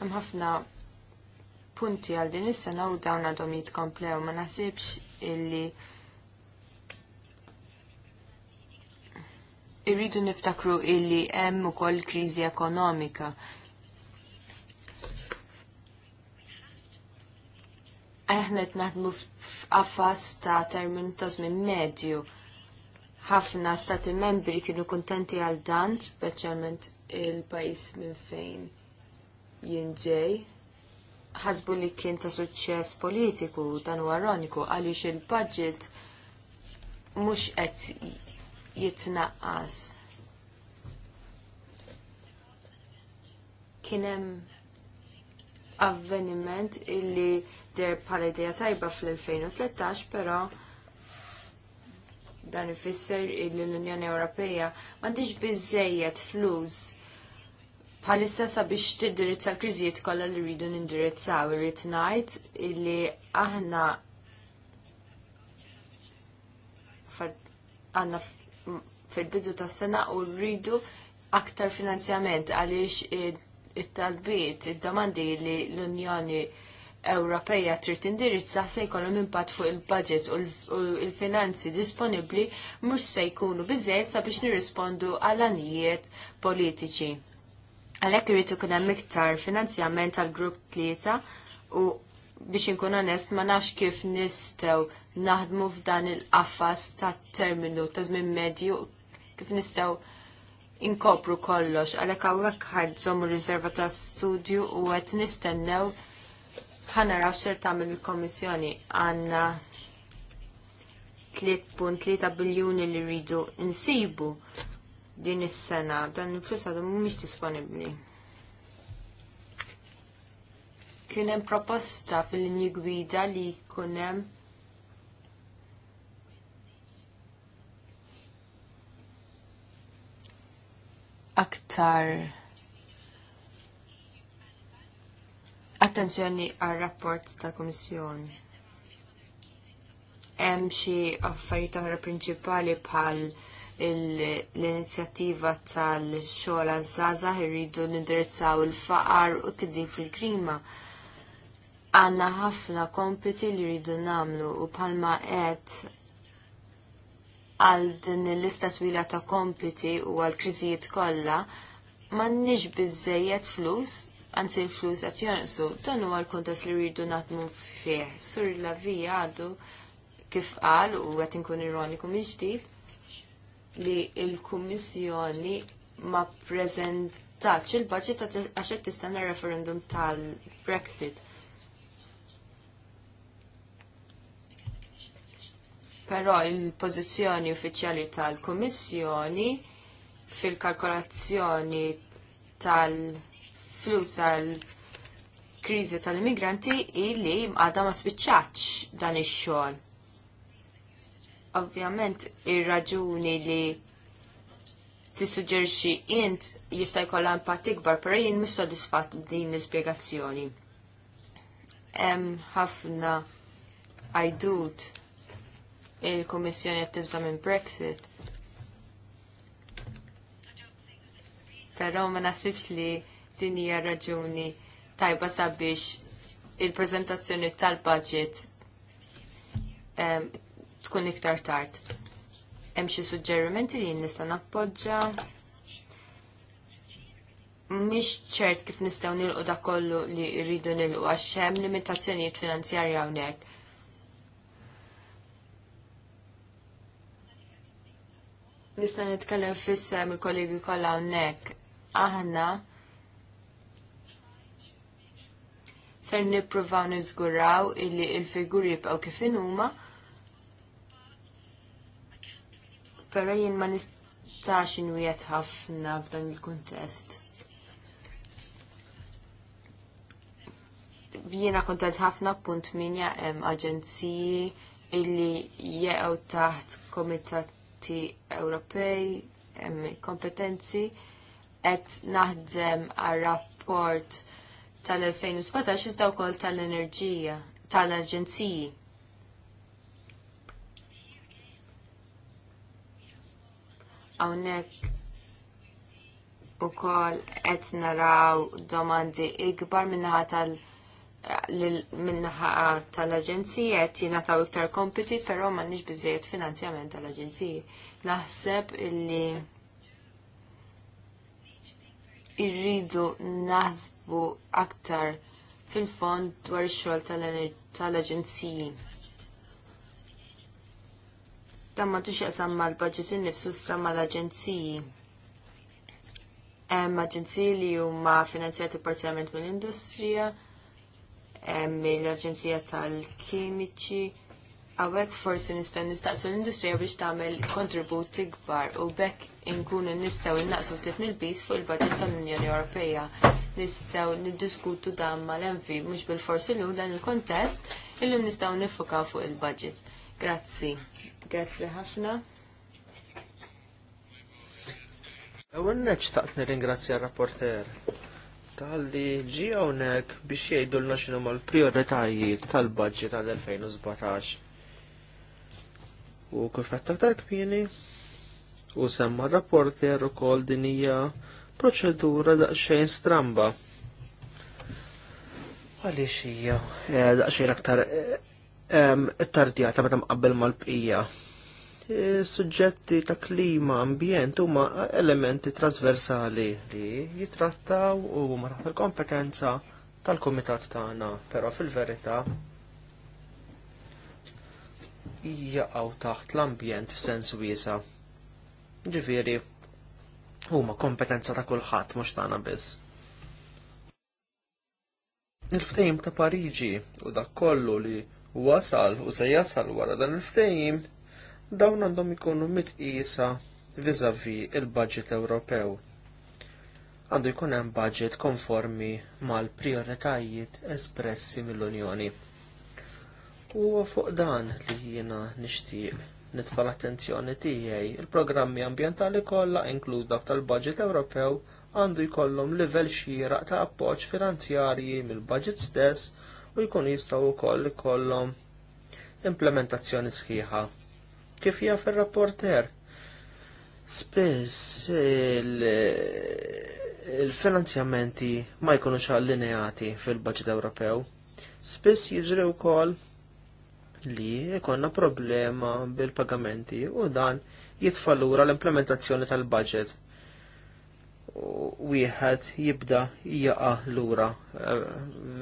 Hemm ħafna punti għal din is-sena u dawn għadhom jitkomplew ma nasibx illi irridu niftakru illi hemm ukoll kriżi ekonomika. Aħna qed naħdmu f'qafas ta' termin ta' żmien medju. Ħafna stati membri kienu kuntenti għal dan, speċjalment il-pajjiż minn fejn jinġej ħasbu li kien ta' suċċess politiku dan huwa ironiku għaliex il-budget mhux qed jitnaqqas. Kien hemm avveniment illi der bħala idea tajba fl-2013, però dan ifisser illi l-Unjoni Ewropea m'għandix biżejjed flus Bħalissa sabiex tiddirizza l-kriżijiet kollha li rridu nindirizzaw irrid ngħid li aħna għandna fil-bidu tas-sena u rridu aktar finanzjament għaliex it-talbiet, id-domandi li l-Unjoni Ewropeja trid indirizza se jkollhom impatt fuq il-budget u l-finanzi disponibbli mhux se jkunu biżejjed sabiex nirrispondu għal anijiet politiċi. Għalhekk irid ikun hemm iktar finanzjament għal grupp tlieta u biex inkun onest ma nafx kif nistgħu naħdmu f'dan il-qafas ta' terminu ta' żmien medju kif nistgħu inkopru kollox għalhekk hawnhekk ħadżhom riserva ta' studju u qed nistennew naraw xer tagħmel il-Kommissjoni għandna 3.3 biljuni li rridu insibu din is-sena dan il-flus għadhom mhumiex disponibbli. Kien hemm proposta fil-linji gwida li jkun hemm aktar attenzjoni għal rapport tal-Komissjoni. Hemm xi affarijiet oħra prinċipali bħal l-inizjattiva tal-xogħol Zaza irridu nindirizzaw il-faqar u t-tidin fil krima Għanna ħafna kompiti li rridu namlu u palma għed għal din l-lista twila ta' kompiti u għal kriżijiet kollha m'għandniex biżejjed flus anzi l-flus għat jonqsu, dan huwa l-kontest li rridu natmu fih. Sur la vija għadu kif qal u qed inkun ironiku minn ġdid, li il-Kummissjoni ma prezentax il-budget għax qed tistenna referendum tal-Brexit. Però il-pożizzjoni uffiċjali tal-Kummissjoni fil-kalkolazzjoni tal-flus tal-kriżi tal-immigranti li għadha ma spiċċax dan ix-xogħol Ovvjament, ir-raġuni li tissuġġerixxi int jista' jkollha impatt ikbar, però jien mhux sodisfatt din l-ispjegazzjoni. Hemm ħafna għajdut il-Kummissjoni qed tibża minn Brexit. Però ma nasibx li din hija raġuni tajba sabiex il-preżentazzjoni tal-budget ehm, tkun iktar tard. Hemm xi suġġerimenti li nista' nappoġġa. Mhix ċert kif nistgħu nilqu dak kollu li rridu nilqu għax hemm limitazzjonijiet finanzjarji hawnhekk. Nista' nitkellem fissem il-kollegi kollha hawnhekk. Aħna ser nippruvaw niżguraw illi il-figuri jibqgħu kif in huma pero jien ma nistax inwiet ħafna f'dan il-kuntest. Jiena kontent ħafna punt minja hemm aġenziji illi jeqgħu taħt komitati Ewropej hemm kompetenzi qed naħdem għar rapport tal-2017 iżda wkoll tal-enerġija tal-aġenziji. Hawnhekk ukoll qed naraw domandi ikbar minnaħa tal- minnaħa tal-aġenzija qed jingħataw iktar kompiti, però m'għandniex biżejjed finanzjament tal-aġenziji. Naħseb illi irridu naħsbu aktar fil-fond dwar ix-xogħol tal-aġenziji. Dan ma tuxieqsam mal-budget innifsu stra mal-aġenziji. Hemm aġenziji li huma finanzjati parzialment mill-industrija, em mill aġenzija tal-Kimiċi, għawek forsi nista' nistaqsu l-industrija biex tagħmel kontributi kbar u bekk inkunu nistgħu innaqsu ftit mill-bis fuq il-budget tal-Unjoni Ewropea. Nistgħu niddiskutu dan mal-envi mhux bil-forsi l dan il-kontest illum nistgħu nifokaw fuq il-budget. Grazzi. Grazzi ħafna. Ewwel neċtaqt nirringrazzja r-rapporter tal-li ġi hawnhekk biex jgħidulna ma l-prijoritajiet tal-budget għal 2017 U kufetta ktar aktar kmieni u semma r-rapporter ukoll din hija proċedura daqsxejn stramba. Għaliex hija daqsxejn aktar eh, it ta' meta mqabbel mal-bqija. E, suġġetti ta' klima, ambjent huma elementi trasversali li jitrattaw u huma taħt il-kompetenza tal-kumitat tagħna, però fil-verità jaqgħu taħt l-ambjent f'sens wiesa. Ġifieri, huma kompetenza ta' kulħadd mhux tagħna biss. Il-ftehim ta' Pariġi u dak kollu li wasal u se jasal wara dan il-ftehim dawn għandhom mit mitqisa vizavi il-budget Ewropew. Għandu jkun hemm budget konformi mal-prioritajiet espressi mill-Unjoni. U fuq dan li jiena nixtieq nitfa l-attenzjoni tiegħi il-programmi ambjentali kollha inkluż dak tal-budget Ewropew għandu jkollhom livell xieraq ta' appoġġ finanzjarji mill-budget stess u jkun jistgħu wkoll ikollhom implementazzjoni sħiħa. Kif jaf il rapporter Spiss il-finanzjamenti il ma jkunux xallineati fil-budget Ewropew. Spiss jiġri wkoll li jkonna problema bil-pagamenti u dan jitfallura l-implementazzjoni tal-budget wieħed jibda jaqa' lura eh,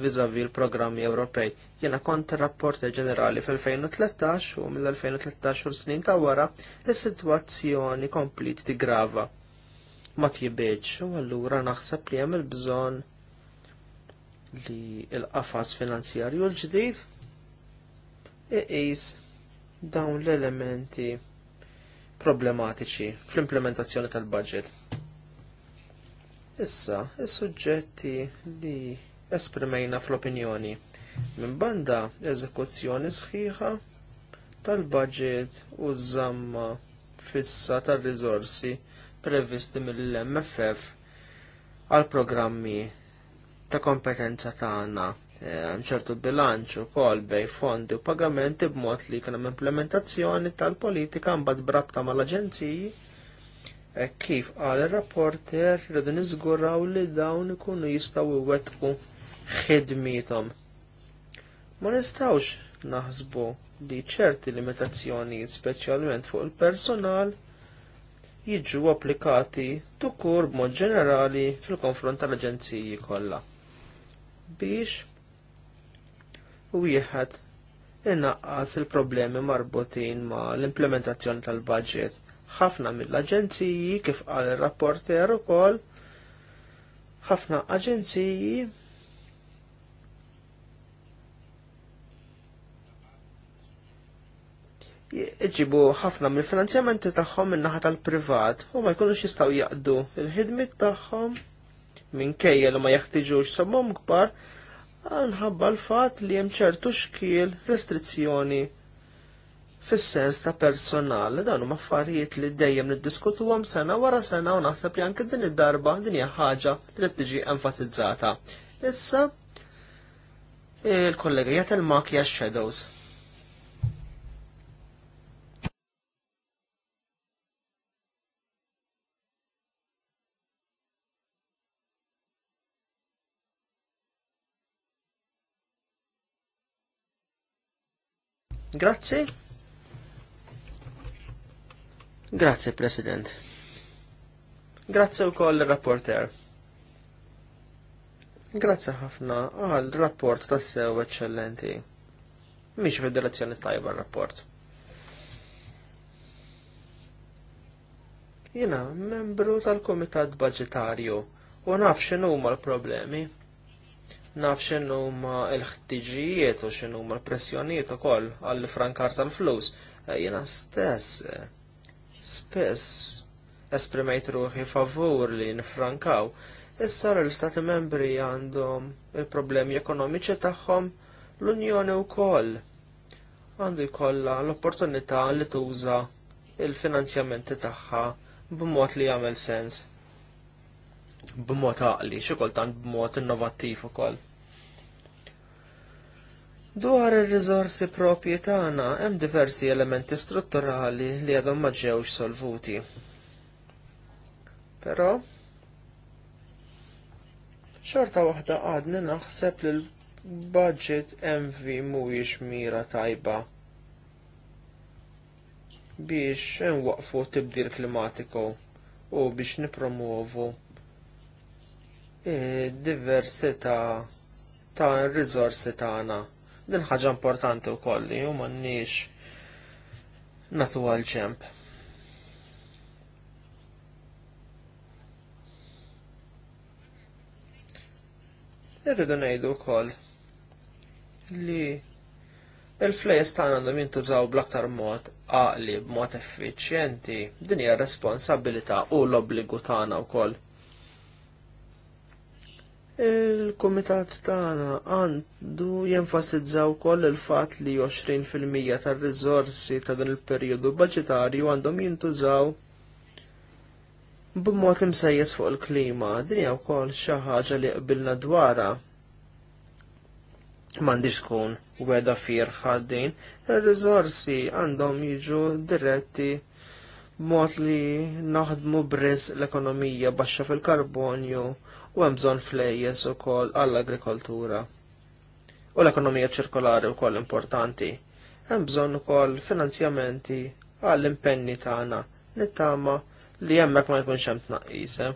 vizavi l-programmi Ewropej. Jiena kont rapporter ġenerali fil-2013 u mill-2013 u snin ta' wara is-sitwazzjoni komplit grava. Ma tjibieġ u allura naħseb li hemm il-bżonn li l-qafas finanzjarju l-ġdid iqis dawn l-elementi problematiċi fl-implementazzjoni tal-budget Issa, is-suġġetti li esprimejna fl-opinjoni minn banda eżekuzzjoni sħiħa tal-budget u zamma fissa tal-rizorsi previsti mill-MFF għal programmi ta' kompetenza tagħna e, ċertu bilanċ ukoll bej fondi u pagamenti b'mod li kien hemm implementazzjoni tal-politika mbagħad brabta mal-aġenziji E kif għal rapporter rridu nizguraw li dawn ikunu jistgħu iwettqu ħidmithom. Ma nistgħux naħsbu li ċerti limitazzjoni speċjalment fuq il-personal jiġu applikati tukur b'mod ġenerali fil-konfront tal-aġenziji kollha. Biex wieħed innaqqas il-problemi marbutin ma l-implementazzjoni tal-budget ħafna mill-aġenziji kif qal ir-rapporter ukoll ħafna aġenziji iġibu ħafna mill finanzjamenti tagħhom min-naħa tal-privat u ma jkunux jistgħu jaqdu il-ħidmit tagħhom minkejja li ma jaħtiġux sabhom kbar għanħabba l-fat li hemm ċertu xkiel restrizzjoni fis-sens ta' personal dan huma affarijiet li dejjem niddiskutuhom sena wara sena u naħseb li anke din id-darba din hija ħaġa li qed tiġi enfasizzata. Issa il-kollega jagħti il-makja shadows. Grazie. Grazie, President. Grazie u koll rapporter. Grazie ħafna għal rapport ta' sew eccellenti. Miex federazzjoni tajba rapport. Jena membru tal-Komitat Budgetarju u naf x'inhuma l-problemi. Naf ma l-ħtiġijiet u x'inhuma l-pressjonijiet ukoll għall-frankar tal-flus. Jena stess eh, Spess esprimejt ruħi favur li nifrankaw, issa l-Stati membri għandhom il-problemi ekonomiċi tagħhom l-Unjoni wkoll għandu jkollha l-opportunità li tuża il-finanzjamenti tagħha b'mod li jagħmel sens b'mod għaqli, xi kultant b'mod innovattiv ukoll. Dwar ir-riżorsi propji tagħna hemm diversi elementi strutturali li għadhom ma ġewx solvuti. Però xorta waħda għadni naħseb li l-budget MV mhuwiex mira tajba biex nwaqfu tibdil klimatiku u biex nipromuovu eh, diversità ta' rizorsi tagħna. Din ħaġa importanti wkoll li u mannix natu għal-ċemp. Irridu ngħidu wkoll li il flejs ta' għandhom jintużaw bl-aktar mod għaqli b'mod effiċjenti din hija responsabilità u l-obbligu tagħna wkoll. Il-Kumitat tagħna għandu jenfasizzaw koll il-fatt li 20% tar rizorsi ta' dan il periodu budġetarju għandhom jintużaw b'mod imsejjes fuq il-klima. Din hija wkoll xi ħaġa li qbilna dwarha m'għandix tkun weda fir din. Ir-riżorsi għandhom jiġu diretti b'mod li naħdmu b'riż l-ekonomija baxxa fil-karbonju u hemm bżonn flejjes ukoll għall-agrikoltura. U l-ekonomija ċirkolari wkoll importanti. Hemm bżonn ukoll finanzjamenti għall-impenni tagħna nittama li hemmhekk ma jkunx hemm tnaqqis. Eh?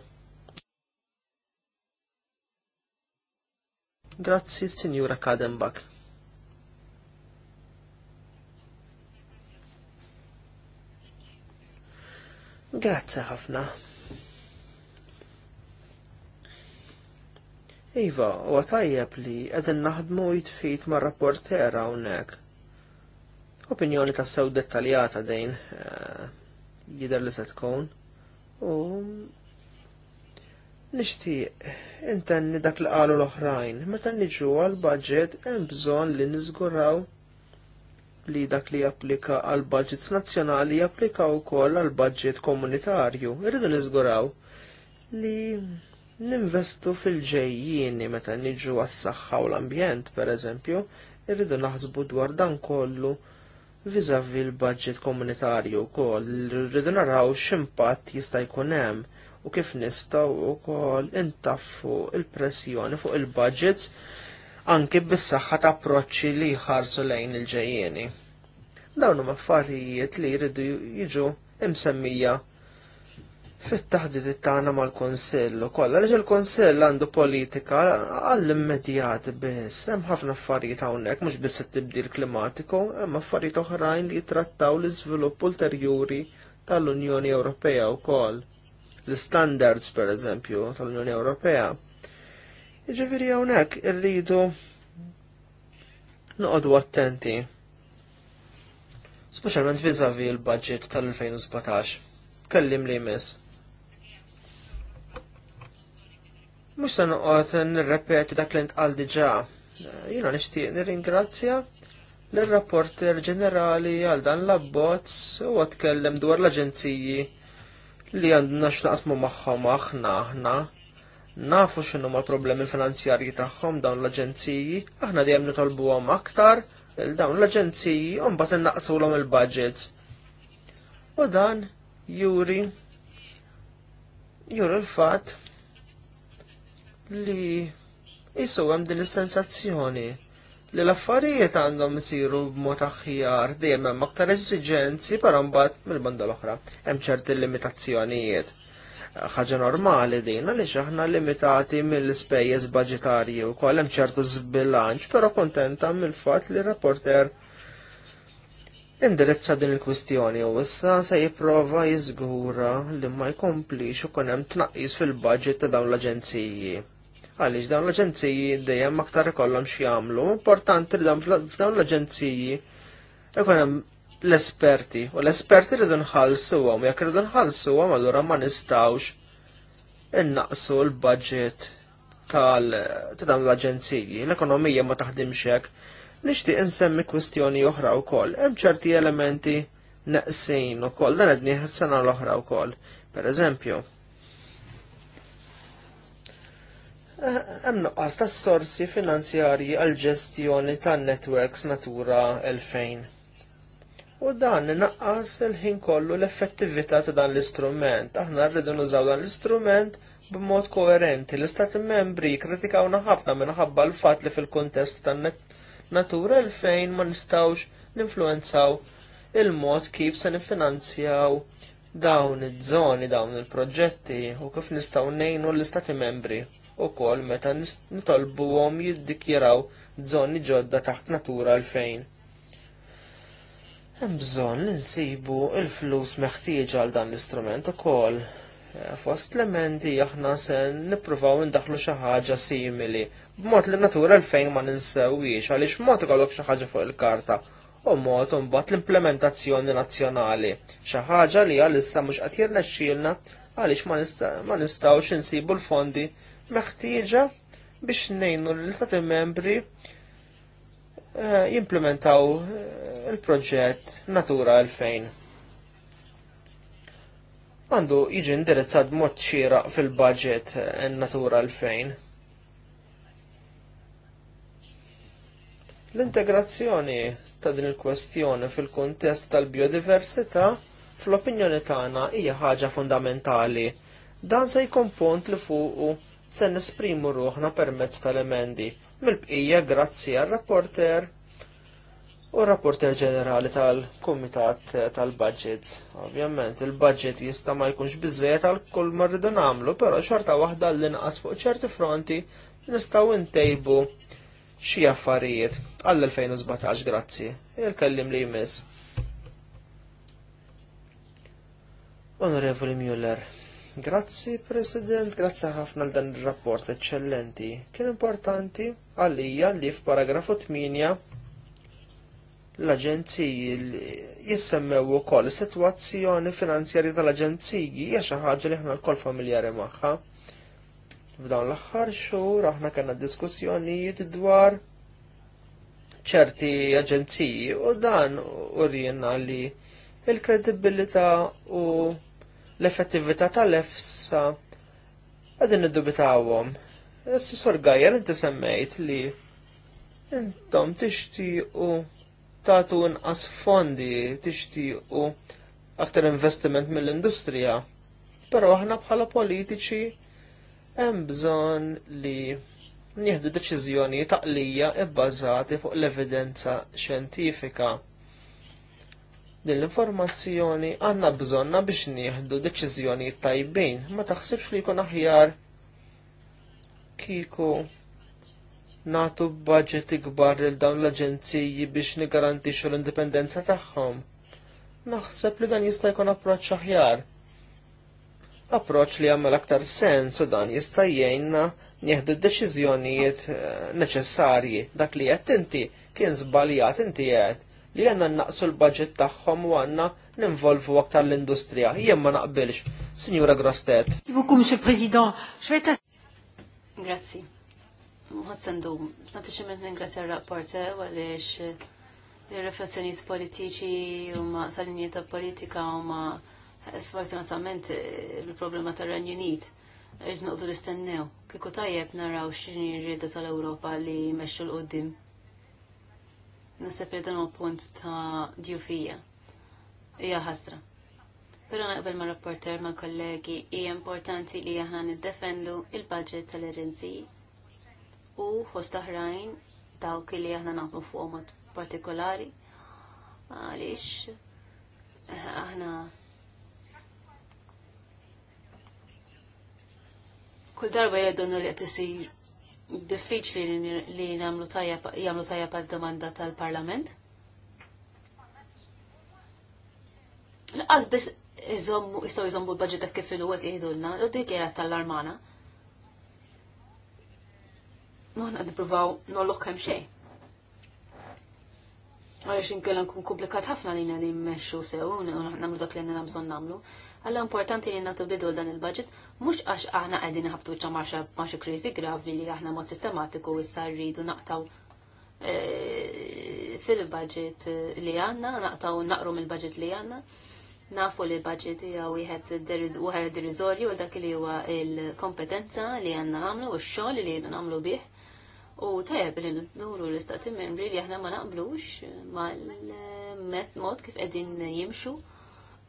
Grazzi, Sinjura Kadenbach. Grazzi ħafna. Iva, u għatajjab li għedin naħdmu jitfit ma' rapportera unnek. Opinjoni ta' sew dettaljata dejn eh, jider li se tkun. U nishti, intenni dak li qalu l-oħrajn, meta niġu għal-budget hemm bżonn li niżguraw li dak li japplika għal budgets nazzjonali japplika wkoll għal budget komunitarju. Irridu niżguraw li Ninvestu fil-ġejjieni meta niġu għas-saħħa u l-ambjent, pereżempju, irridu naħsbu dwar dan kollu viżavi l-budget komunitarju wkoll, irridu naraw x'impatt jista' jkun hemm u kif nistgħu wkoll intaffu il-pressjoni fuq il-budgets anki bis-saħħa ta' approċċi li jħarsu lejn il-ġejjieni. Dawn huma affarijiet li jridu jiġu imsemmija fit-taħdid tagħna mal kunsell ukoll għaliex il-Kunsill għandu politika għall-immedjat biss, hemm ħafna affarijiet hawnhekk mhux biss it-tibdil klimatiku, hemm affarijiet oħrajn li jitrattaw l-iżvilupp ulterjuri tal-Unjoni Ewropea wkoll. L-standards pereżempju tal-Unjoni Ewropea. Jiġifieri hawnhekk irridu noqogħdu attenti. Speċjalment vis-à-vis l-budget tal-2017. Kellim li jmiss. Mux ta' nuqot nirrepeti dak li ntqal diġa. Jina nishtiq nirringrazzja l-rapporter ġenerali għal dan l-abbozz u għatkellem dwar l-aġenziji li għandna x'naqsmu magħhom aħna aħna. Nafu x'inhu l-problemi finanzjarji tagħhom dawn l-aġenziji, aħna dejjem nitolbuhom aktar il dawn l-aġenziji u mbagħad innaqsulhom il-budgets. U dan juri juri l-fatt li jisu hemm din is-sensazzjoni li l-affarijiet għandhom isiru b'mod aħjar dejjem hemm aktar eżiġenzi però mbagħad mill-banda l-oħra hemm ċerti limitazzjonijiet. Ħaġa normali din għaliex aħna limitati mill-ispejjeż baġitarji wkoll hemm ċertu żbilanċ, però kontenta mill-fatt li rapporter indirizza din il-kwistjoni u issa se jipprova jiżgura li ma jkomplix ikun hemm tnaqqis fil-budget ta' dawn l-aġenziji. Għaliex dawn l-aġenziji dejjem aktar ikollhom x'jagħmlu, importanti li f'dawn l-aġenziji ikun hemm l-esperti, u l-esperti rridu nħallsuhom, jekk rridu nħallsuhom allura ma nistgħux innaqsu l-budget tal dawn l-aġenziji, l-ekonomija ma taħdimx hekk. Nixtieq insemmi kwistjoni oħra wkoll, hemm ċerti elementi neqsin ukoll dan qed sena l-oħra wkoll. Per eżempju, Eh, hemm nuqqas ta' sorsi finanzjarji għal ġestjoni tan-networks Natura 2000. U dan naqqas il-ħin kollu l-effettività ta' dan l-istrument. Aħna rridu nużaw dan l-istrument b'mod koerenti. L-Istati membri kritikawna ħafna minħabba l-fat li fil-kontest tan natura l fejn ma nistawx ninfluenzaw il-mod kif se nifinanzjaw dawn iż-żoni, dawn il-proġetti u kif nistaw nejnu l-Istati membri kol meta nitolbuhom jiddikjaraw żoni ġodda taħt natura l-fejn. Hemm bżonn li nsibu l-flus meħtieġ għal dan l-istrument ukoll. E, fost l-emendi aħna se nippruvaw indaħlu xi ħaġa simili, b'mod li natura l-fejn ma ninsewwiex għaliex mod ikollok xi ħaġa fuq il-karta u mod imbagħad l-implementazzjoni nazzjonali. Xi ħaġa li għalissa mhux qed jirnexxielna għaliex ma nistgħux insibu l-fondi meħtieġa biex nejnu l-Istati membri eh, jimplementaw eh, il-proġett Natura 2000. Għandu jiġi indirizzat mod xieraq fil-budget eh, Natura 2000. L-integrazzjoni ta' din il-kwestjoni fil-kuntest tal-biodiversità fl-opinjoni tagħna hija ħaġa fundamentali. Dan se jkun li fuq se nesprimu ruħna permezz tal-emendi. Mill-bqija grazzi għal rapporter u rapporter ġenerali tal-Kumitat tal-Budgets. Ovvjament, il-budget jista' ma jkunx bizzejet għal kull marridu namlu, nagħmlu, però xorta waħda l-inqas fuq ċerti fronti nistgħu ntejbu xi affarijiet għall-2017 grazzi. Il-kellim li jmiss. Onorevoli Müller. Grazzi President, grazzi ħafna l dan il-rapport eccellenti. Kien importanti għalija li f'paragrafu 8 l-aġenziji jissemmew ukoll is-sitwazzjoni finanzjari tal-aġenziji hija xi ħaġa li ħna l-kol familjari magħha. F'dawn l-aħħar xhur aħna kellna diskussjonijiet dwar ċerti aġenziji u dan urjena li il-kredibilità u l-effettività tal-EFSA għadin id-dubitawom. sorgajja Gajer, inti semmejt li intom tixtiequ tagħtu inqas fondi, tixtiequ aktar investiment mill-industrija. Però aħna bħala politiċi hemm bżonn li nieħdu deċiżjoni taqlija ibbażati fuq l-evidenza xjentifika. Din l-informazzjoni għandna bżonna biex nieħdu deċiżjonijiet tajbin. Ma taħsibx li jkun aħjar kiku natu budget ikbar lil dawn l-aġenziji biex nigarantixxu l-indipendenza tagħhom. Naħseb li dan jista' jkun approċċ aħjar. Approċċ li jagħmel aktar sens u dan jista' jgħinna nieħdu d-deċiżjonijiet eh, neċessarji. Dak li qed inti kien żbaljat inti qed li għanna naqsu l-budget tagħhom u għanna ninvolvu aktar l-industrija. Jemma ma naqbilx, Signora Grostet. Bukum, Monsieur President, xrejta. Grazzi. Għassandu, sempliciment ningrazzja l rapporta għaliex il-reflessjoniet politiċi u ma tal ta' politika u ma sfortunatament il-problema tar-Renju Unit irrid l nistennew. Kieku tajjeb naraw x'inhi tal-Ewropa li jmexxu l-qudiem Nasib dan u punt ta' djufija. Hija ħasra. Pero naqbel ma' rapporter ma' kollegi hija importanti li aħna niddefendu il-budget tal-erenziji u fost oħrajn dawk li aħna naħmu fuq mod partikolari għaliex eh, aħna kull darba jeddu li qed diffiċ li namlu jamlu tajja pa' domanda tal-Parlament. Laqas biss iżommu jistgħu jżommu l-budget ta' kif il-wet jgħidulna, u dik jgħat tal-armana. Maħna nippruvaw nollok hemm xejn għalix inkella nkun komplikat ħafna li nani mmexxu sew u nagħmlu dak li nagħmlu bżonn nagħmlu. Alla importanti li nagħtu bidu dan il-budget mhux għax aħna qegħdin ħabtu ċa ma' xi kriżi gravi li aħna mod sistematiku issa rridu naqtaw e, fil-budget e, li għanna, naqtaw naqru mill-budget li għanna. Nafu li l-budget hija wieħed wieħed irriżorju dak li huwa il-kompetenza li għandna nagħmlu u x-xogħol li għandna nagħmlu bih U tajab li nuru l-istati membri li aħna ma naqblux mal-met mod kif qegħdin jimxu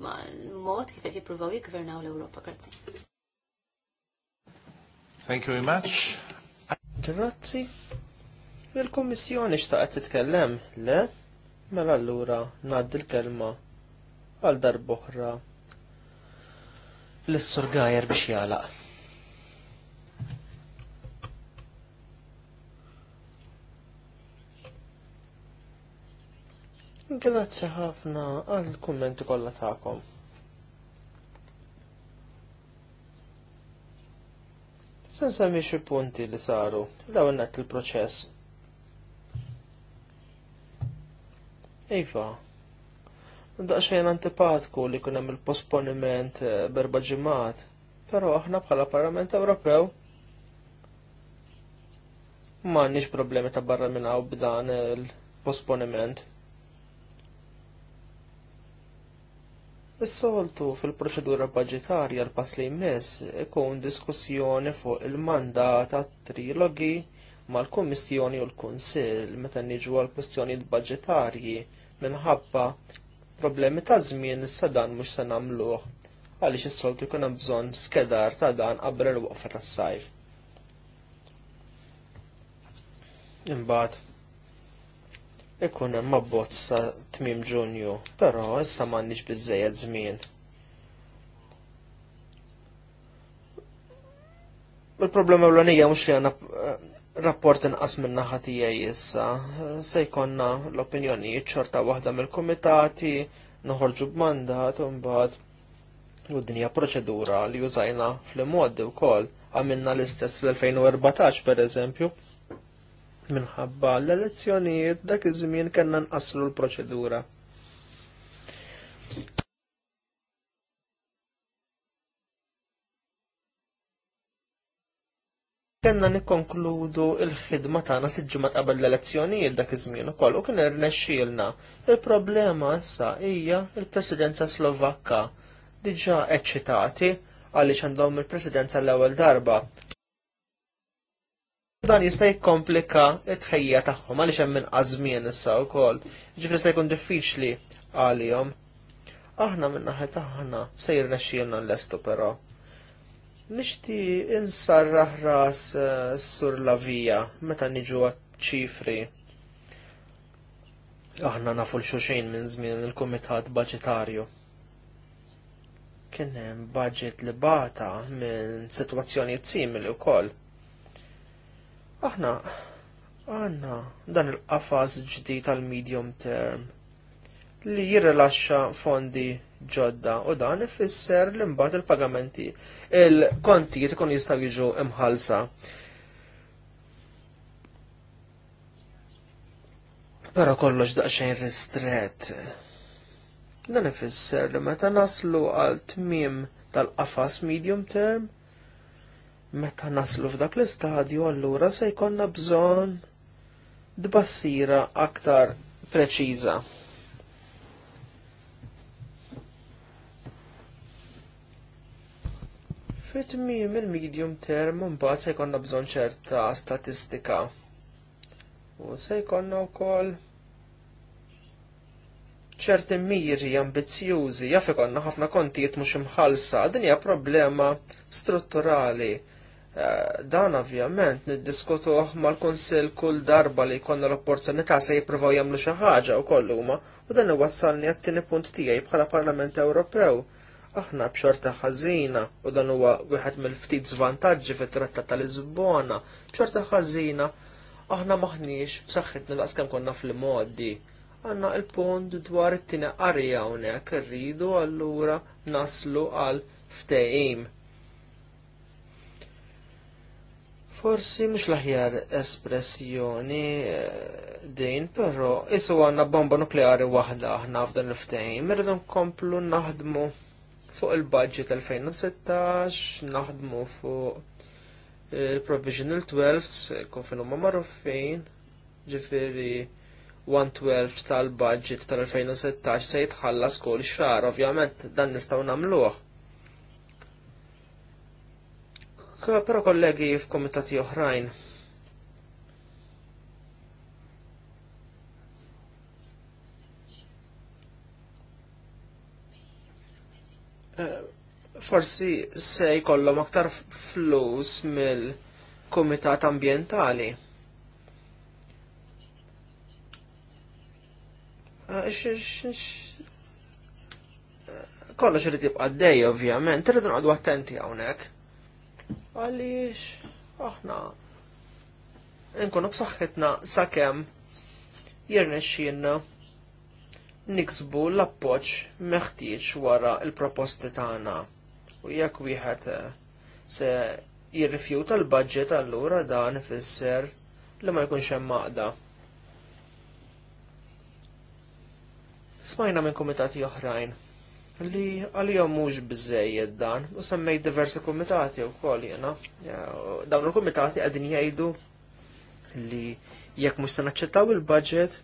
mal-mod kif qed jiprovaw jikvernaw l-Ewropa. Grazzi. Thank you very much. Grazzi. Il-Kummissjoni xtaqet titkellem, le? Mela allura ngħaddi l-kelma għal darboħra l sorgajer biex jalaq. Grazzi ħafna għal kummenti kollha tagħkom. Se nsemmi xi punti li saru l-ewwel il-proċess. Iva, daqsxejn antipatku li kun hemm il-posponiment eh, berba ġimgħat, però aħna bħala Parlament Ewropew m'għandniex problemi ta' barra minn hawn b'dan il-posponiment. Is-soltu fil-proċedura budġetarja l-pass li jmiss ikun diskussjoni fuq il-mandat ta' trilogi mal-Kummissjoni u l-Kunsill meta niġu għal kwistjonijiet budġetarji minħabba problemi ta' żmien issa dan mhux se nagħmluh għaliex is-soltu jkun hemm bżonn skedar ta' dan qabel il-waqfa tas-sajf. Imbagħad ikun hemm abbozz sa tmiem Ġunju, però issa m'għandniex biżejjed żmien. Il-problema l-għanija mux li għanna eh, rapport inqas minn tiegħi jissa, se jkonna l-opinjoni ċorta waħda mill-komitati, noħorġu b'mandat, mbagħad u dinja proċedura li użajna fl-modi u kol għamilna l-istess fl-2014 per eżempju minħabba l-elezzjonijiet dak iż-żmien kellna nqasslu l-proċedura. Kenna nikkonkludu il-ħidma tagħna siġġimgħa qabel l-elezzjonijiet dak iż-żmien ukoll u kien irnexxielna. Il-problema issa hija l-Presidenza Slovakka diġà eċċitati għaliex għandhom il-Presidenza l-ewwel darba dan jista' jikkomplika t-tħejja tagħhom għaliex hemm inqas żmien issa wkoll. Ġifri se jkun diffiċli għalihom. Aħna minn naħa taħna sejr nexxielna l-lestu però. Nixti insarraħ ras eh, sur lavija meta niġu ċifri. Aħna nafu l-xuxejn minn żmien il-Kumitat Baġitarju kien hemm budget li bata minn sitwazzjonijiet simili wkoll. Aħna għanna dan il-qafas ġdid tal-medium term li jirrelaxxa fondi ġodda u dan ifisser li mbagħad il-pagamenti il-kontijiet jitkun jistaw jiġu imħalsa. Però kollox daqsxejn ristret. Dan ifisser li meta naslu għal tmiem tal-qafas medium term, Mekka naslu f'dak l-istadju allura se jkollna bżonn dbassira aktar preċiża. Fit-tmiem il-medium term mbagħad se jkollna bżonn ċerta statistika. U se jkollna wkoll ċerti miri ambizzjużi, jaf ikonna ħafna kontijiet mhux imħallsa, din hija problema strutturali Eh, dan ovvjament niddiskutuh mal-Kunsill kull darba li jkollna l-opportunità se jippruvaw jagħmlu xi ħaġa wkoll huma u dan iwassalni għat-tieni punt tiegħi bħala Parlament Ewropew. Aħna b'xorta ħażina u dan huwa wieħed mill-ftit żvantaġġi fit-Trattat ta' Lisbona, b'xorta ħażina aħna maħniex b'saħħitna daqs kemm konna fil-modi. Għanna il-punt dwar it-tieni qarja hawnhekk irridu allura naslu għal ftehim Forsi mhux l-aħjar espressjoni eh, din, però jisu għanna bomba nukleari waħda aħna f'dan l ftehim irridu nkomplu naħdmu fuq il-budget 2016, naħdmu fuq il-provisional 12, kun finu ma marruffin, ġifiri 112 tal-budget tal-2016 se jitħallas kull xar, ovvjament dan nistgħu namluħ. però kollegi f'komitati oħrajn. Eh, forsi se jkollhom aktar flus mill-Kumitat Ambjentali. Eh, kollox irid jibqa' dej ovvjament, irridu nqogħdu attenti hawnhekk. Għaliex, aħna, nkunu b'saħħitna sakemm jirnexxielna niksbu l appoċ meħtieġ wara l-proposti tagħna. U jekk wieħed eh, se jirrifjuta l-budget allura dan ifisser li ma jkunx hemm maqda. Smajna minn komitati oħrajn li għal-jom mux bizzejed dan, u semmej diversi komitati u kol jena. Dawn il-komitati għadin jgħidu li jekk mux sanaċċettaw il-budget,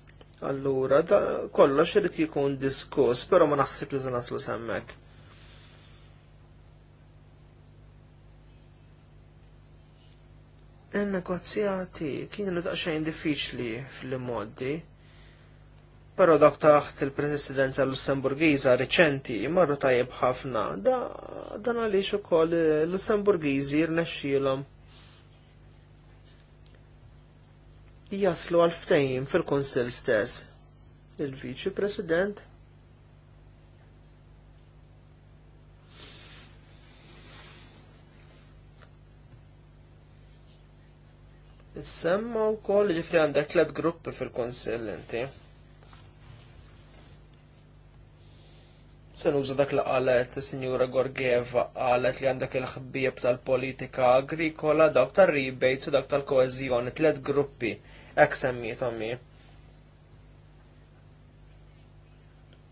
allura da kollox irid jkun diskuss, pero ma naħsib li naslu semmek. Il-negozjati kienu daqxajn diffiċli fil-modi, Pero dak taħt il-presidenza lussemburgiza reċenti marru tajjeb ħafna, da dan għaliex ukoll lussemburgiżi rnexxielhom jaslu għal ftehim fil-Kunsill stess. Il-Viċi President Semma u koll ġifri għandek tlet gruppi fil kunsill inti. Se nuża dak li qalet is-Sinjura Gorgieva qalet li għandek il-ħbieb tal-politika agrikola dawk tar-rebates u dawk tal-koeżjoni tliet gruppi hekk semmietom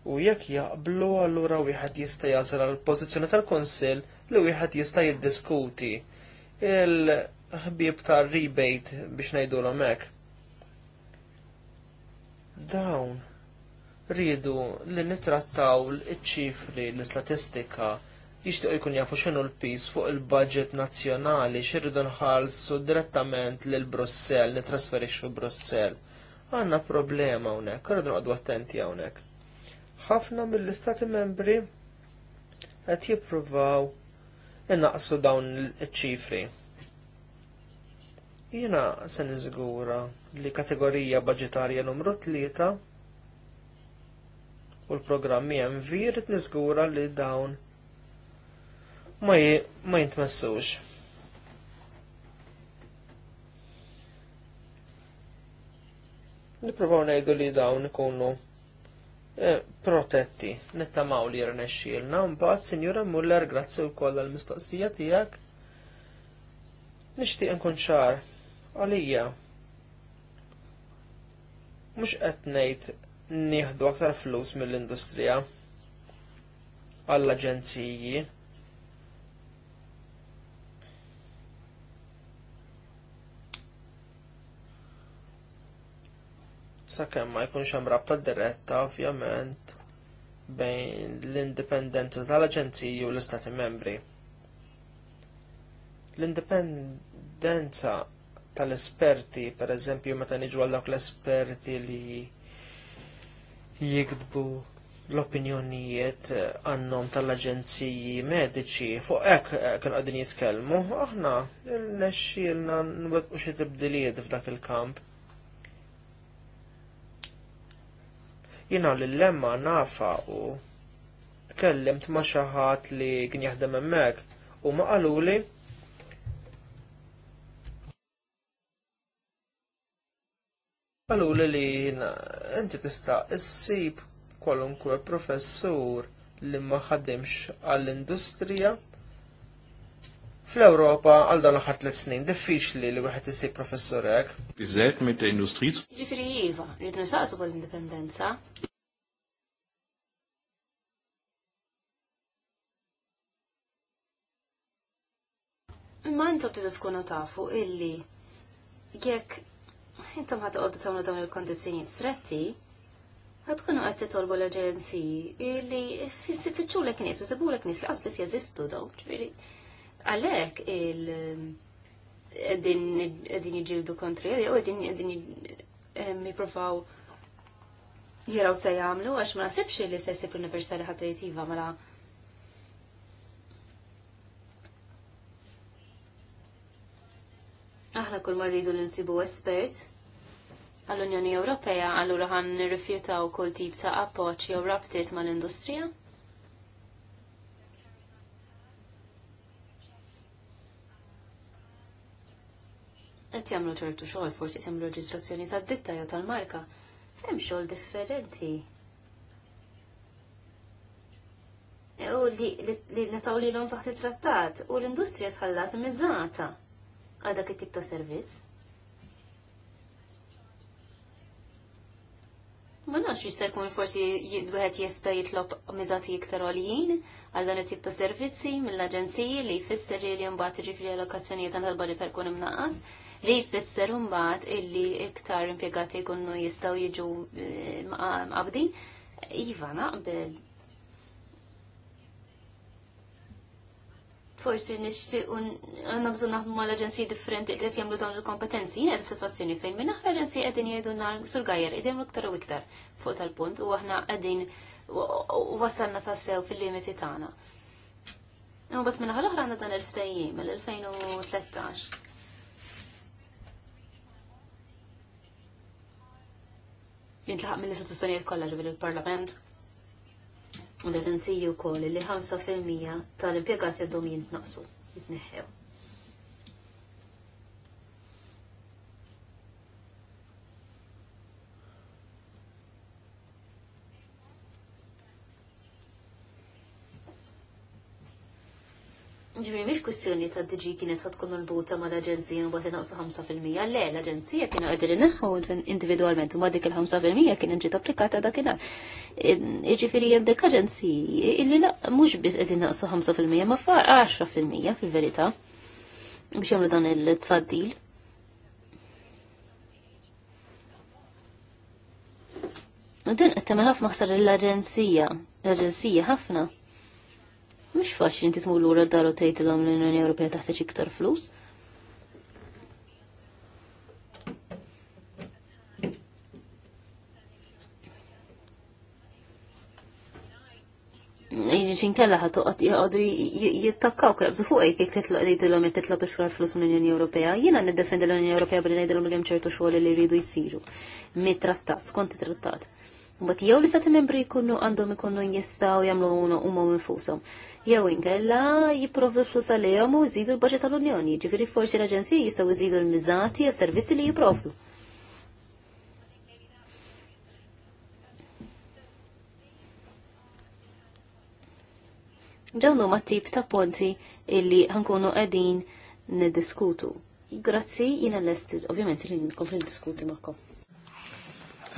U jekk jaqblu allura wieħed jista' jażel l-pożizzjoni tal-Kunsill li wieħed jista' jiddiskuti il-ħbieb tar-rebate biex ngħidulhom hekk. Dawn rridu li nitrattaw l-ċifri, l-istatistika, jixtiequ jkun jafu xinu l-pis fuq il-budget nazzjonali xirridu nħallsu direttament lil Brussell, nitrasferixu Brussell. Għanna problema hawnhekk, irridu noqgħdu attenti hawnhekk. Ħafna mill-istati membri qed jippruvaw innaqsu dawn iċ-ċifri. Jiena se niżgura li kategorija budgetarja numru tlieta u l-programmi MV rrit niżgura li dawn ma, ma jintmessux. Niprofaw ngħidu li dawn ikunu eh, protetti, nittamaw li jirnexxielna, mbagħad Sinjura Muller grazzi wkoll għall-mistoqsija tiegħek. Nixtieq nkun ċar għalija mux qed ngħid nieħdu aktar flus mill-industrija għall-aġenziji sakemm ma jkunx hemm rabta diretta ovvjament bejn l-indipendenza tal-aġenziji u l-istati membri. L-indipendenza tal-esperti, per eżempju, meta niġu għal dawk l-esperti li jikdbu l-opinjonijiet eh, għannom tal-aġenziji mediċi fuq ek eh, kien għadin jitkelmu, aħna il-nexxilna nwedqu xi tibdilijiet f'dak il-kamp. Jina l-lemma nafa u tkellimt ma' xaħat li kien jaħdem hemmhekk u ma qaluli Għaluli li inti tista' s-sib kwalunkwe professur li ma ħadimx għall-industrija. Fl-Ewropa għal dan l-aħħar tliet snin diffiċli li wieħed isib professur hekk. Iżed mit industriz. Ġifieri iva, rrid nistaqsu l-indipendenza. Imma intom tkun tkunu tafu illi jekk intom ħat għoddu tamlu dawn il-kondizjoniet Sretti ħatkunu għatti titolbu l ġenzi li fissifiċu l nies u sebu l nies li għazbis jazistu daw. Għalek il- din iġildu kontri, u għedin profaw jiraw se jamlu, għax ma nasibx li se jisib l-Università li ħat iva mela Aħna kull marridu li nsibu espert għall-Unjoni Ewropea, allura ħan nirrifjutaw kull tip ta' appoġġ jew rabtiet mal-industrija. Et jagħmlu ċertu xogħol, forsi jamlu reġistrazzjoni tad-ditta jew tal-marka. Hemm xogħol differenti. U li li l taħt it-trattat u l-industrija tħallas miżata għal dak it-tip ta' servizz. Ma nafx jista' jkun forsi wieħed jista' jitlob miżati iktar għoljin għal dan it-tip ta' servizzi mill-aġenziji li jfisser li mbagħad jiġifieri allokazzjonijiet għal ħalba li ta' jkun imnaqas li jfisser mbagħad illi iktar impjegati jkunu jistgħu jiġu eh, mqabdi, Iva naqbel forsi nixtieq għandna bżonn naħdmu mal aġenziji differenti li qed jagħmlu dawn il-kompetenzi. Jina qed f'sitwazzjoni fejn minn aħra għedin qegħdin na sur gajer qed l iktar u iktar fuq tal-punt u aħna qegħdin wasalna tassew fil-limiti tagħna. U bat minna għal oħra għandna dan il-ftajjim, l-2013. Jintlaħaq mill-istituzzjonijiet kollha ġibil il-Parlament, U dak kol wkoll li 5% tal-impjegati għadhom jintnaqsu, jitneħħew. Ġifieri miex kustjoni ta' diġi kienet ħad tkun marbuta ma' l agenzija u bagħad inaqsu 5%. Le, l agenzija kienu qegħdin inneħħu individualment u ma' dik il-5% kien ġiet applikata da' Jiġifieri hemm jendek agenzija illi la' mux biss qegħdin naqsu 5% ma' fa' 10% fil verita biex jamlu dan il-tfaddil. U din qed tagħmel ħafna ħsar l agenzija l agenzija ħafna. Mhux faċli inti tmur lura d-daru tgħidilhom l-Unjoni Ewropea taħtieġ iktar flus. ġin kella ħatuqat jgħadu jittakkaw kebżu fuq ejk jek titlaq li tilom jek titlaq biex flus mill-Unjoni Ewropea. Jiena niddefendi l-Unjoni Ewropea billi ngħidilhom li hemm ċertu xogħol li jridu jsiru. Mit-trattat, skont it-trattat. Mbagħad jew li sati membri jkunu għandhom ikunu jistgħu jagħmlu huma infushom. Jew inkella jipprovdu flus għalihom u jżidu l-baġġet tal-Unjoni, jiġifieri forsi l aġenzija jistgħu jżidu l-miżati għas-servizzi li jipprovdu. Dawn huma tip ta' ponti illi ħankunu qegħdin niddiskutu. Grazzi, jiena lest ovvjament li nkompli diskuti magħkom.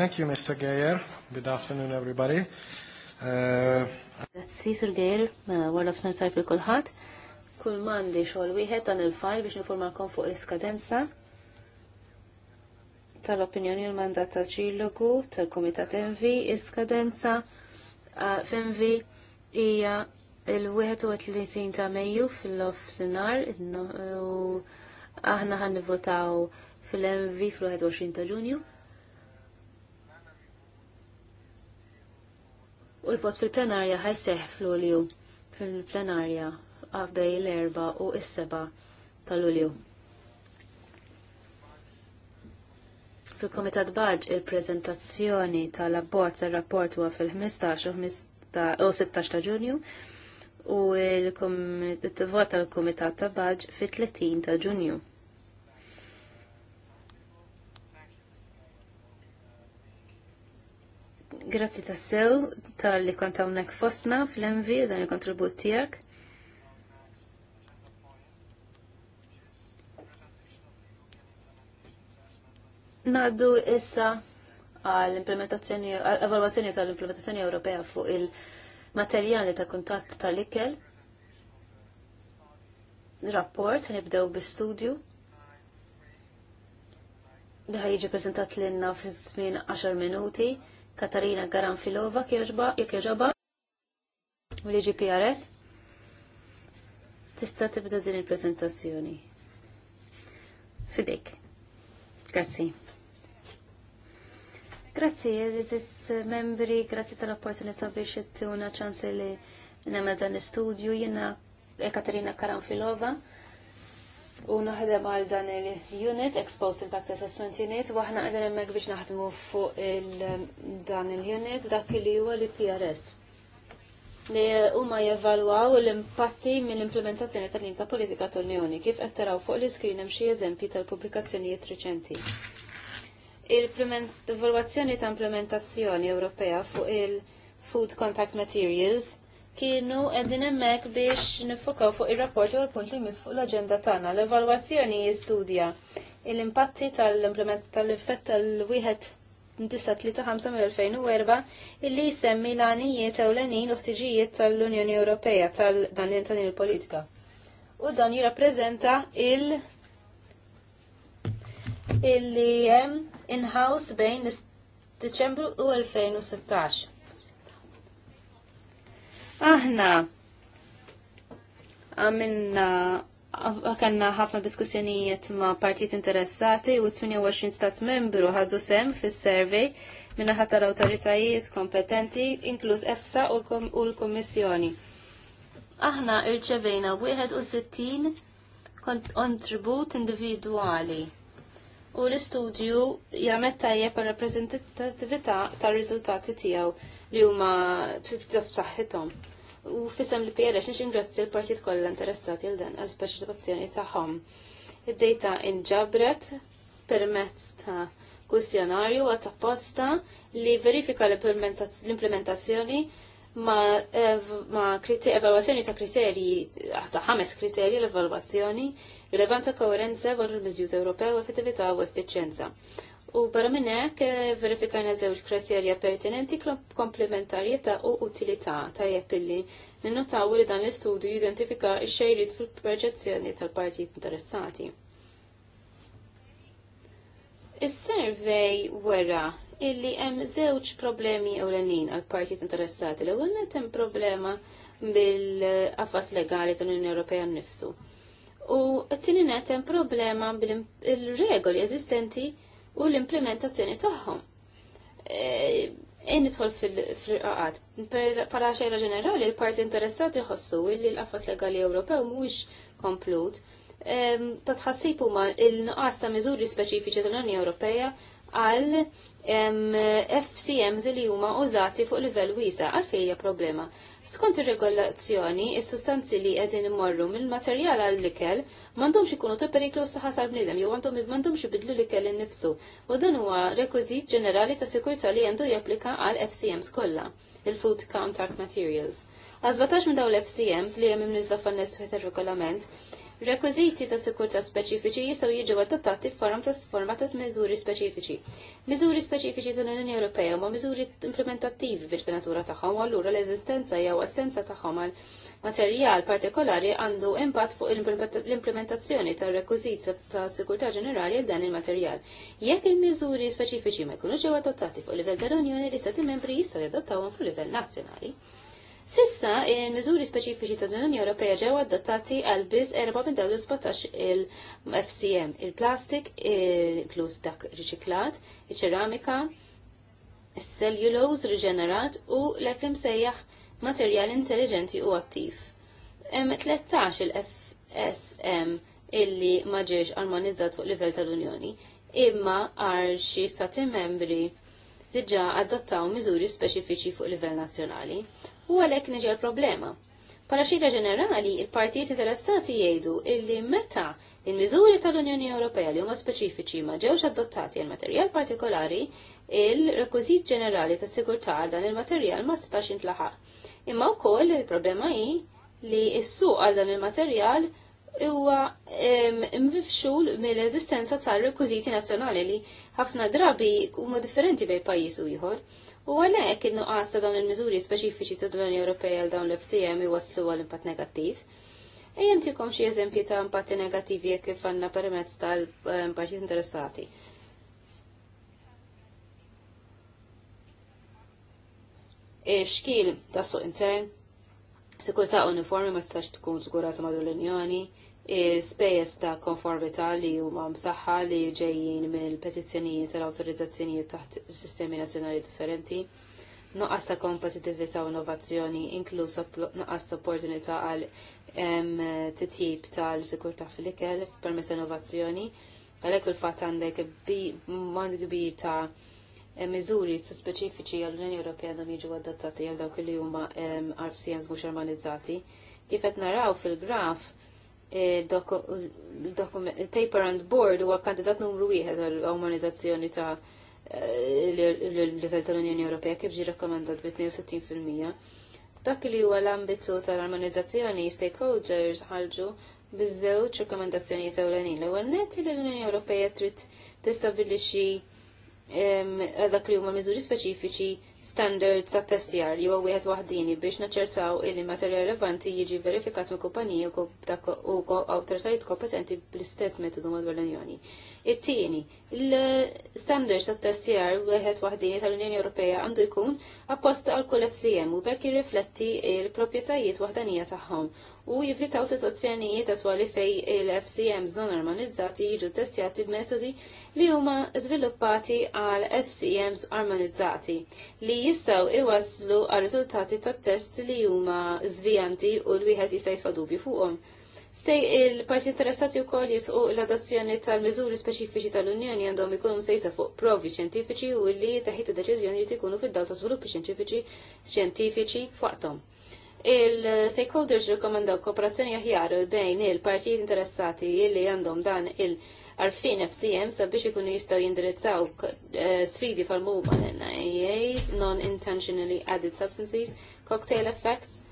Thank you, Mr. Geyer. Good afternoon, everybody. Uh, Grazzi, Sir Geyer, għarra f'snar tajb li kullħat. Kull mandi xogħol wieħed dan il-fajl biex nifurmakom fuq iskadenza tal-opinjoni l-mandat tal-ċilogu tal-Komitat MV. iskadenza f'MV hija il-31 ta' Mejju fil-lof sinar u aħna ħan votaw fil-Envi fil-21 ta' Ġunju. u l-vot fil-plenarja ħajseħ fl-ulju fil-plenarja għabbej l-erba u s-seba tal-ulju. Fil-komitat Baġ il-prezentazzjoni tal-abbozz sa' rapport huwa fil-15 u 16 ta' ġunju u il-vot tal-komitat ta' Baġ fil-30 ta' ġunju. Grazzi tassew ta' li kont hawnhekk fosna fl-envi dan il-kontribut tiegħek. Naddu issa għall-implementazzjoni għall-evalwazzjoni tal-implementazzjoni Ewropea fuq il-materjali ta' kuntatt tal-ikel. Rapport nibdew bi-studju Daħi ġi prezentat l-inna f-żmien 10 minuti Katarina Garanfilova jekk joġoba u li GPRS. Tista' tibda din il prezentazzjoni Fidik. Grazzi. Grazzi, Rizis membri, grazzi tal-opportunità biex jittuna ċansi li nemmen dan l-istudju. Jena Katarina Karanfilova u naħdem għal dan il-unit, Exposed Impact Assessment Unit, u għahna għedin emmek biex naħdmu fuq dan il-unit, dak li huwa li PRS. Li huma jevalwaw l-impatti mill-implementazzjoni tal-linja ta' politika tal-Unjoni, kif qed taraw fuq l-iskrin hemm xi eżempji tal-pubblikazzjonijiet riċenti. Il-evalwazzjoni ta' implementazzjoni Ewropea fuq il-Food Contact Materials kienu qegħdin hemmhekk biex nifokaw fuq ir-rapport u l-punt li jmiss fuq l-aġenda tagħna. L-evalwazzjoni jistudja l-impatti tal-implement tal-effett tal-wieħed 935 mill-2004 illi jsemmi l-għanijiet ewlenin u ħtiġijiet tal-Unjoni Ewropea tal-dan l il-politika. U dan jirrappreżenta il- illi hemm in-house bejn Deċembru u 2016. Aħna għamilna għakanna ħafna diskussjonijiet ma partijiet interessati u 28 stat membru ħadżu sem fis survey minna ħatta l-autoritajiet kompetenti, inkluż EFSA u l-Kommissjoni. Aħna irċevejna 61 kontribut individuali u l-istudju jagħmel tajjeb għal ta' tar-riżultati tiegħu li huma tibda b'saħħithom. U fissem li PRS nix ingrazzi l-partijiet kollha interessati għal dan għal parċipazzjoni tagħhom. Id-dejta inġabret permezz ta' kwistjonarju għat apposta li verifika l-implementazzjoni ma, ma kriter, evaluazzjoni ta' kriterji, ta' ħames kriterji l-evaluazzjoni, rilevanza, koerenza, valur miżjut Ewropew, effettività u effiċenza. U barra minn hekk eh, verifikajna żewġ kriterja pertinenti komplementarjetà u utilità ta' jepilli. ninnotaw li dan l-istudju identifika x-xejrid fil-proġezzjoni tal-partijiet interessati. Is-survey wera illi hemm żewġ problemi ewlenin għal partijiet interessati. L-ewwel qed hemm problema bil-qafas legali tal-Unjoni Ewropea nnifsu. U t-tieni hemm problema bil-regoli eżistenti u l-implementazzjoni tagħhom. E, e nidħol fil-qaqat. Pala xejra ġenerali, l-parti interessati ħossu li l-qafas legali Ewropew mhuwiex komplut. E, ta' tħassib huma l nuqqas ta' miżuri speċifiċi tal-Unjoni Ewropea għal FCMs li huma użati fuq livell wiesa għalfejn hija problema. Skont ir-regolazzjoni, is-sustanzi li qegħdin imorru mill-materjal għall-ikel m'għandhomx ikunu ta' periklu s-saħħa tal-bniedem jew għandhom m'għandhomx ibidlu l-ikel innifsu. U dan huwa rekwiżit ġenerali ta' sikurtà li għandu japplika għal FCMs kollha, il-Food Contact Materials. Għazbatax minn dawn l-FCMs li hemm imnizla fan fiħt il-regolament, Rekwiżiti ta' sikurtà speċifiċi jistgħu jiġu adattati f'forma ta' forma ta' miżuri speċifiċi. Miżuri speċifiċi tal-Unjoni Ewropea huma miżuri implementattivi bil finatura tagħhom u allura l-eżistenza jew assenza tagħhom għal materjal partikolari għandu impatt fuq l-implementazzjoni tar rekwiżiti ta' sikurtà ġenerali għal dan il-materjal. Jekk il-miżuri speċifiċi ma jkunux ġew adattati fuq livell tal-Unjoni, l-Istati membri jistgħu jadattawhom fuq livell nazzjonali. Sissa, il-mizuri speċifiċi ta' l-Unjoni Ewropea ġew adattati għal biss 4.17 il-FCM, il-plastik, il-plus dak riċiklat, il-ċeramika, il-cellulose riġenerat u l-eklim sejjaħ materjal intelligenti u attiv. M13 il-FSM illi maġiex armonizzat fuq livell tal-Unjoni, imma għar xi stati membri diġa adattaw miżuri speċifiċi fuq livell nazzjonali u għalhekk neġa l-problema. Pala xira ġenerali, il-partijiet interessati jgħidu illi meta il-miżuri tal-Unjoni Ewropea li huma speċifiċi ma ġewx adottati għal materjal partikolari, il-rekwiżit ġenerali ta' sigurtà dan il-materjal ma setax intlaħaq. Imma wkoll il-problema hi li s-suq għal dan il-materjal huwa mifxul mill-eżistenza tal-rekwiżiti nazzjonali li ħafna drabi huma differenti bejn pajjiż u ieħor. U għalhekk in-nuqqas ta' dawn il-miżuri speċifiċi ta' l-Unjoni Ewropea għal dawn l-FCM waslu għal impatt negattiv. E jentikom xi eżempji ta' impatti negattivi jekk kif għandna permezz tal paċi interessati. Xkil ta' suq intern, sikurta' uniformi ma tistax tkun żgurata madwar l-Unjoni, spejjeż ta' konformità li huma msaħħa li ġejjin mill-petizzjonijiet tal-awtorizzazzjonijiet taħt sistemi nazzjonali differenti, nuqqas ta' kompetitività u innovazzjoni, inkluż nuqqas ta' opportunità għal titjib tal-sikurtà fil-ikel permezz innovazzjoni, għalhekk il-fatt għandek mand kbir ta' miżuri speċifiċi għall-Unjoni Ewropea għandhom jiġu adattati għal dawk li huma RFCMs mhux armalizzati. Kif qed naraw fil-graf, il-paper and board huwa kandidat numru wieħed għal organizzazzjoni ta' eh, l-livell tal-Unjoni Ewropea kif ġi rakkomandat bit 62%. Dak li huwa l-ambitu tal-armonizzazzjoni stakeholders ħalġu biż-żewġ rakkomandazzjonijiet ewlenin. L-ewwel nett li l-Unjoni Ewropea trid tistabbilixxi dak li huma miżuri speċifiċi standard ta' testjar li huwa wieħed waħdini biex naċċertaw li materjal relevanti jiġi verifikat mill kumpaniji u awtoritajiet kompetenti bl-istess metodu madwar l-Unjoni. It-tieni, l-standards tat testjar wieħed waħdini tal-Unjoni Ewropea għandu jkun apposta għal kull FCM u bekk jirrifletti l-proprjetajiet waħdanija tagħhom u jivvitaw sitwazzjonijiet attwali fej il fcms non armonizzati jiġu testjati b'metodi li huma żviluppati għal FCMs armonizzati li jistgħu iwasslu għal riżultati tat-test li huma żvijanti u l-wieħed jista' jitfa' dubju fuqhom. Sej il-parti interessati u koll jisqu l-adozzjoni tal-mizuri speċifiċi tal-Unjoni għandhom ikunu msejsa fuq provi xjentifiċi u li taħit id-deċiżjoni li tikunu fid dal ta' sviluppi xjentifiċi xjentifiċi fuqhom. Il-stakeholders rekomendaw kooperazzjoni aħjar bejn il-partijiet interessati li għandhom dan il- arfin FCM sabiex ikunu jistaw jindirizzaw eh, sfidi pal mobile NIAs, non-intentionally added substances, cocktail effects,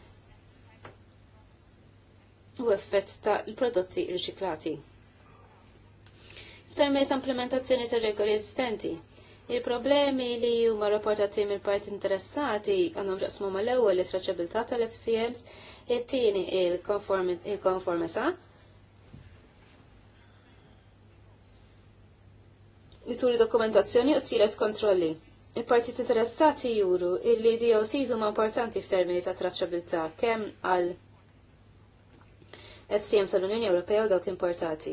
u effett ta' l-prodotti riċiklati. F'termini ta' implementazzjoni ta' regoli eżistenti, il-problemi li huma rapportati mill parti interessati għandhom ġaqsmu mal-ewwel it-traċabilità tal-FCMs, it-tieni il-konformità li turi dokumentazzjoni u tielet kontrolli. Il-partit interessati juru illi DOCs huma importanti f'termini ta' traċabilità kemm għal FCM tal-Unjoni Ewropea u dawk importati.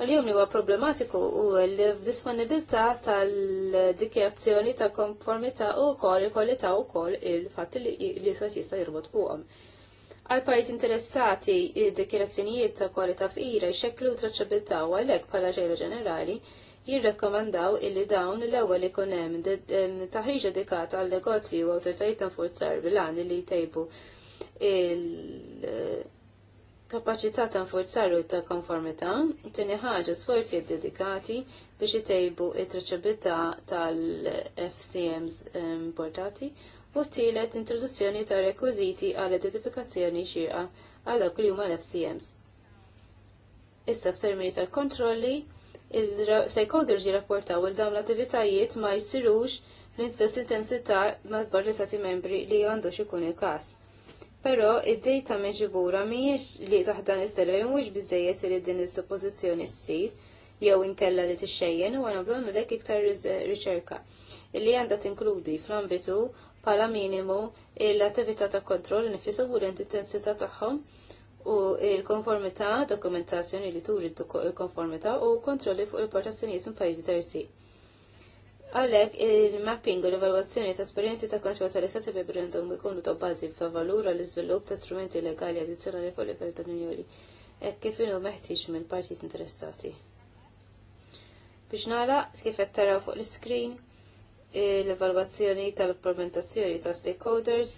Għal-jum li huwa problematiku u l-disponibilità tal-dikjazzjoni ta' konformità u kol il-kwalità u kol il-fatt li jiswet jista' jirbot fuqhom għal pajis interessati id-dikjerazzjonijiet ta' kwalità fqira jxekklu traċċabilità u għalhekk bħala ġejra ġenerali jirrakkomandaw illi dawn l-ewwel ikun hemm taħriġ dedikata għal negozji u awtoritajiet ta' forzar bilan li jtejbu kapaċità ta' nfurzar u ta' konformità, tieni ħaġa sforzi dedikati biex itejbu it-traċabilità tal-FCMs importati u t-tielet introduzzjoni ta' rekwiżiti għal identifikazzjoni xirqa għal dawk li huma l-FCMs. Issa f'termini tal-kontrolli, il-stakeholders jirrapportaw il dawn l-attivitajiet ma jsirux l-istess intensità madwar l-istati membri li għandux ikun il-każ Però id-dejta meġibura mhijiex li taħdan is jimwix bizzejiet li din is-suppożizzjoni ssir jew inkella li tixxejjen u għana bżonnu lek iktar riċerka li għandha tinkludi fl-ambitu bħala minimu l-attività ta' kontroll nifisu u l-intensità tagħhom u l-konformità, dokumentazzjoni li turi l-konformità u kontrolli fuq il-portazzjonijiet minn pajjiżi terzi. Għalek, il-mapping u l-evaluazzjoni ta' esperienzi ta' konċu tal istati bi għandhom ikunu ta' bazi ta' valur għall iżvilupp ta' strumenti legali addizzjonali fuq livell ta' Unjoni, hekk kif inhu meħtieġ minn partit interessati. Biex nagħlaq kif qed taraw fuq l-iskrin, l-evalwazzjoni tal-implementazzjoni ta' stakeholders,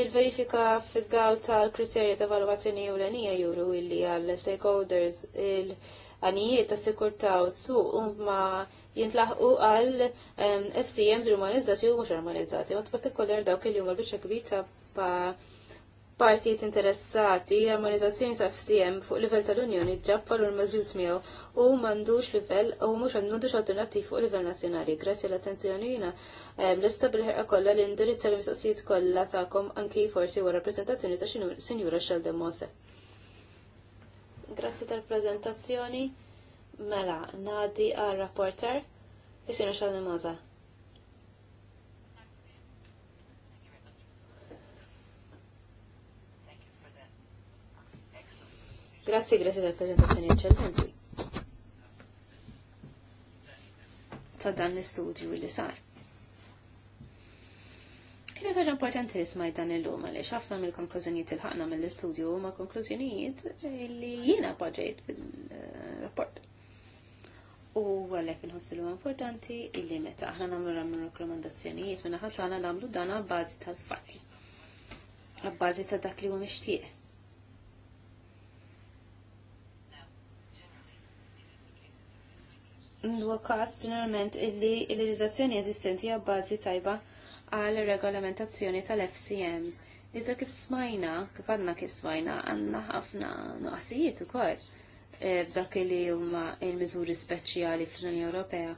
il-verifika fid-dawl tal-kriterja ta' evalwazzjoni ewlenija juru illi għall stakeholders il-għanijiet ta' s suq huma ma' jintlaħqu għal ehm, FCMs romanizzati u mhux romanizzati, ma partikolar dawk il huma biċċa kbita pa partijiet interessati armonizzazzjoni ta' FCM fuq livell tal-Unjoni ġab l mażjut miegħu u m'għandux livell u mhux għandux alternattiv fuq livell nazzjonali. Grazzi l-attenzjoni l ehm, lista bil-ħerqa kollha l-indirizz tal-mistoqsijiet kollha tagħkom anki forsi wara rappreżentazzjoni ta' Sinjura Sheldon Mose. Grazzi tal-prezentazzjoni. Mela, nadi għal rapporter jisir xalni maza. Grazie, grazzi tal presentazione eccellente. Sa dan l-istudju li sar. Kienet ħaġa importanti li smajt dan il-lum għaliex ħafna mill-konklużjonijiet il-ħakna mill-istudju huma konklużjonijiet li jiena poġġejt bil-rapport. Eh, U għalek nħossilu importanti illi meta aħna namlu għamlu rekomendazzjonijiet minna ħat għana namlu dana bazi tal-fatti. Għabbażi ta' dak li għu mishtiq. Ndwa kas ġeneralment illi il-leġizzazzjoni eżistenti għabbażi tajba għal regolamentazzjoni tal-FCMs. Iżda kif smajna, kif għadna kif smajna, għanna ħafna nuqqasijiet u koll E, b'dak li huma il-miżuri speċjali fl-Unjoni Ewropea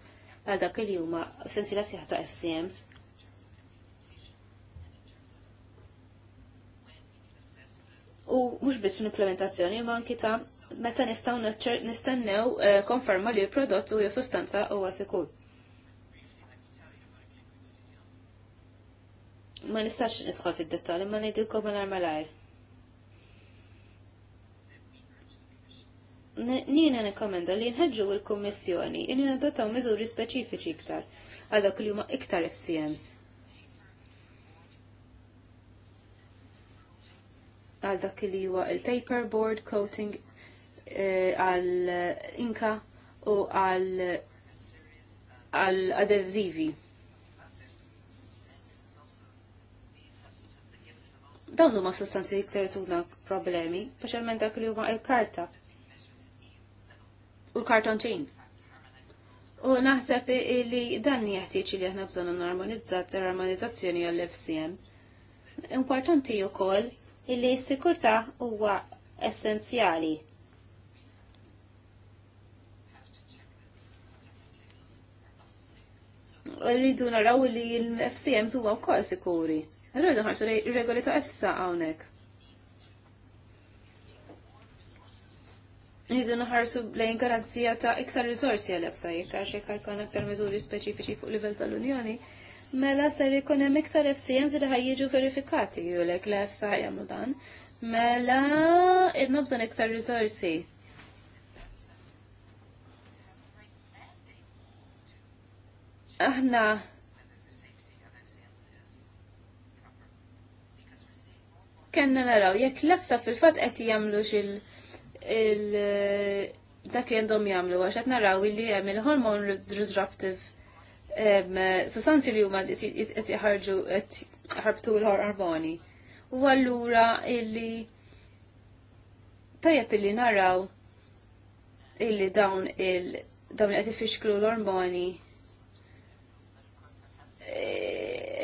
għal dak li huma sensi sieħ ta' FCMs. U mhux biss l-implementazzjoni ma anki ta' meta nistgħu nistennew e, konferma li l-prodott u jew sostanza huwa sikur. Ma nistax nidħol fid dettali ma ngħidilkom malajr malajr. nina nekomenda li nħedġu l-Kommissjoni li nadottaw miżuri speċifiċi iktar għal dak li huma iktar FCMs. Għal dak li huwa il-paperboard coating eh, għal inka u għal għal adevzivi. Dawn huma sostanzi iktar tuna problemi, specialment dak li huma il-karta u l-kartonċin. U naħseb li dan jeħtieġ li aħna bżonn normalizzat normalizzazzjoni għall-FCM. Importanti wkoll li s-sikurtà huwa essenzjali rridu naraw li l-FCMs huwa wkoll sikuri. Rridu ħarġu regoli ta' FSA hawnhekk. Nizu naħarsu lejn garanzija ta' iktar risorsi għal-ebsa jek għax jekk ħajkun iktar miżuri speċifiċi fuq livell tal-Unjoni, mela ser ikun hemm iktar FCMs li ħajjiġu verifikati jgħulek l efsa jagħmlu dan. Mela nobżon iktar risorsi. Aħna kenna naraw jekk l-efsa fil-fatt qed jagħmlu xil- Eh, dak li għandhom jagħmlu għax qed naraw illi hemm il-hormone disruptive eh, sostanzi li huma qed jħarġu qed ħarbtu l ormoni U allura illi tajjeb illi naraw illi dawn il dawn qed ifixklu l-ormoni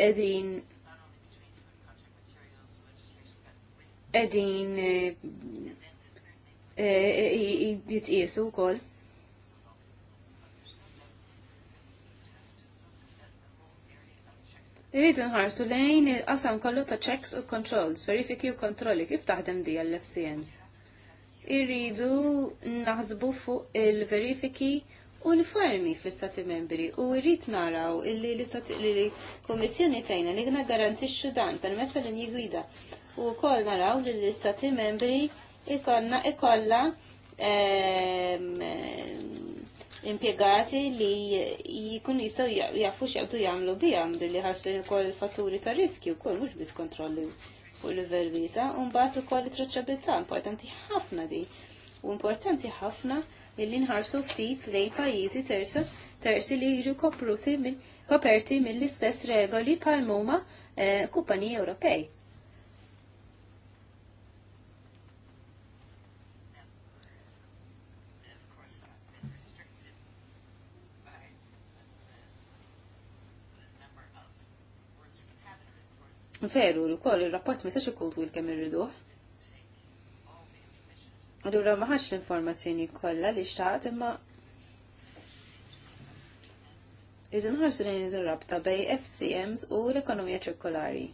edin eh, edin E, e, jitqiesu wkoll. Irridu nħarsu lejn il-qasam kollu ta' checks u controls, verifiki u kontrolli kif taħdem di l-FCMs. Irridu naħsbu fuq il-verifiki uniformi fl-istati membri u irrid naraw illi l-istati li kommissjoni tajna li għna garantixxu dan permessa l-inji gwida u kol naraw li l-istati membri ikonna ikolla ehm, impiegati li jikun jistaw jaffu xaqdu jamlu bijam billi ħarsu kol fatturi ta' riskju kol mux bis kontrolli fuq level visa un bat u kol traċabilità importanti ħafna di u importanti ħafna illi nħarsu ftit li pajizi terza terzi li jiru koperti mill-istess regoli pal-muma eh, kumpaniji Ewropej. Veru li koll il-rapport ma sax kultu il-kem irriduh. Allura maħax l-informazzjoni kolla li xtaqt imma Iżin ħarsu lejn id-rabta bej FCMs u l-ekonomija ċirkolari.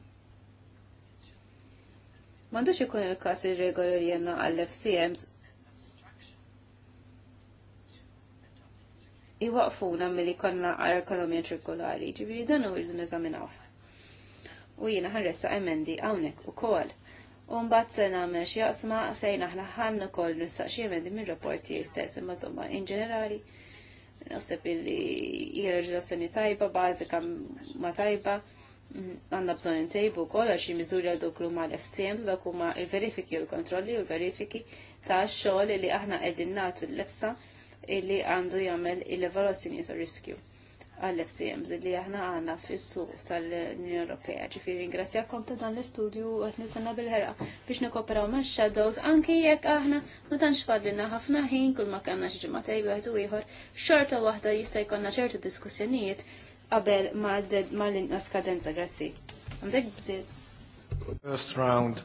Mandux ikun il-kas il regoli li jenna għall-FCMs iwaqfuna mill-li għal ekonomija ċirkolari, ġiviri dan u iżin eżaminawħ u jiena ħarressa emendi hawnhekk ukoll. U mbagħad se nagħmel xi jaqsma fejn aħna ħann ukoll nistaq xi emendi minn-rapporti jistess imma zomma in ġenerali naħseb illi hija leġiżlazzjoni tajba, bażika ma tajba, għanna bżonn intejbu wkoll kol xi miżuri għal dawk huma l-FCMs dak huma l-verifiki u l-kontrolli u l-verifiki ta' xogħol li aħna qegħdin nagħtu l lefsa illi għandu jagħmel il-evaluazzjoni ta' riskju għal fcms li aħna għanna fis-suq tal-Unjoni Ewropea. Ġifieri ringrazzjakom ta' dan l-istudju qed nistenna bil ħera biex nikkooperaw ma' shadows anke jekk aħna ma tantx fadlilna ħafna ħin kull ma kellna xi ġimgħatej għetu iħor ieħor xorta waħda jista' jkonna ċertu diskussjonijiet qabel l inqas kadenza. Grazzi. Għandek bżid. First round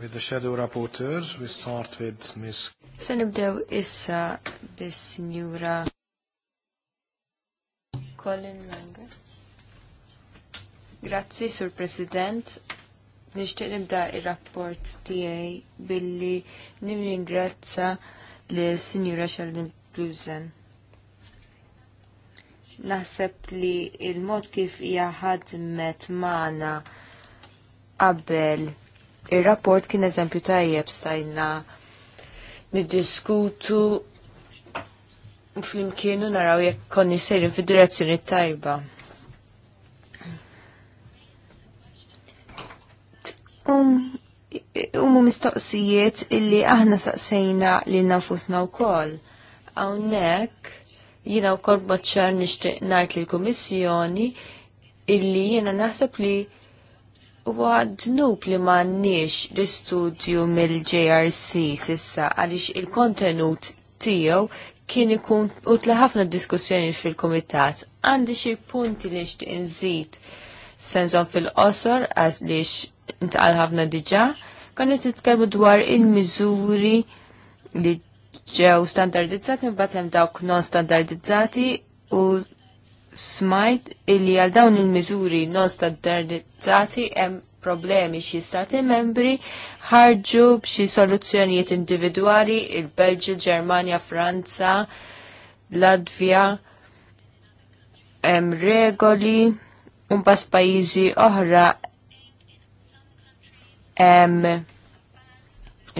with the shadow rapporteurs, we start with Miss. Sanibdew issa bis-Sinjura Colin Langer. Grazzi, Sur President. Nishtiq nibda il-rapport tiegħi billi nirringrazza li Sinjura Sheldon Blusen. Naħseb li il-mod kif hija ħadmet magħna qabel ir-rapport kien eżempju tajjeb stajna niddiskutu flimkienu naraw jekk konni serin fid direzzjoni tajba. Um, umu mistoqsijiet illi aħna saqsejna li nafusna u kol. Għawnek, jina u kol boċċar nishtiq najt li l-Komissjoni illi jina naħseb li huwa dnub li m'għandniex l-istudju mill-JRC sissa għaliex il-kontenut tiegħu kien ikun utla ħafna diskussjoni fil-komitat. Għandi xi punti li xtieq nżid senżon fil-qosor għaz li ntqal ħafna diġà. Konna titkellmu dwar il-miżuri li ġew standardizzati mbagħad hemm dawk non standardizzati u smajt illi għal dawn il-miżuri non standardizzati hemm problemi xi stati membri ħarġu b'xi soluzzjonijiet individwali il-Belġu, Ġermanja, Franza, Latvija, hemm regoli u mbagħad pajjiżi oħra hemm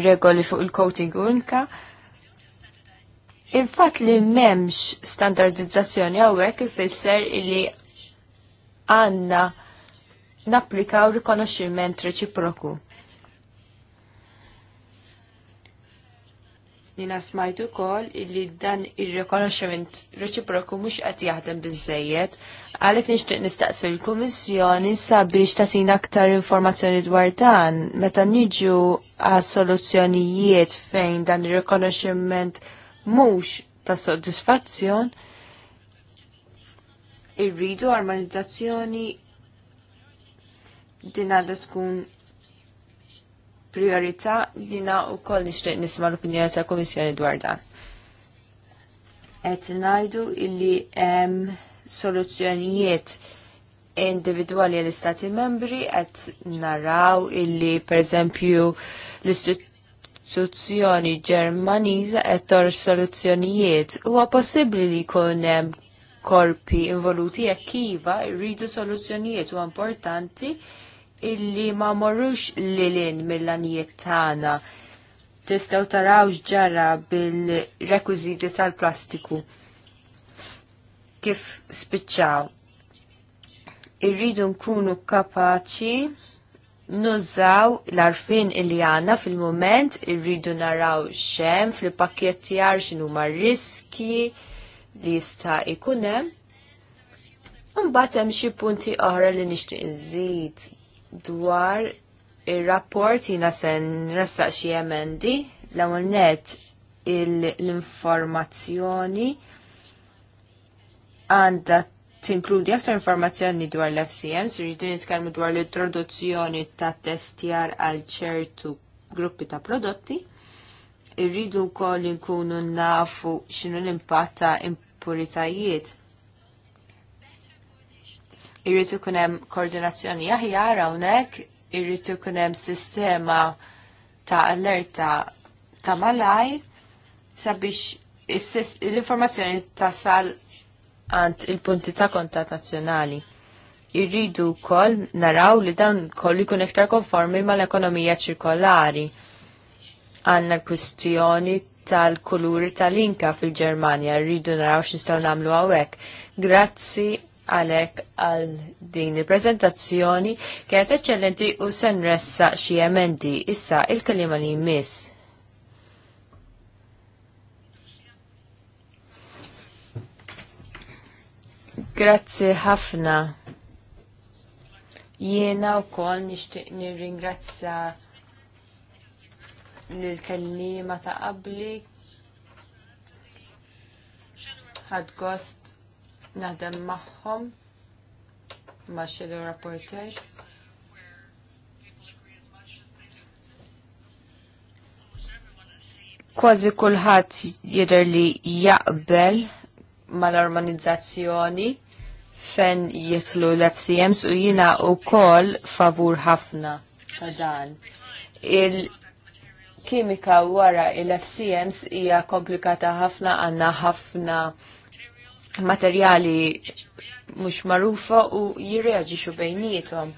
regoli fuq il-coating unka. Il-fatt li m'hemmx standardizzazzjoni hawnhekk ifisser li għandna napplikaw rikonoxximent reċiproku. Nina smajtu kol illi dan il-rikonoxximent reċiproku mux qed jaħdem bizzejiet, għalhekk nixtieq nistaqsi l-Kummissjoni sabiex tatina aktar informazzjoni dwar dan, meta niġu għas soluzzjonijiet fejn dan il-rikonoxximent mhux ta' soddisfazzjon, irridu armonizzazzjoni din għadha tkun priorità jina u koll nishtiq nisma l-opinjoni ta' komissjoni dwar dan. Et najdu illi hemm soluzzjonijiet individuali għall-istati membri et naraw illi per eżempju l-istituzzjoni ġermaniza et torx soluzzjonijiet. Huwa possibbli li jkun hemm korpi involuti jekk iva rridu soluzzjonijiet u importanti illi ma morrux lilin mill-anijiet tagħna. Tistgħu taraw ġara bil-rekwiżiti tal-plastiku kif spiċċaw. Irridu nkunu kapaċi nużaw l-arfin illi għana fil-moment, irridu naraw xem fil-pakketti għarxinu ma riski li jista' ikunem. Mbagħad hemm xi punti oħra li nixtieq iżid dwar il-rapport jina sen ressaq xie emendi l-ewwel net l-informazzjoni għandha tinkludi aktar informazzjoni dwar l-FCM, s-ridu nitkellmu dwar l-introduzzjoni ta' testjar għal ċertu gruppi ta' prodotti. Irridu wkoll inkunu nafu x'inhu l-impatt ta' impuritajiet irritu kunem hemm koordinazzjoni aħjar hawnhekk, irritu kunem hemm sistema ta' allerta ta' malaj sabiex l-informazzjoni tasal għand il-punti ta' kontat nazzjonali. Irridu kol naraw li dan kol jkun iktar konformi mal-ekonomija ċirkolari. Għanna l-kwistjoni tal-kuluri tal-inka fil-Germania, rridu naraw xistaw nagħmlu hawnhekk. Grazzi għalek għal din il-prezentazzjoni kienet eccellenti u senressa xi emendi issa il-kelima li jmiss. Grazzi ħafna. Jiena u kol nishtiq nirringrazza l-kellima ta' qabli ħad gost naħdem magħhom ma' xedu rapporter. Kważi kulħadd jidher li jaqbel mal-armonizzazzjoni fen jitlu l acms u jina u kol favur ħafna ta' dan. Il kimika wara il acms hija komplikata ħafna għanna ħafna materjali mhux magħrufa u jirreaġixxu bejnietom.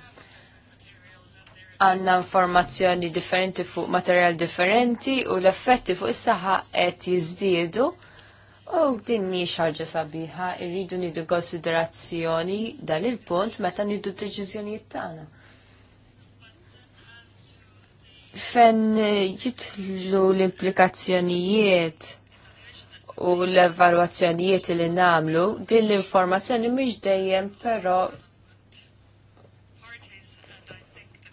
Għandna informazzjoni differenti fuq materjal differenti u l-effetti fuq is-saħħa qed jiżdiedu. U din mhix ħaġa sabiħa, irridu nidu konsiderazzjoni dan il-punt meta nidu deċiżjonijiet tagħna. Fen jitlu l-implikazzjonijiet u l-evalwazzjonijiet li namlu, din l-informazzjoni mhix dejjem però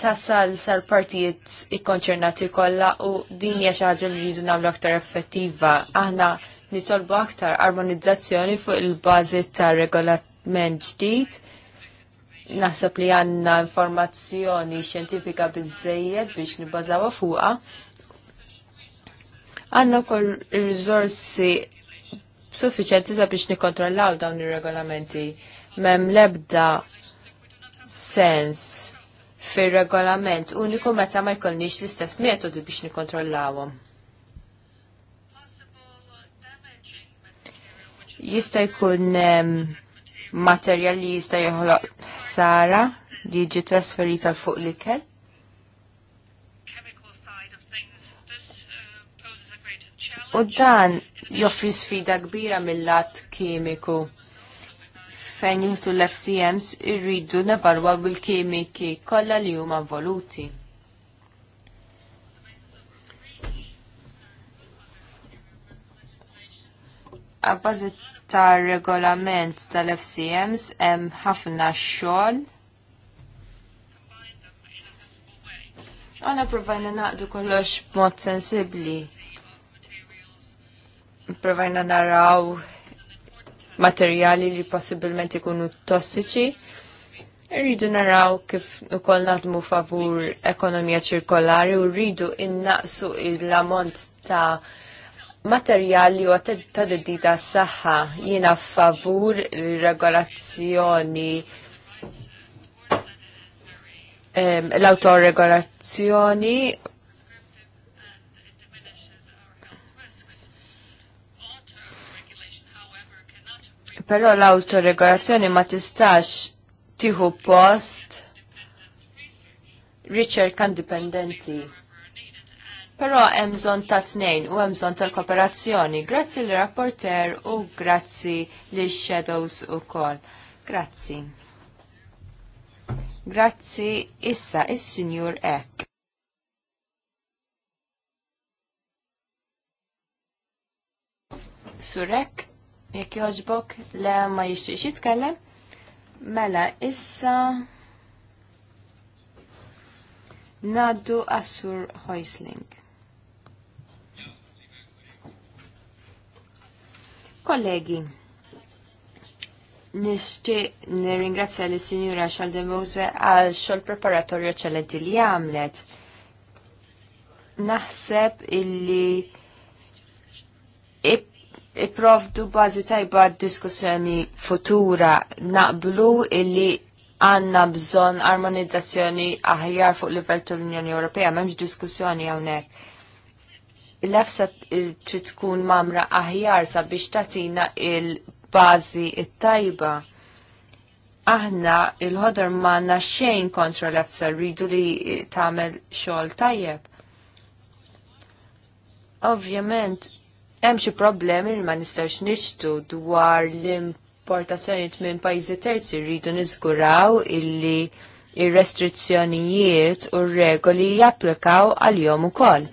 tasal sal partijiet ikkonċernati kollha u din hija xi ħaġa li rridu nagħmlu aktar effettiva. Aħna nitolbu aktar armonizzazzjoni fuq il-bażi ta' regolament ġdid. Naħseb li għandna informazzjoni xjentifika biżejjed biex nibbażawha fuqha għanna kol rizorsi suffiċenti sabiex nikontrollaw dawn ir-regolamenti. Mem lebda sens fir-regolament uniku meta ma jkollniex l-istess metodi biex nikontrollawhom. Jista' jkun materjal li jista' joħloq sara li jiġi trasferita l fuq l-ikel. U dan joffri sfida kbira mill-lat kimiku fejn jintu l-FCMs irridu nevalwa bil-kimiki kollha li huma voluti. Għabbażi tar regolament tal-FCMs hemm ħafna xogħol. Għana provajna naqdu kollox b'mod sensibbli provajna naraw materjali li possibilment ikunu tossiċi. Rridu naraw kif ukoll nadmu favur ekonomija ċirkolari u rridu innaqsu l-ammont ta' materjali u ta' dedita s-saħħa jiena favur regolazzjoni l-autoregolazzjoni Però l-autoregolazzjoni ma tistax tieħu post riċerka indipendenti. Però hemm bżonn ta' tnejn u hemm bżonn tal-kooperazzjoni. Grazzi l rapporter u grazzi lil shadows ukoll. Grazzi. Grazzi issa is-Sinjur Ek. Surek? Jekk joġbok le ma jixtieqx jitkellem. Mela, issa naddu Assur Hoisling. Kollegi, nixtieq nirringrazzja lis sinjura Xaldemuse għal xogħol preparatorju eċċellenti li għamlet. Naħseb illi iprovdu bazi tajba diskussjoni futura naqblu illi għanna bżon armonizzazzjoni aħjar fuq livell tal-Unjoni Ewropea, memx diskussjoni hawnhekk. Il-lefsa trid tkun mamra aħjar sabiex tatina il bazi it-tajba. Aħna il-ħodor manna xejn kontra l-lefsa rridu li tagħmel xogħol tajjeb. Ovvjament, hemm xi problemi li ma nistgħux nixtu dwar l-importazzjoni minn pajjiżi terzi rridu niżguraw illi ir-restrizzjonijiet u r-regoli japplikaw għal-jom ukoll.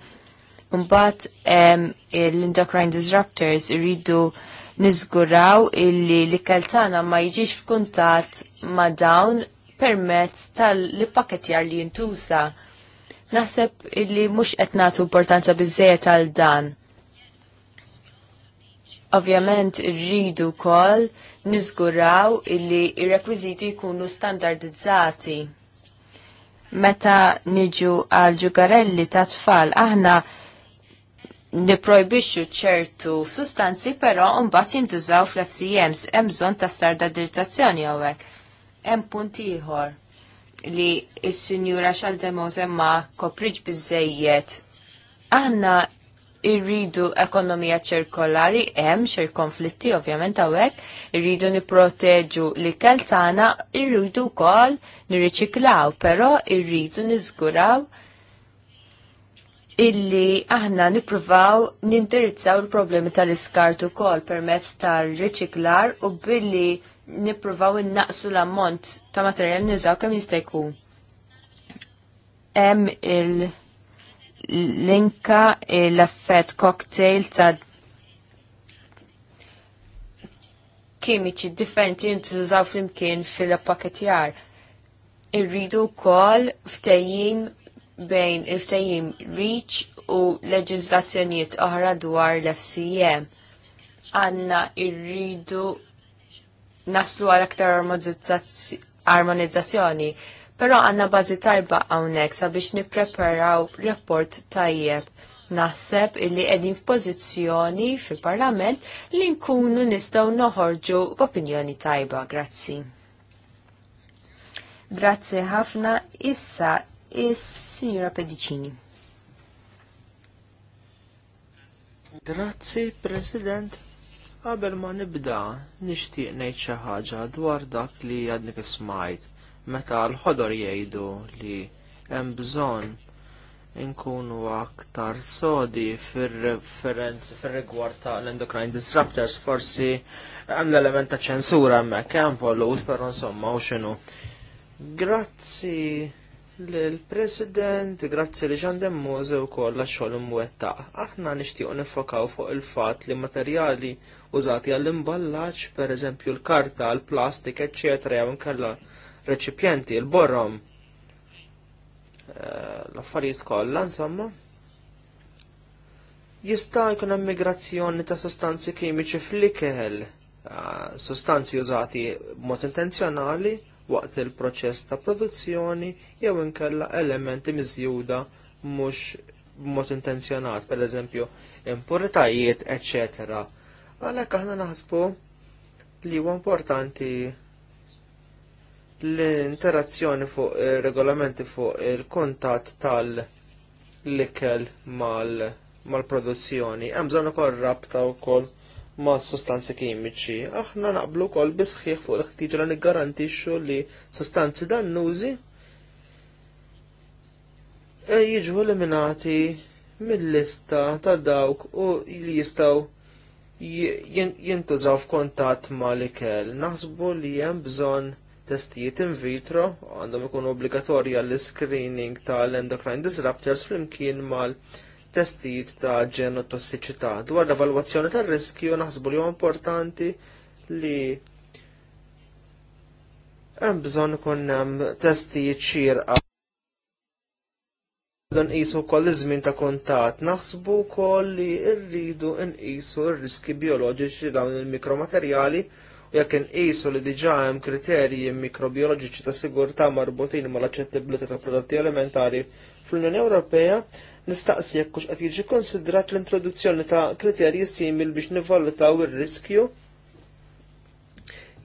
Mbagħad l-endocrine disruptors rridu niżguraw illi li keltana ma jiġix f'kuntatt ma' dawn permezz tal-pakketjar li jintuża. Naħseb illi mhux qed nagħtu importanza biżejjed għal dan Ovvjament rridu kol niżguraw illi il rekwiżiti jkunu standardizzati. Meta niġu għal ġugarelli ta' tfal aħna niprojbixxu ċertu sustanzi però mbagħad jintużaw fl-FCMs hemm bżonn ta' standardizzazzjoni hawnhekk. Hemm punt ieħor li s-sinjura xaldemo semma kopriġ bizzejiet. Aħna irridu ekonomija ċirkolari, hemm xir konflitti ovvjament hawnhekk, irridu nipproteġu li keltana, irridu wkoll nirriċiklaw, però irridu niżguraw illi aħna nippruvaw nindirizzaw il-problemi tal-iskart ukoll permezz tar-riċiklar u billi nippruvaw innaqsu l-ammont ta' materjal niżaw kemm jista' jkun. Hemm il- linka l-effett cocktail ta' kimiċi differenti jintużaw flimkien fil-pakketjar. Irridu kol ftejjim bejn il-ftejjim REACH u leġizlazzjoniet oħra dwar l-FCM. Għanna irridu naslu għal aktar armonizzazzjoni Però għanna bażi tajba hawnhekk sabiex nippreparaw rapport tajjeb naħseb illi qegħdin f'pożizzjoni fil-Parlament li nkunu nistgħu noħorġu b'opinjoni tajba. Grazzi. Grazzi ħafna issa is signora Pedicini. Grazzi, President. Qabel ma nibda nixtieq ngħid xi ħaġa dwar dak li għadni smajt meta l-ħodor jgħidu li hemm bżonn inkunu aktar sodi fir-rigward ta' l-endocrine disruptors forsi hemm l-element ta' ċensura hemmhekk hemm volut però insomma u x'inhu. Grazzi l-President, grazzi li ġandem wkoll kolla xogħol imwetta. Aħna nixtiequ nifokaw fuq il-fatt li materjali użati għall-imballaġġ, pereżempju l-karta, l-plastik, eccetera, jew inkella reċipjenti l-borrom eh, l-affarijiet kollha insomma. Jista' jkun hemm migrazzjoni ta' sostanzi kimiċi fl-ikel, eh, sostanzi użati b'mod intenzjonali waqt il-proċess ta' produzzjoni jew inkella elementi miżjuda mhux b'mod intenzjonat, pereżempju impuritajiet, eċċetera. Għalhekk aħna naħsbu li huwa importanti l-interazzjoni fuq eh, regolamenti fuq il-kontat tal ikel mal-produzzjoni. Hemm bżonn ukoll rabta wkoll ma' sostanzi kimiċi. Aħna naqblu wkoll bisħiħ fuq il-ħtiġra niggarantixxu li sostanzi dannużi eh, jiġu eliminati mill-lista ta' dawk u li jistgħu jintużaw f'kuntatt ma' l-ikel. Naħsbu li hemm bżonn testijiet in vitro għandhom ikun obbligatorja l-screening tal-endocrine disruptors flimkien mal testijiet ta' ġenotossiċità. Dwar l-evalwazzjoni tal-riskju naħsbu li huwa importanti li hemm bżonn ikun hemm testijiet xierqa. Dan isu wkoll iż-żmien ta' kuntat naħsbu wkoll li rridu nqisu r-riski bioloġiċi dawn il-mikromaterjali jekk inqisu li diġà hemm kriterji mikrobioloġiċi ta' sigurtà marbutin mal aċċettibilità ta' prodotti alimentari fl-Unjoni Ewropea, nistaqsi jekk hux qed jiġi konsidrat l-introduzzjoni ta' kriterji simil biex nivalutaw ir-riskju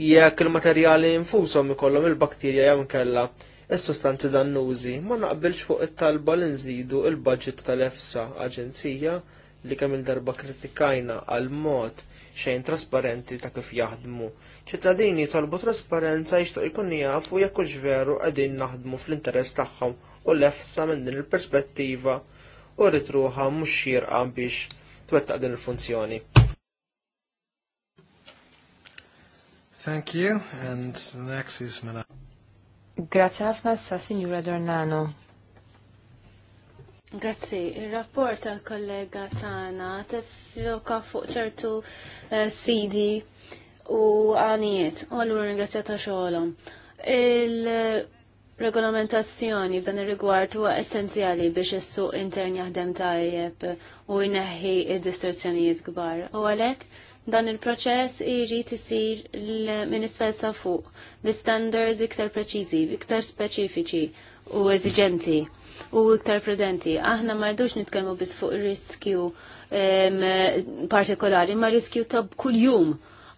jekk il-materjali infushom ikollhom il-bakterja jew inkella is-sustanzi dannużi ma naqbilx fuq it-talba li nżidu il-budget tal-EFSA aġenzija li kemm il-darba kritikajna għal mod xejn trasparenti ta' kif jaħdmu. ċittadini talbu trasparenza jixtieq ikun jafu jekk hux veru qegħdin naħdmu fl-interess tagħhom u l-efsa minn din il-perspettiva u ritruħa mhux xirqa biex twettaq din il-funzjoni. Thank you, and next is Mela. Grazie ħafna sa' Signora Dornano. Grazzi, il-rapport tal kollega tagħna tifloka fuq ċertu Eh, sfidi u għanijiet. U għallura ringrazzja ta' xogħolhom. Il-regolamentazzjoni f'dan ir-rigward huwa essenzjali biex is-suq intern jaħdem tajjeb u jneħħi id-distorzjonijiet kbar. U għalhekk dan il-proċess irid isir minn isfel sa fuq bi standards iktar preċiżi, iktar speċifiċi u eżiġenti u iktar prudenti. Aħna ma jdux nitkellmu biss fuq ir-riskju partikolari ma' riskju ta' kuljum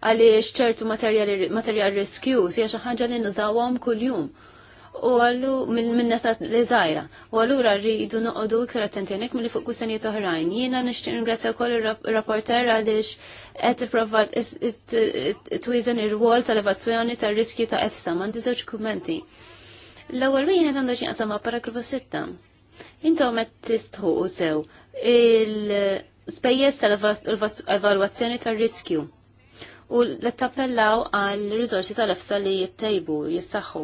għaliex ċertu materjal riskju si għaxa ħaġa li nużawhom kuljum. U għallu minna ta' li zaħira. U għallura rridu noqodu iktar attentjenek mill-li fuq kustanijiet oħrajn. Jiena nixtieq ringrazzja wkoll ir-rapporter għaliex qed tipprova twizan ir-rwol tal-evazzjoni tar-riskju ta' EFSA m'għandi żewġ kummenti. L-ewwel wieħed għandu xi għasama paragrafu 6. Intom qed u sew il- spejjeż tal-evalwazzjoni tar-riskju u l-tappellaw għal rizorsi tal-efsa li jittejbu, jissaxħu.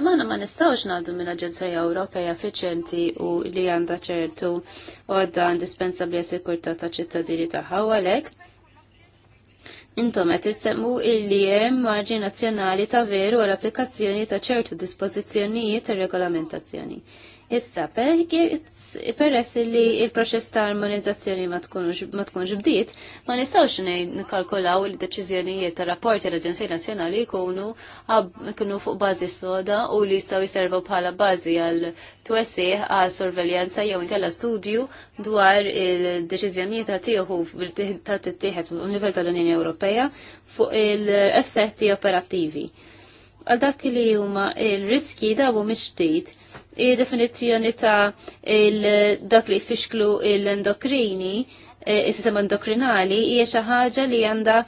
Imma ma nistawx naddu minn Aġenzija Ewropea effiċenti u li għandha ċertu u għadda indispensabli sikurta ta' ċittadini ta' għalhekk. Intom qed tissemmu illi hemm marġi nazzjonali ta' veru għal applikazzjoni ta' ċertu dispożizzjonijiet ta' regolamentazzjoni. Issa, peress li il-proċess ta' armonizzazzjoni ma tkunx bdiet, ma nistawx nkalkulaw il-deċiżjonijiet ta' rapporti l-Aġenzija Nazzjonali jkunu jkunu fuq bażi soda u li jistgħu jservu bħala bażi għal twessih għal sorveljanza jew inkella studju dwar il-deċiżjonijiet ta' tieħu ta' tittieħed livell tal-Unjoni Ewropea fuq il-effetti operattivi għal dak li huma il-riski da u mixtejt il-definizjoni ta' il-dak li fixklu l-endokrini eh, il-sistema endokrinali hija xi ħaġa li għandha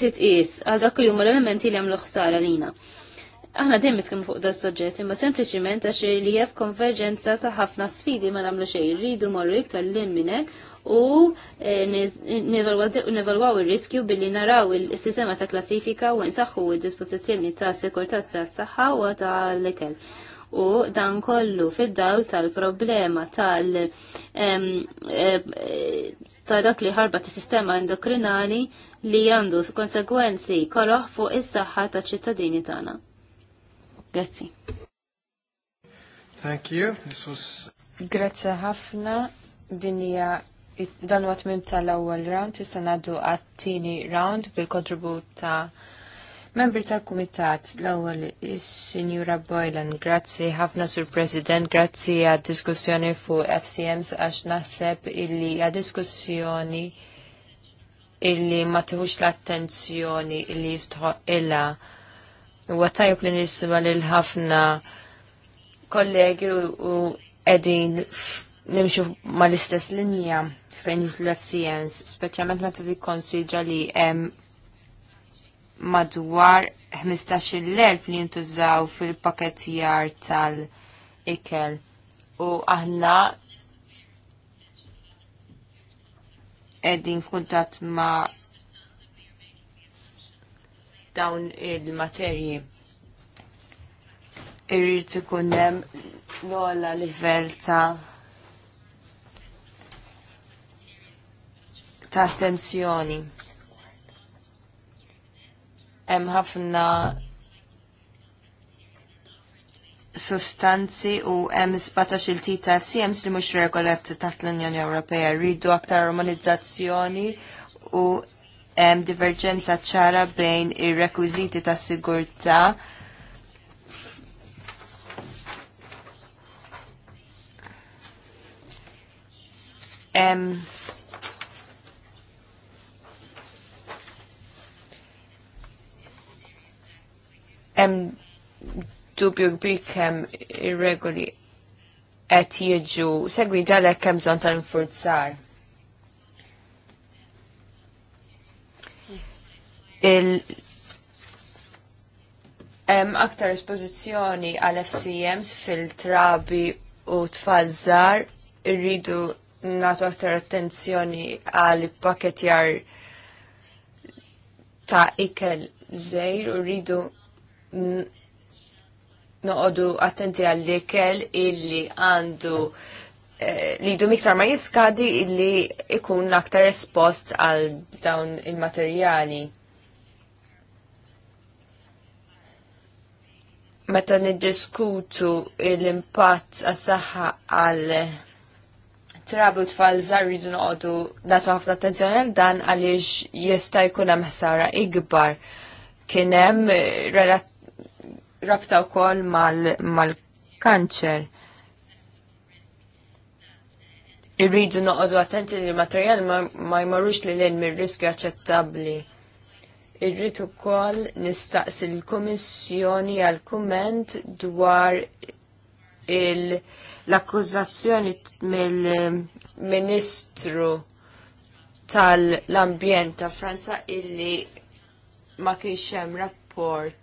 titqis għal dak li huma l-elementi li għamlu ħsara lina. Aħna dejjem nitkellmu fuq dan soġġett imma sempliċiment għax li hija konverġenza ta' ħafna sfidi ma nagħmlu xejn, irridu morru iktar lil minn hekk u eh, nevalwaw il-riskju billi naraw il-sistema ta' klassifika u nsaħħu il-dispozizjoni ta' sekurtazza s-saħħa u ta' l-ekel u dan kollu fid-dawl tal-problema tal- ta' dak li ħarba ta' sistema endokrinali li għandu konsegwenzi koroħ fuq is-saħħa ta' ċittadini tagħna. Grazzi. Thank you. This was... Grazzi ħafna. Din hija dan huwa tmim tal-ewwel round, issa ngħaddu għat-tieni round bil-kontribut ta' Membri tal-Kumitat, l-ewwel is-Sinjura Boylan, grazzi ħafna sur President, grazzi għad diskussjoni fuq FCMs għax naħseb illi għad diskussjoni illi ma tħux l-attenzjoni illi jistħoq illa. Huwa tajb li nisba lil ħafna kollegi u qegħdin nimxu mal-istess linja fejn l-FCMs, speċjalment meta tikonsidra li hemm madwar 15.000 li jintużaw fil-paketjar tal-ikel. U aħna edin f'kuntat ma dawn il-materji. Irrid ikun hemm l-ogħla livell ta' ta' attenzjoni hemm ħafna sustanzi u hemm 17 il-tit ta' FCMs li mhux regolat taħt l-Unjoni Ewropea rridu aktar armonizzazzjoni u hemm diverġenza ċara bejn ir-rekwiżiti ta' sigurtà Um, hemm dubju kbir kemm ir-regoli qed jiġu segwi għalhekk hemm bżonn tal-infurzar. Il hemm aktar espożizzjoni għal FCMs fil-trabi u tfazzar irridu nagħtu aktar attenzjoni għal pakketjar ta' ikel żejr u rridu noqodu attenti għall-ikel illi għandu eh, li jdu miktar ma jiskadi illi ikun aktar espost għal dawn il-materjali. Meta niddiskutu l-impatt għas-saħħa għal trabu tfal żar rridu noqogħdu nagħtu ħafna attenzjoni għal dan għaliex jista' jkun hemm ħsara ikbar kien hemm relat rabta wkoll mal-kanċer. Mal irridu noqodu attenti li materjal ma jmarrux li l-in mir-riskju aċċettabbli. Irrid ukoll nistaqsi l-Kummissjoni għal kumment dwar l-akkużazzjoni mill-Ministru tal-Ambjent ta' Franza illi ma kienx hemm rapport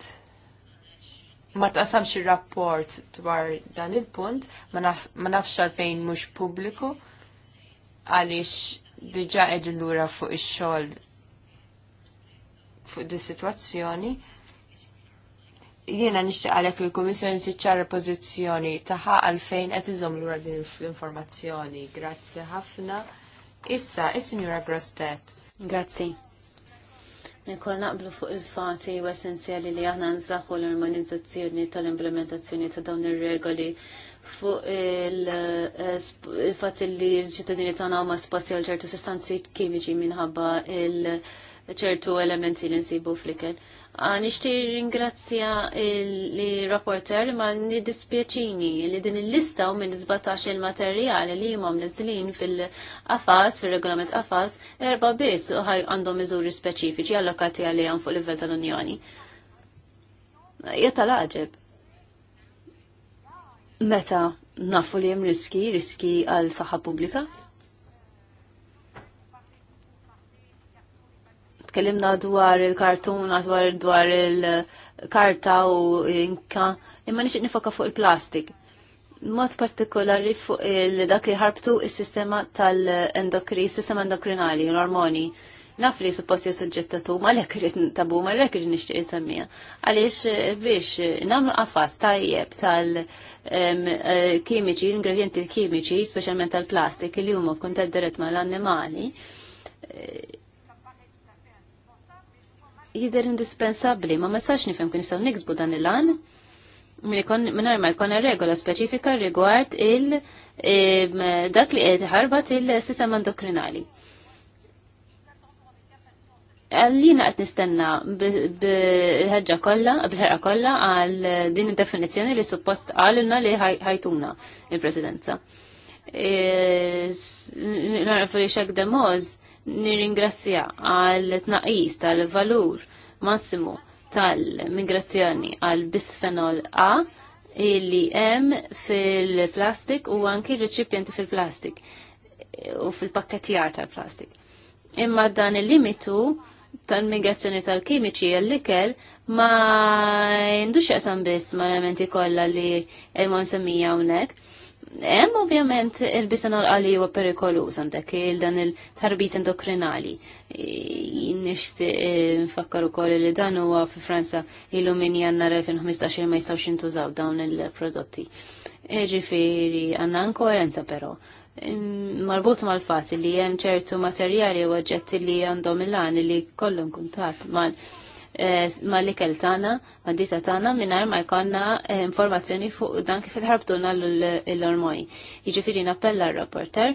ma taqsamx il rapport dwar dan il-punt, ma nafx għalfejn mhux pubbliku għaliex diġà qegħdin lura fuq ix-xogħol fuq di sitwazzjoni. Jiena nixtieq għalek il-Kummissjoni tiċċar pozizjoni taħa għalfejn qed iżomm lura din l-informazzjoni. Grazzi ħafna. Issa, is-Sinjura Grostet. Grazzi. Nikol naqblu fuq il-fati u essenzjali li aħna nżaħu l-armonizzazzjoni tal-implementazzjoni ta' dawn ir-regoli fuq eh, il-fat li l-ċittadini tagħna huma għal ċertu sostanzi kimiċi minħabba il- ċertu elementi li nsibu fliken. Ah, Nishti ringrazzja li rapporter ma nidispieċini li din il-lista u minn 17 il-materjali li jimom nizlin fil-qafas, fil-regolament qafas, erba bis u ħaj għandhom miżuri speċifiċi allokati għalijom fuq livell tal-Unjoni. Jeta laġeb. Meta nafu li jem riski, riski għal saħħa publika? tkellimna dwar il-kartuna, dwar dwar il-karta u inka, imma nixtieq nifoka fuq il-plastik. Mod partikolari fuq il-dak li ħarbtu il sistema tal-endokri, sistema endokrinali, l-ormoni. Naf li suppost jissuġġettatu, ma l-ek tabu, ma l-ek nixtieq jisammija. Għaliex biex nagħmlu għafas tajjeb tal- eh, kimiċi, l-ingredienti kimiċi, specialment tal-plastik, li huma f'kuntat ma mal-annimali, eh, jider indispensabli, ma ma sax nifem kun nistaw niksbu dan il-għan, minnar ma jkun regola specifika rigward il dak li qed ħarbat il-sistema endokrinali. Għallina qed nistenna bil kolla, kollha, bil kollha għal din id-definizzjoni li suppost għalilna li ħajtuna il-Presidenza. Nara li xek demoz nirringrazzja għal tnaqis tal-valur massimu tal-migrazzjoni għal bisfenol A illi hemm fil-plastik u anki reċipjenti fil-plastik u fil-pakketjar tal-plastik. Imma dan il-limitu tal-migrazzjoni tal-kimiċi għall-ikel ma jindux jaqsam biss ma elementi kollha li jemon semija hawnhekk Hemm ovvjament il-bisanol għali huwa perikolus għandek il-dan il-tarbit endokrinali. Nixti eh, nfakkar ukoll li dan huwa fi Franza ilu min jannar 2015 ma jistgħux jintużaw dawn il-prodotti. E, Ġifieri għandna inkoerenza però marbut mal-fat li hemm ċertu materjali u oġġetti li għandhom il-għan li kollhom kuntat mal- Eh, ma li kell tagħna, ma dita tagħna mingħajr ma jkollna eh, informazzjoni fuq dan kif ħarbtuna l-ormoni. Jiġifieri nappella r-rapporter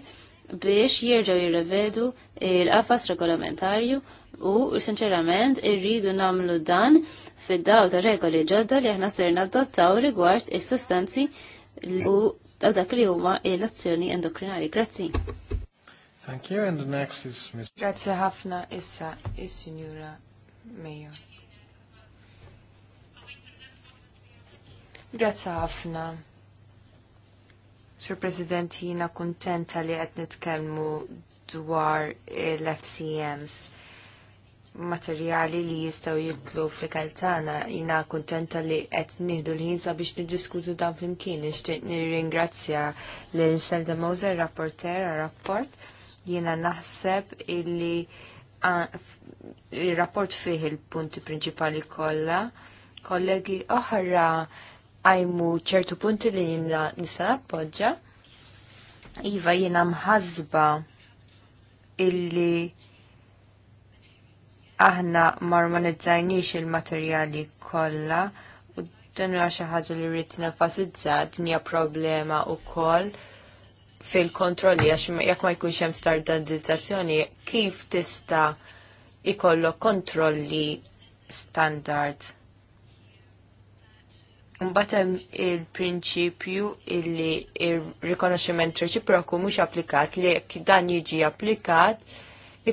biex jirġaw jirrevedu l-qafas regolamentarju u sinċerament irridu namlu dan fid-daw ta' regoli ġodda li aħna ser nadottaw rigward is-sustanzi u ta' dak li huma l-azzjoni endokrinari. Grazzi. Thank you and the next is Ms. Grazzi ħafna issa is-Sinjura Mayor. Grazie ħafna. Sur President, jina kontenta li qed nitkellmu dwar l-FCMs materjali li jistaw jitlu fl-kaltana. Jina kontenta li qed nihdu l ħin sabiex niddiskutu dan flimkien. Nixtieq nirringrazzja lil Shelda Moser, rapporter rapport. Jina naħseb illi il-rapport fih il-punti prinċipali kollha kollegi oħra għajmu ċertu punti li jina nista appoġġa. Iva jina mħazba illi aħna marmonizzajniex il-materjali kollha u dan huwa xi ħaġa li rrid nenfasizza din hija problema wkoll fil-kontrolli għax jekk ma jkunx hemm standardizzazzjoni kif tista' ikollok kontrolli standard. Mbatem hemm il-prinċipju illi il rikonoxximent reċiproku mhux applikat li jekk dan jiġi applikat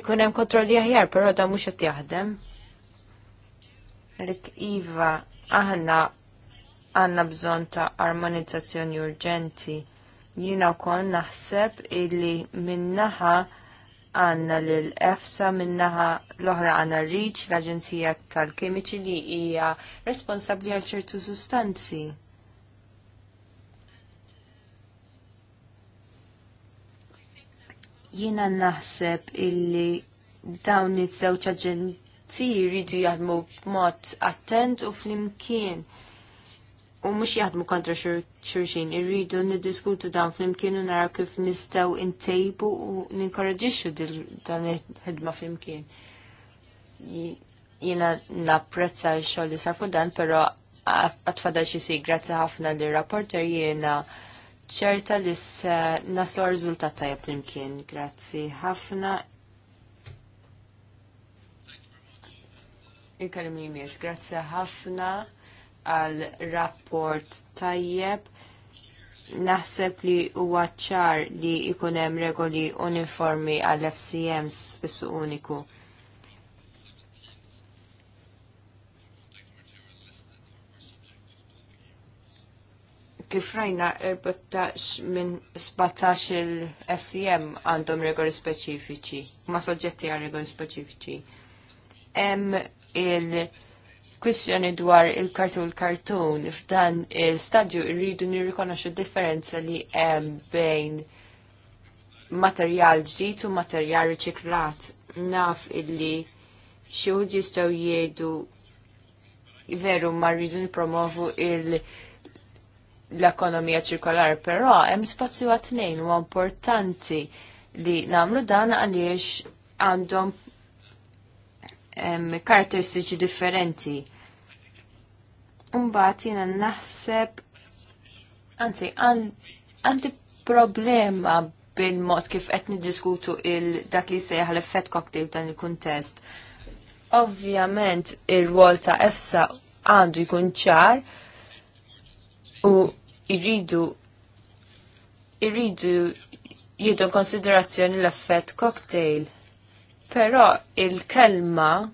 ikun hemm kontrolli aħjar, però dan mhux qed jaħdem. Rik iva aħna għandna bżonn ta' armonizzazzjoni urġenti. Jiena kon naħseb illi minnaħa naħa għanna l-EFSA minnaħa l-oħra għanna REACH, l-Aġenzija tal-Kemiċi li hija responsabli għal ċertu sustanzi. Jiena naħseb illi dawn iż-żewġ aġenziji jridu jaħdmu b'mod attent u flimkien u mhux jaħdmu kontra xurxin, irridu niddiskutu dan flimkien u naraw kif nistgħu intejbu u ninkoraġiċu dan il-ħidma flimkien. Jiena napprezza x-xogħol li sar fuq dan, però għatfada xi si grazzi ħafna li rapporter jiena ċerta li naslu riżultat tajjeb flimkien. Grazzi ħafna. Il-kalim grazzi ħafna għal rapport tajjeb. Naħseb li huwa ċar li jkun hemm regoli uniformi għal FCMs fis-suq uniku. Kif rajna 14 minn 17 il-FCM għandhom regoli speċifiċi, ma soġġetti għal regoli speċifiċi. Hemm il- kwistjoni dwar il-kartun kartun f'dan il-stadju irridu nirrikonoxxu differenza li hemm bejn materjal ġdid u materjal riċiklat. Naf illi xi jistgħu jgħidu veru ma rridu nippromovu il- l-ekonomija ċirkolari, però hemm spazju għat tnejn huwa importanti li nagħmlu dan għaliex għandhom karakteristiċi differenti. Umbat jina naħseb, anzi, għandi problema bil-mod kif qed niddiskutu il-dak li sejħ l-effett cocktail dan il-kuntest. Ovvjament, ir-rwol ta' EFSA għandu jkun ċar u irridu irridu jiddu konsiderazzjoni l-effett cocktail. Però il-kelma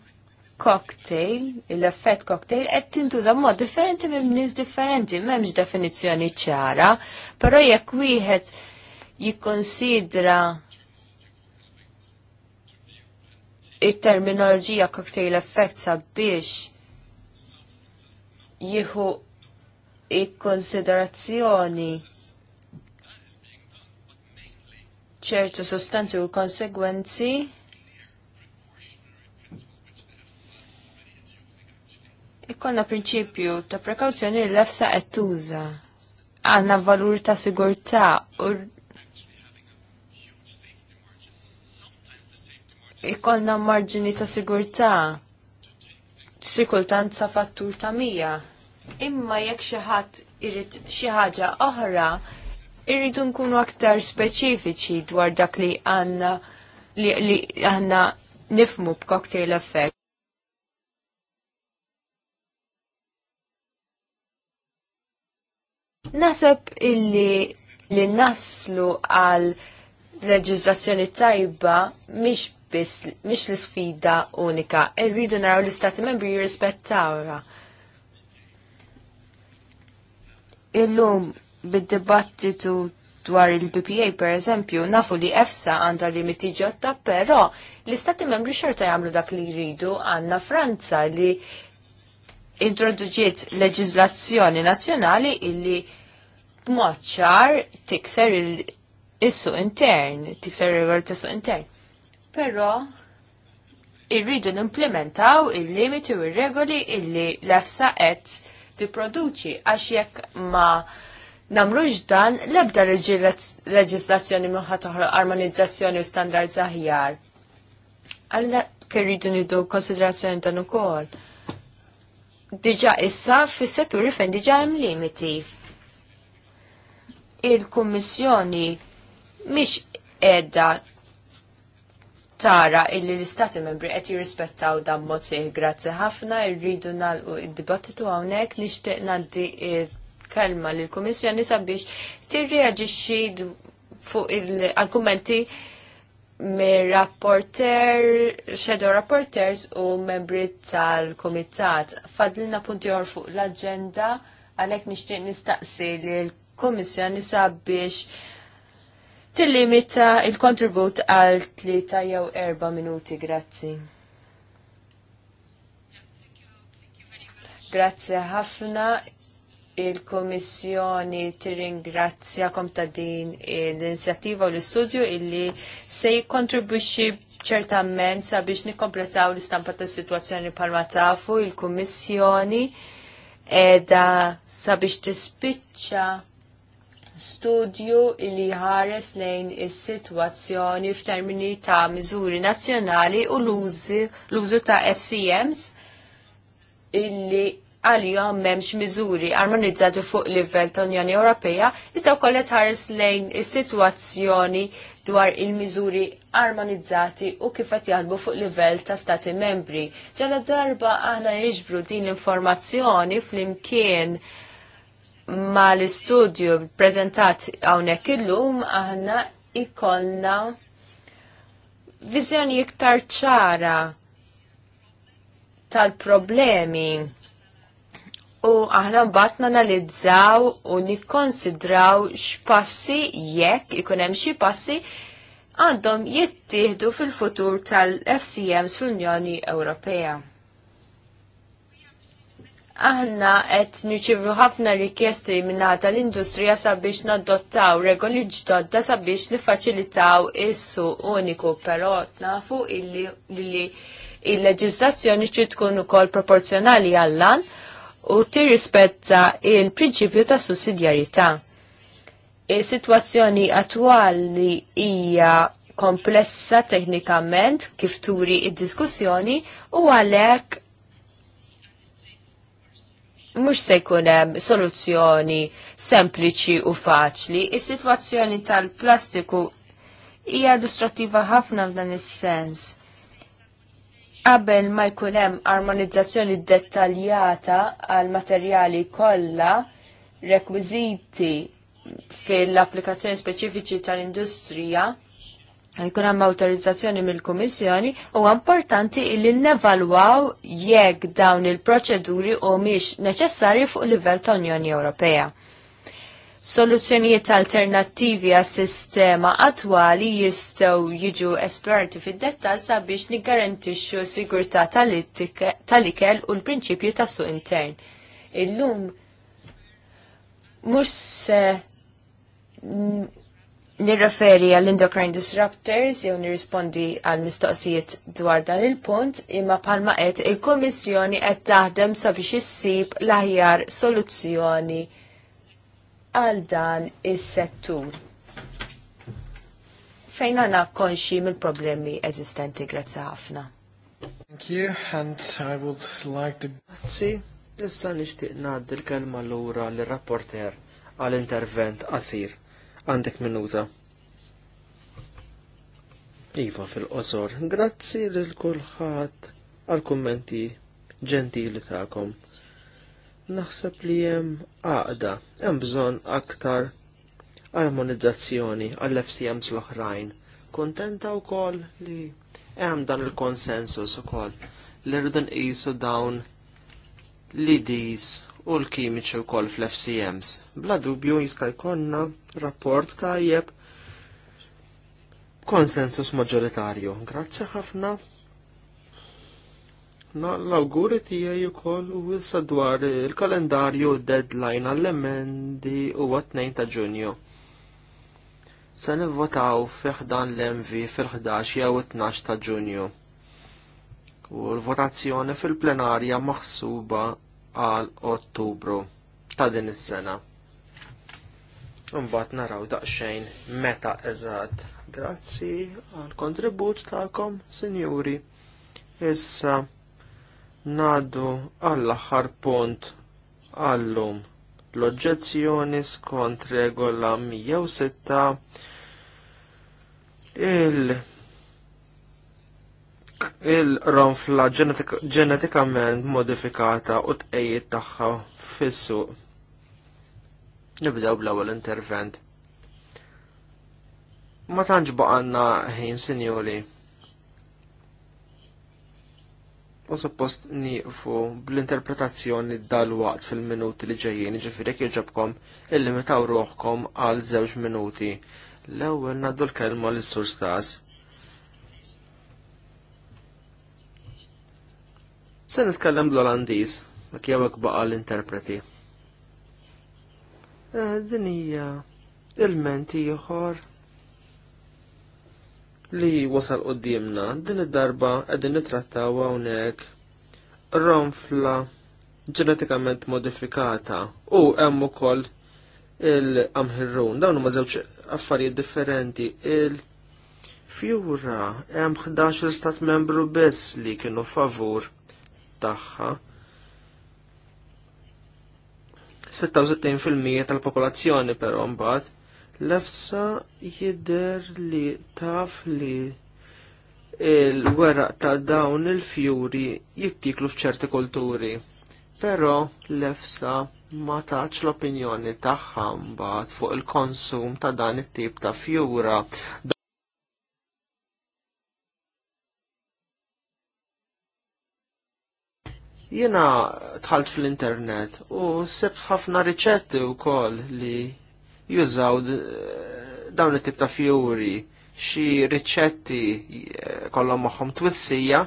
cocktail, l-effett cocktail, qed tintuża mod differenti minn nies differenti, m'hemmx definizzjoni ċara, però jekk wieħed jikkonsidra it-terminoloġija cocktail effect sabiex jieħu ikkonsiderazzjoni ċertu sostanzi u konsegwenzi Ikkonna prinċipju ta' prekawzjoni li l-efsa qed tuża. Għandna valur ta' sigurtà u ikkonna marġini ta' sigurtà sikultant sa' fattur ta' mija. Imma jekk xi ħadd irid xi ħaġa oħra, irridu nkunu aktar speċifiċi dwar dak li għandna li, għandna nifmu b'cocktail effect. Nasab illi li naslu għal leġizlazzjoni tajba miex biss miex l-sfida unika, irridu naraw l-istati membri jirrispettawra. Illum bid-dibattitu dwar il-BPA per eżempju, nafu li EFSA għandha limiti ġotta, però l-istati membri xorta jagħmlu dak li jridu għandna Franza li introduġiet leġizlazzjoni nazzjonali illi b'mod ċar tikser il-issu intern, tikser il-għal issu intern. Però irridu n-implementaw il-limiti u il-regoli illi l-efsa qed tipproduċi għax jekk ma namrux dan l-ebda leġislazzjoni maħħa toħroq armonizzazzjoni u standard zaħjar. Għalla kerridu nidu konsiderazzjoni dan ukoll. Dġa issa fis-setturi fejn diġa hemm limiti il-Kummissjoni mhix edda tara illi l-istati membri qed jirrispettaw dan mod sieħ. Grazzi ħafna, irridu nagħlqu id-dibattitu hawnhekk nixtieq ngħaddi kelma lill kummissjoni sabiex tirreaġixxi fuq il-argumenti mir-rapporter, shadow rapporters u membri tal-komitat. Fadlina punti fuq l-agenda għalhekk nixtieq nistaqsi lill kommissjoni sabiex tillimita il-kontribut għal tlieta jew erba' minuti. Grazzi. Grazzi ħafna il-Komissjoni tirringrazzjakom ta' din l-inizjattiva u l-istudju illi se jikontribwixxi ċertament sabiex nikkompletaw l-istampa ta' situazzjoni palma tafu il-Komissjoni edha sabiex tispiċċa studju li ħares lejn is-sitwazzjoni f'termini ta' miżuri nazzjonali u l-użu ta' FCMs illi għal-jom m'hemmx miżuri armonizzati fuq livell ta' Unjoni Ewropea, iżda wkoll qed ħares lejn is-sitwazzjoni dwar il-miżuri armonizzati u kif qed jaħdmu fuq livell ta' stati membri. Ġala darba aħna niġbru din l-informazzjoni flimkien imkien ma l-istudju prezentat għawnek illum aħna ikolna vizjoni iktar ċara tal-problemi u aħna mbagħad nanalizzaw u nikkonsidraw x'passi jekk ikun hemm xi passi għandhom jittieħdu fil-futur tal fcm fl-Unjoni Ewropea aħna qed nirċivru ħafna rikjesti minnata l-industrija sabiex nadottaw regoli ġdodda sabiex nifaċilitaw is-suq uniku, però nafu illi li il-leġislazzjoni ċi tkun ukoll proporzjonali għallan u tirrispetta il-prinċipju ta' sussidjarità. Is-sitwazzjoni attwali hija komplessa teknikament kif turi id-diskussjoni u għalhekk mux se jkunem soluzzjoni sempliċi u faċli. Is-sitwazzjoni tal-plastiku hija illustrattiva ħafna f'dan is-sens. Qabel ma jkun hemm armonizzazzjoni dettaljata għal materjali kollha, rekwiżiti fil-applikazzjoni speċifiċi tal-industrija, jkun hemm awtorizzazzjoni mill-Kummissjoni u importanti li nevalwaw jekk dawn il-proċeduri u miex neċessarji fuq livell ta' Unjoni Ewropea. Soluzzjonijiet alternattivi għas sistema attuali jistgħu jiġu esplorati fid-dettall sabiex niggarantixxu sigurtà tal-ikel u l-prinċipji tas-suq intern. Illum mhux se nirreferi għall endocrine disruptors jew nirrispondi għal mistoqsijiet dwar dan il-punt imma palma qed il-Kummissjoni qed taħdem sabiex issib l-aħjar soluzzjoni għal dan is-settur. Fejn għana konxi mill-problemi eżistenti grazzi ħafna. Thank you, and I would like to... Grazzi, issa nixtieq ngħaddi l-kelma lura lir rapporter għal intervent qasir. Għandek minuta. Iva fil-qosor, grazzi lil kulħadd għal-kummenti ġentili tagħkom. Naħseb li hemm għaqda, hemm bżonn aktar armonizzazzjoni għall-FCMs l-oħrajn. Kontenta wkoll li hemm dan il-konsensus ukoll li rridan nqisu dawn l-IDs u l-kimiċi wkoll fl-FCMs. Bla dubju jista' jkollna rapport tajjeb konsensus maġġoritarju. Grazzi ħafna. No, l-auguri tiegħi wkoll u issa dwar il-kalendarju deadline għall-emendi huwa 2 ta' Ġunju. Se nivvotaw fiħdan l-MV fil-11 jew 12 ta' Ġunju. U l-votazzjoni fil-plenarja maħsuba għal Ottubru ta' din is-sena. Mbagħad naraw daqsxejn meta eżatt. Grazzi għal kontribut tagħkom, sinjuri. Issa nadu għall-aħħar punt għallum l-oġġezzjoni skont regola 106 il- il-ronfla ġenetikament modifikata u tqejjed tagħha fis-suq Nibdew bl-ewwel intervent. Ma tantx baqanna ħin sinjoli. U suppost nieqfu bl-interpretazzjoni dal-waqt fil-minuti li ġejjin, ġifieri jekk il illimitaw ruħkom għal żewġ minuti. L-ewwel ngħaddu l-kelma lis sur stas. Se nitkellem bl-Olandiż, ma kjawek baqa l-interpreti. Eh, din hija il-menti ieħor li wasal qoddimna din id-darba qegħdin nittrattaw hawnhekk ronfla ġenetikament modifikata u hemm ukoll il-amħirrun dawn huma żewġ affarijiet differenti il- Fjura, hemm 11 stat membru biss li kienu favur tagħha 66% tal-popolazzjoni però mbagħad. L-EFSA jidher li taf li il wera ta' dawn il-fjuri jittiklu f'ċerti kulturi. Però l-EFSA ma taċ l-opinjoni tagħha mbagħad fuq il-konsum ta' dan it-tip ta' fjura. Jena tħalt fl-internet u sebt ħafna riċetti u kol li jużaw dawn it-tip ta' fjuri xi riċetti eh, kollom magħhom twissija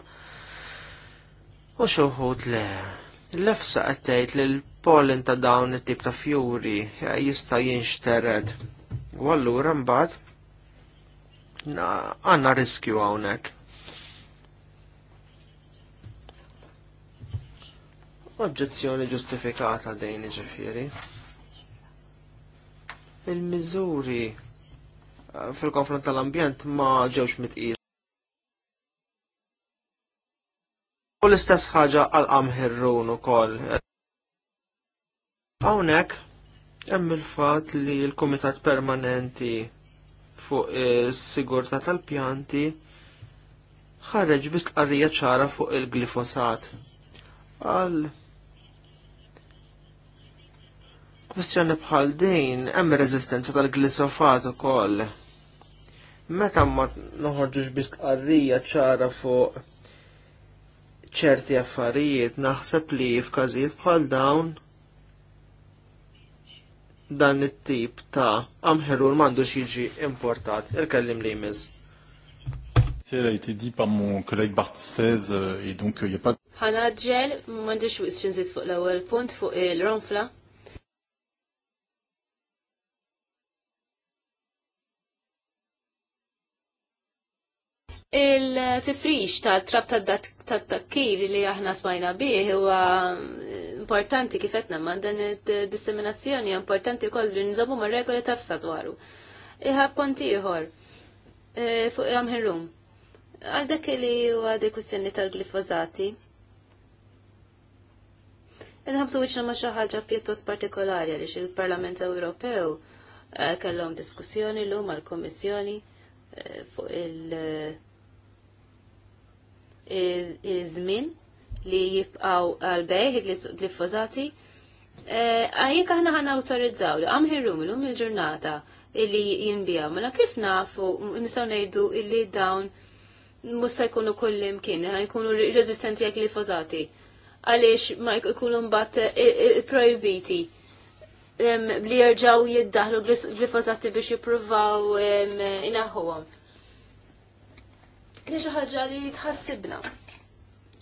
u xuħut le. L-efsa qed tgħid li l polin ta' dawn it-tip ta' fjuri eh, jista' jinxtered. U allura mbagħad għandna riskju hawnhekk. oġġezzjoni ġustifikata dejn ġifiri. Il-miżuri eh, fil-konfront tal-ambjent ma ġewx mitqis. U l-istess ħaġa għal-qamħirrun ukoll. Hawnhekk hemm il-fatt li l-Kumitat Permanenti fuq is-sigurtà tal-pjanti ħareġ bistqarrija ċara fuq il-glifosat. Għal kwestjoni bħal din hemm rezistenza tal-glisofat ukoll. Meta ma noħorġux biss qarrija ċara fuq ċerti affarijiet naħseb li f'każijiet bħal dawn dan it-tip ta' amħerur m'għandux jiġi importat. Il-kellim li jmiss. Elle a été dit par mon collègue Bartistez euh, et donc il euh, n'y a pas. Ħanaġġel m'għandux wisċinżit fuq l-ewwel punt fuq il-ronfla. Il-tifrix ta' trab ta' takkir li aħna smajna bih huwa eh, importanti kifetna ma' dan id-disseminazzjoni importanti koll li nżobu ma' regoli tafsa dwaru. Iħa ponti iħor eh, fuq jamħirrum. Għal dak li huwa dikussjoni tal-glifozati. Inħabtu uċna ma' xaħġa pjuttost partikolari għaliex il-Parlament Ewropew eh, kellhom diskussjoni l-lum għal fuq il- iż-żmien li jibqaw għal-bej glifozati. Għajek e, aħna ħana autorizzaw li għam l il-ġurnata illi jinbijaw, mela kif nafu nisaw nejdu illi dawn musa jkunu kollim kien, jkunu rezistenti għal glifozati għaliex ma jkunu mbatt e, e, projbiti li jirġaw jiddaħlu glifozati biex jippruvaw inaħuwam li xi ħaġa li tħassibna.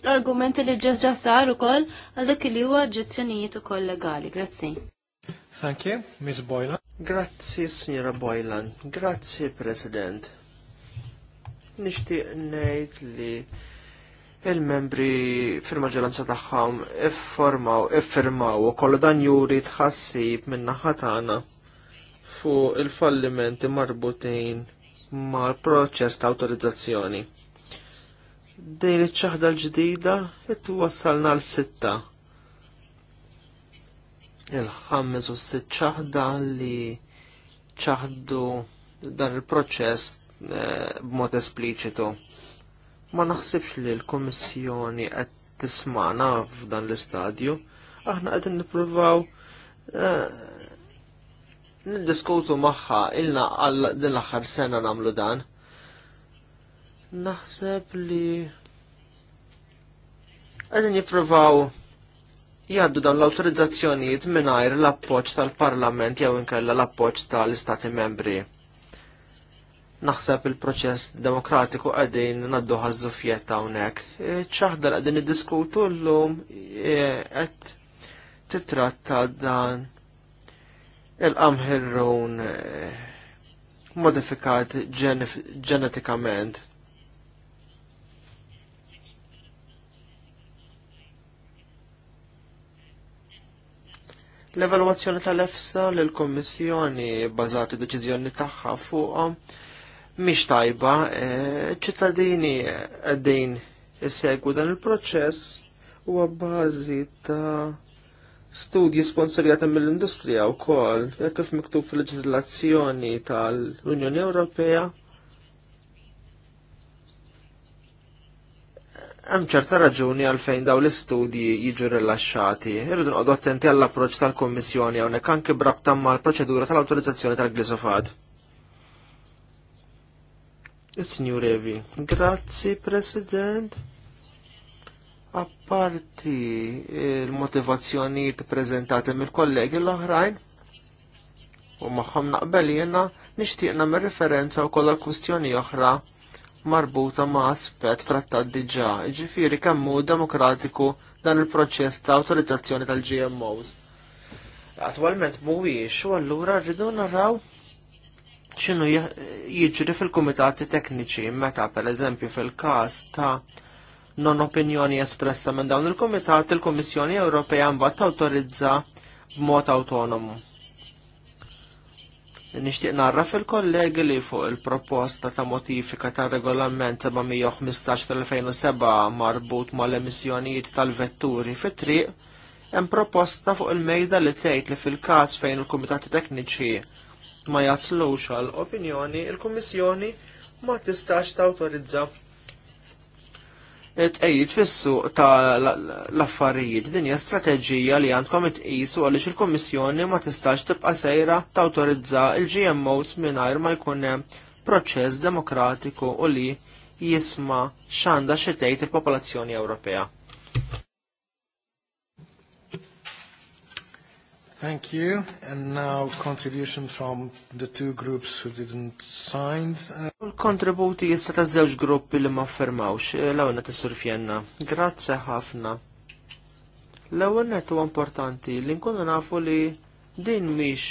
L-argumenti li ġeġa sar ukoll għal dak li huwa ġezzjonijiet ukoll legali. Grazzi. Thank you, Ms. Boylan. Grazzi, Signora Boylan. Grazzi, President. Nixtieq ngħid li il-membri fil-maġġoranza tagħhom iffirmaw iffirmaw ukoll dan juri tħassib min-naħa tagħna fuq il-fallimenti marbutin mal-proċess ta' autorizzazzjoni din iċ-ċaħda l-ġdida jittu wassalna l sitta il ħammis u sitt ċaħda li ċaħdu dan il-proċess eh, b'mod espliċitu. Ma naħsibx li l komissjoni qed tismana f'dan l-istadju, aħna qed nippruvaw eh, niddiskutu magħha ilna għal din l-aħħar sena nagħmlu dan. Naħseb li għedin jiprovaw jaddu dan l-autorizzazzjonijiet mingħajr l-appoġġ tal-Parlament jew inkella l-appoġġ tal-Istati membri. Naħseb il-proċess demokratiku qegħdin naddu ħażufjet hawnhekk. id qegħdin l llum e, qed titratta dan il-qamħirrun e, modifikat genetikament. L-evalwazzjoni tal-EFSA l-Kommissjoni bażati deċiżjoni tagħha fuqhom mhix tajba, e, ċittadini qegħdin issegwu dan il-proċess u bażi ta' studji sponsorjati mill-industrija wkoll jekk kif miktub fil leġizlazzjoni tal-Unjoni Ewropea Hemm ċerta raġuni għalfejn daw l-istudji jiġu rilaxxati. Irridu noqogħdu attenti għall-approċċ tal-Kummissjoni hawnhekk anke brabta mal-proċedura tal-awtorizzazzjoni tal-glisofat. Is-Sinjur Evi, grazzi President. Apparti il-motivazzjonijiet preżentati mill-kollegi l-oħrajn, u magħhom naqbel jiena nixtieq nagħmel referenza wkoll għal kwistjoni oħra marbuta ma' aspett trattat diġà, ġifiri hu demokratiku dan il-proċess ta' awtorizzazzjoni tal-GMOs. Attualment mhuwiex u allura rridu naraw x'inhu jiġri fil-kumitati tekniċi meta pereżempju fil-każ ta' non opinjoni espressa minn dawn il-kumitat il-Kummissjoni Ewropea mbagħad tawtorizza b'mod autonomu. Nixtieq narra fil-kollegi li fuq il-proposta ta' modifika ta' regolament 715 tal-2007 marbut mal-emissjonijiet tal-vetturi fit-triq, hemm proposta fuq il-mejda li tgħid li fil-każ fejn il-kumitati tekniċi ma jaslux għal opinjoni, il-Kummissjoni ma tistax tawtorizza tqejjid fissu suq ta' l-affarijiet. Din hija strateġija li għandkom tqisu għaliex il-Kummissjoni ma tistax tibqa' sejra tawtorizza il-GMOs mingħajr ma jkun hemm proċess demokratiku u li jisma' x'għandha xi tgħid il-popolazzjoni Ewropea. Thank you. And now contribution from the two groups who didn't sign. Il-kontributi uh, jissa ta' żewġ gruppi li ma' affermawx eh, l-għawna ta' surfjenna. Grazie ħafna. L-għawna nettu importanti li nkunu nafu li din mhix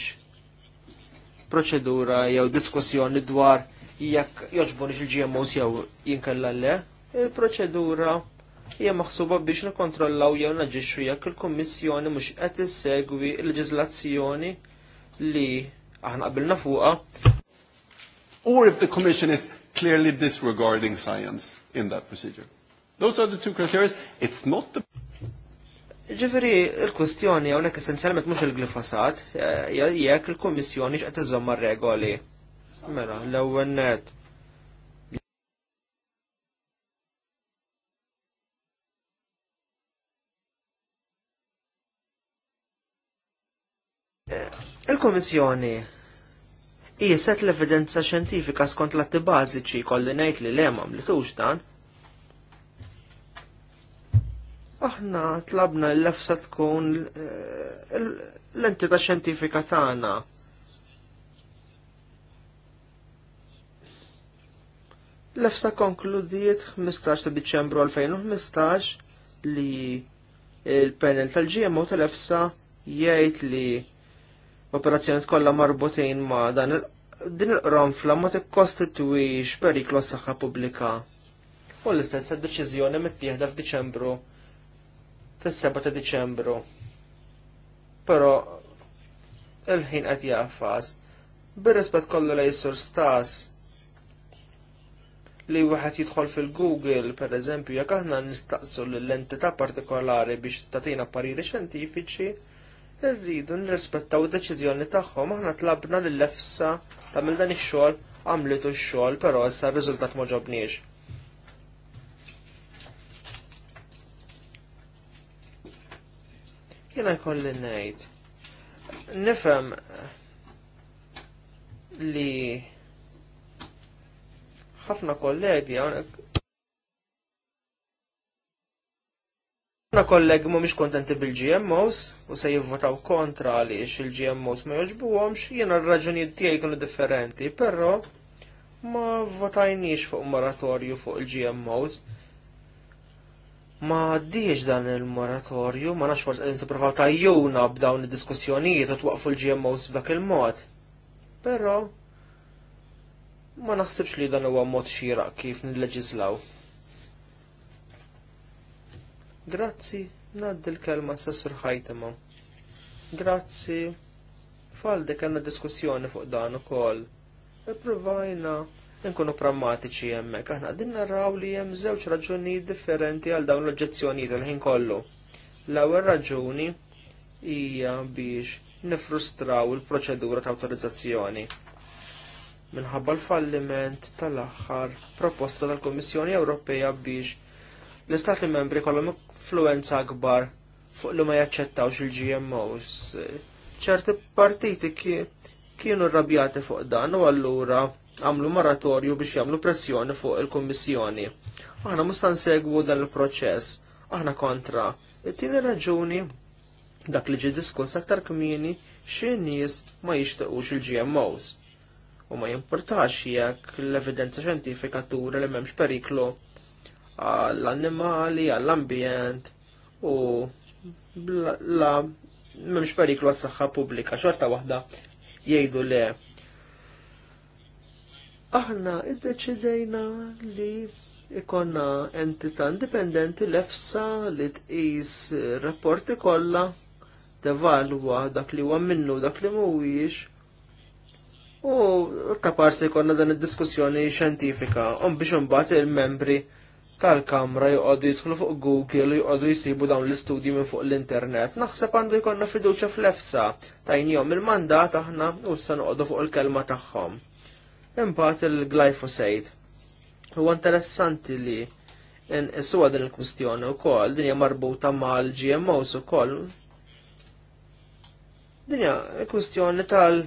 proċedura jew diskussjoni dwar jekk joġbunix il-GMOs jew jinkella le. Il-proċedura hija maħsuba biex nikkontrollaw jew naġixxu jekk il-Kummissjoni mhux qed issegwi l-leġiżlazzjoni li aħna qabilna fuqha. Or if the Commission is clearly disregarding science in that procedure. Those are the two criteria. It's not the Ġifiri, il-kwestjoni għonek essenzjalment mux il-glifosat, eh, jekk il-Kommissjoni xqed iżomma regoli. Mela, l-ewwel net Eh, Il-Komissjoni jiset l-evidenza xjentifika skont l-atti bażiċi kolli ngħid li lemam li tux dan. Aħna tlabna l-lefsa tkun eh, l-entità xjentifika tagħna. L-efsa konkludiet 15 ta' Diċembru 2015 li il-panel tal ġiemu tal lefsa jgħid li operazzjoni kollha marbutin ma' dan din il-qronfla ma tikkostitwix periklu s-saħħa pubblika. U l-istess deċiżjoni mittieħda f'Diċembru fis-7 ta' Diċembru. Però il-ħin qed jaqfas, Bir-rispett kollu lej sur stas li wieħed jidħol fil-Google, per eżempju, jekk aħna nistaqsu l-entità partikolari biex tatina pariri xjentifiċi, irridu nirrispettaw id-deċiżjoni tagħhom aħna tlabna lill efsa tagħmel dan ix-xogħol għamlitu x-xogħol però issa r-riżultat ma ġobniex. Jiena jkolli ngħid. Nifhem li ħafna kollegi Na kolleg mu miex kontenti bil-GMOs u se jivvotaw kontra għaliex il-GMOs ma joġbuhomx, jiena r raġuni tiegħi jkunu differenti, però ma votajniex fuq moratorju fuq il-GMOs. Ma għaddiex dan il-moratorju, ma nafx forse t tippruvaw tajjuna b'dawn id-diskussjonijiet u twaqfu l-GMOs b'dak il-mod. Però ma naħsibx li dan huwa mod xieraq kif nilleġislaw. Grazzi, naddi l-kelma s-sessur ħajtema. Grazzi, falde kellna diskussjoni fuq dan u koll. Iprovajna nkunu prammatiċi jemme, aħna din naraw li jem zewċ raġuni differenti għal dawn l-oġġezzjoni tal-ħin kollu. L-ewwel raġuni hija biex nifrustraw il-proċedura ta' autorizzazzjoni minħabba l-falliment tal-aħħar proposta tal komissjoni Ewropea biex l-istati membri kollhom influenza akbar fuq li ma jaċċettawx il-GMOs. ċerti partiti kienu rrabjati fuq dan u allura għamlu moratorju biex jagħmlu pressjoni fuq il-Kummissjoni. Aħna musta nsegwu dan il-proċess, aħna kontra. It-tieni raġuni dak li ġi diskuss aktar kmieni xi nies ma jixtiequx il-GMOs. U ma jimportax jekk l-evidenza xjentifika turi li m'hemmx periklu għall-annimali, għall-ambjent u la memx periklu għas-saħħa pubblika, xorta waħda jgħidu le. Aħna id-deċidejna li ikonna entità indipendenti l-efsa li tqis rapporti kollha tevalwa dak li huwa minnu dak li mhuwiex U ta' parsi konna dan id-diskussjoni xjentifika, un biex imbagħad il-membri tal-kamra joqogħdu jidħlu fuq Google u jisibu jsibu dawn l-istudji minn fuq l-internet. Naħseb għandu jkollna fiduċja fl-efsa tajnihom il-mandat aħna u s fuq il-kelma tagħhom. Imbagħad il-glyphosate. Huwa interessanti li nsuwa din il-kwistjoni wkoll din hija marbuta mal-GMOs ukoll. Din hija kwistjoni tal-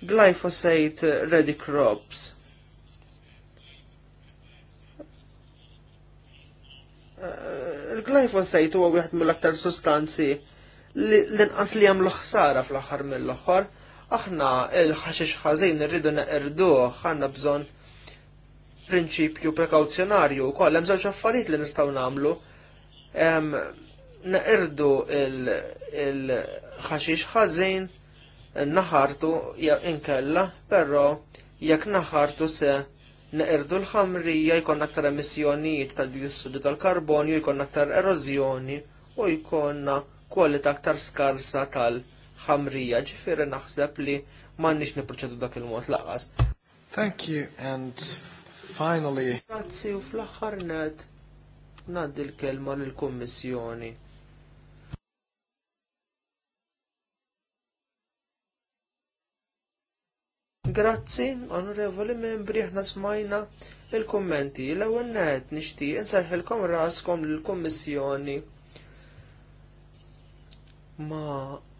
glyphosate ready crops. il glyfosate huwa wieħed mill-aktar sustanzi l-inqas li jagħmlu ħsara fl-aħħar mill-aħħar, aħna il-ħaxix ħażin irridu neqirduh għandna bżonn prinċipju prekawzjonarju wkoll hemm żewġ affarijiet li nistgħu nagħmlu. Neqirdu il-ħaxix ħażin naħartu inkella, però jekk naħartu se Neqrdu l-ħamrija, jkun aktar emissjonijiet ta' diossodu tal-karbonju, jkun aktar erożjoni u jkonna kwalità aktar skarsa tal-ħamrija. Ġifieri naħseb li m'għandniex niproċedu dak il-mod laqas. Thank you and finally. Grazzi u fl-aħħar net ngħaddi l-kelma lill-Kummissjoni. Grazzi, onorevoli membri, aħna smajna il-kommenti. L-ewwel net nixtieq inserħilkom raskom lill-Kummissjoni ma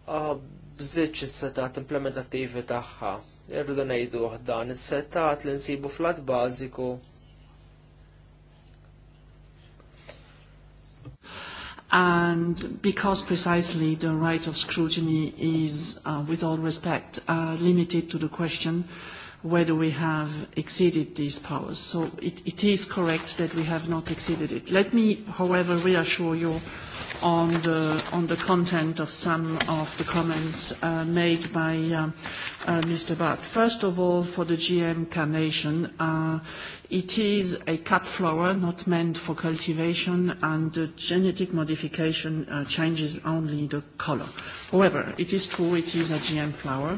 qabżitx is-setat implementattivi tagħha. Irridu ngħidu dan is-setat li nsibu flat bażiku And because precisely the right of scrutiny is, uh, with all respect, uh, limited to the question whether we have exceeded these powers. So it, it is correct that we have not exceeded it. Let me, however, reassure you on the, on the content of some of the comments uh, made by uh, uh, Mr. Butt. First of all, for the GM carnation, uh, it is a cut flower not meant for cultivation and the genetic modification uh, changes only the color. However, it is true it is a GM flower. Uh,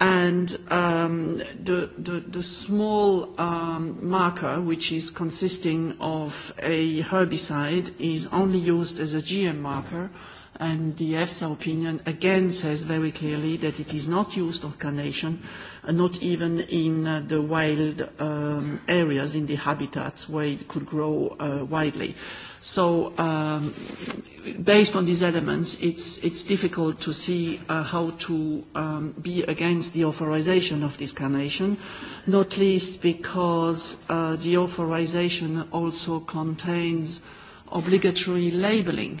and um, the, the, the small um, marker, which is consisting of a herbicide, is only used as a GM marker, and the EFSA opinion again says very clearly that it is not used on carnation, uh, not even in uh, the wild um, areas, in the habitats where it could grow uh, widely. So um, based on these elements, it's, it's difficult to see uh, how to um, be against the authorization of carnation, not least because uh, the authorization also contains obligatory labeling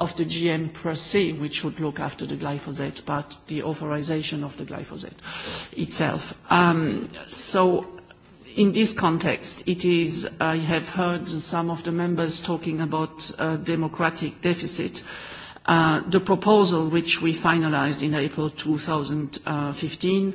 of the GM per se, which should look after the glyphosate, but the authorization of the glyphosate itself. Um, so in this context, it is, I have heard some of the members talking about a democratic deficit. Uh, the proposal which we finalized in April 2015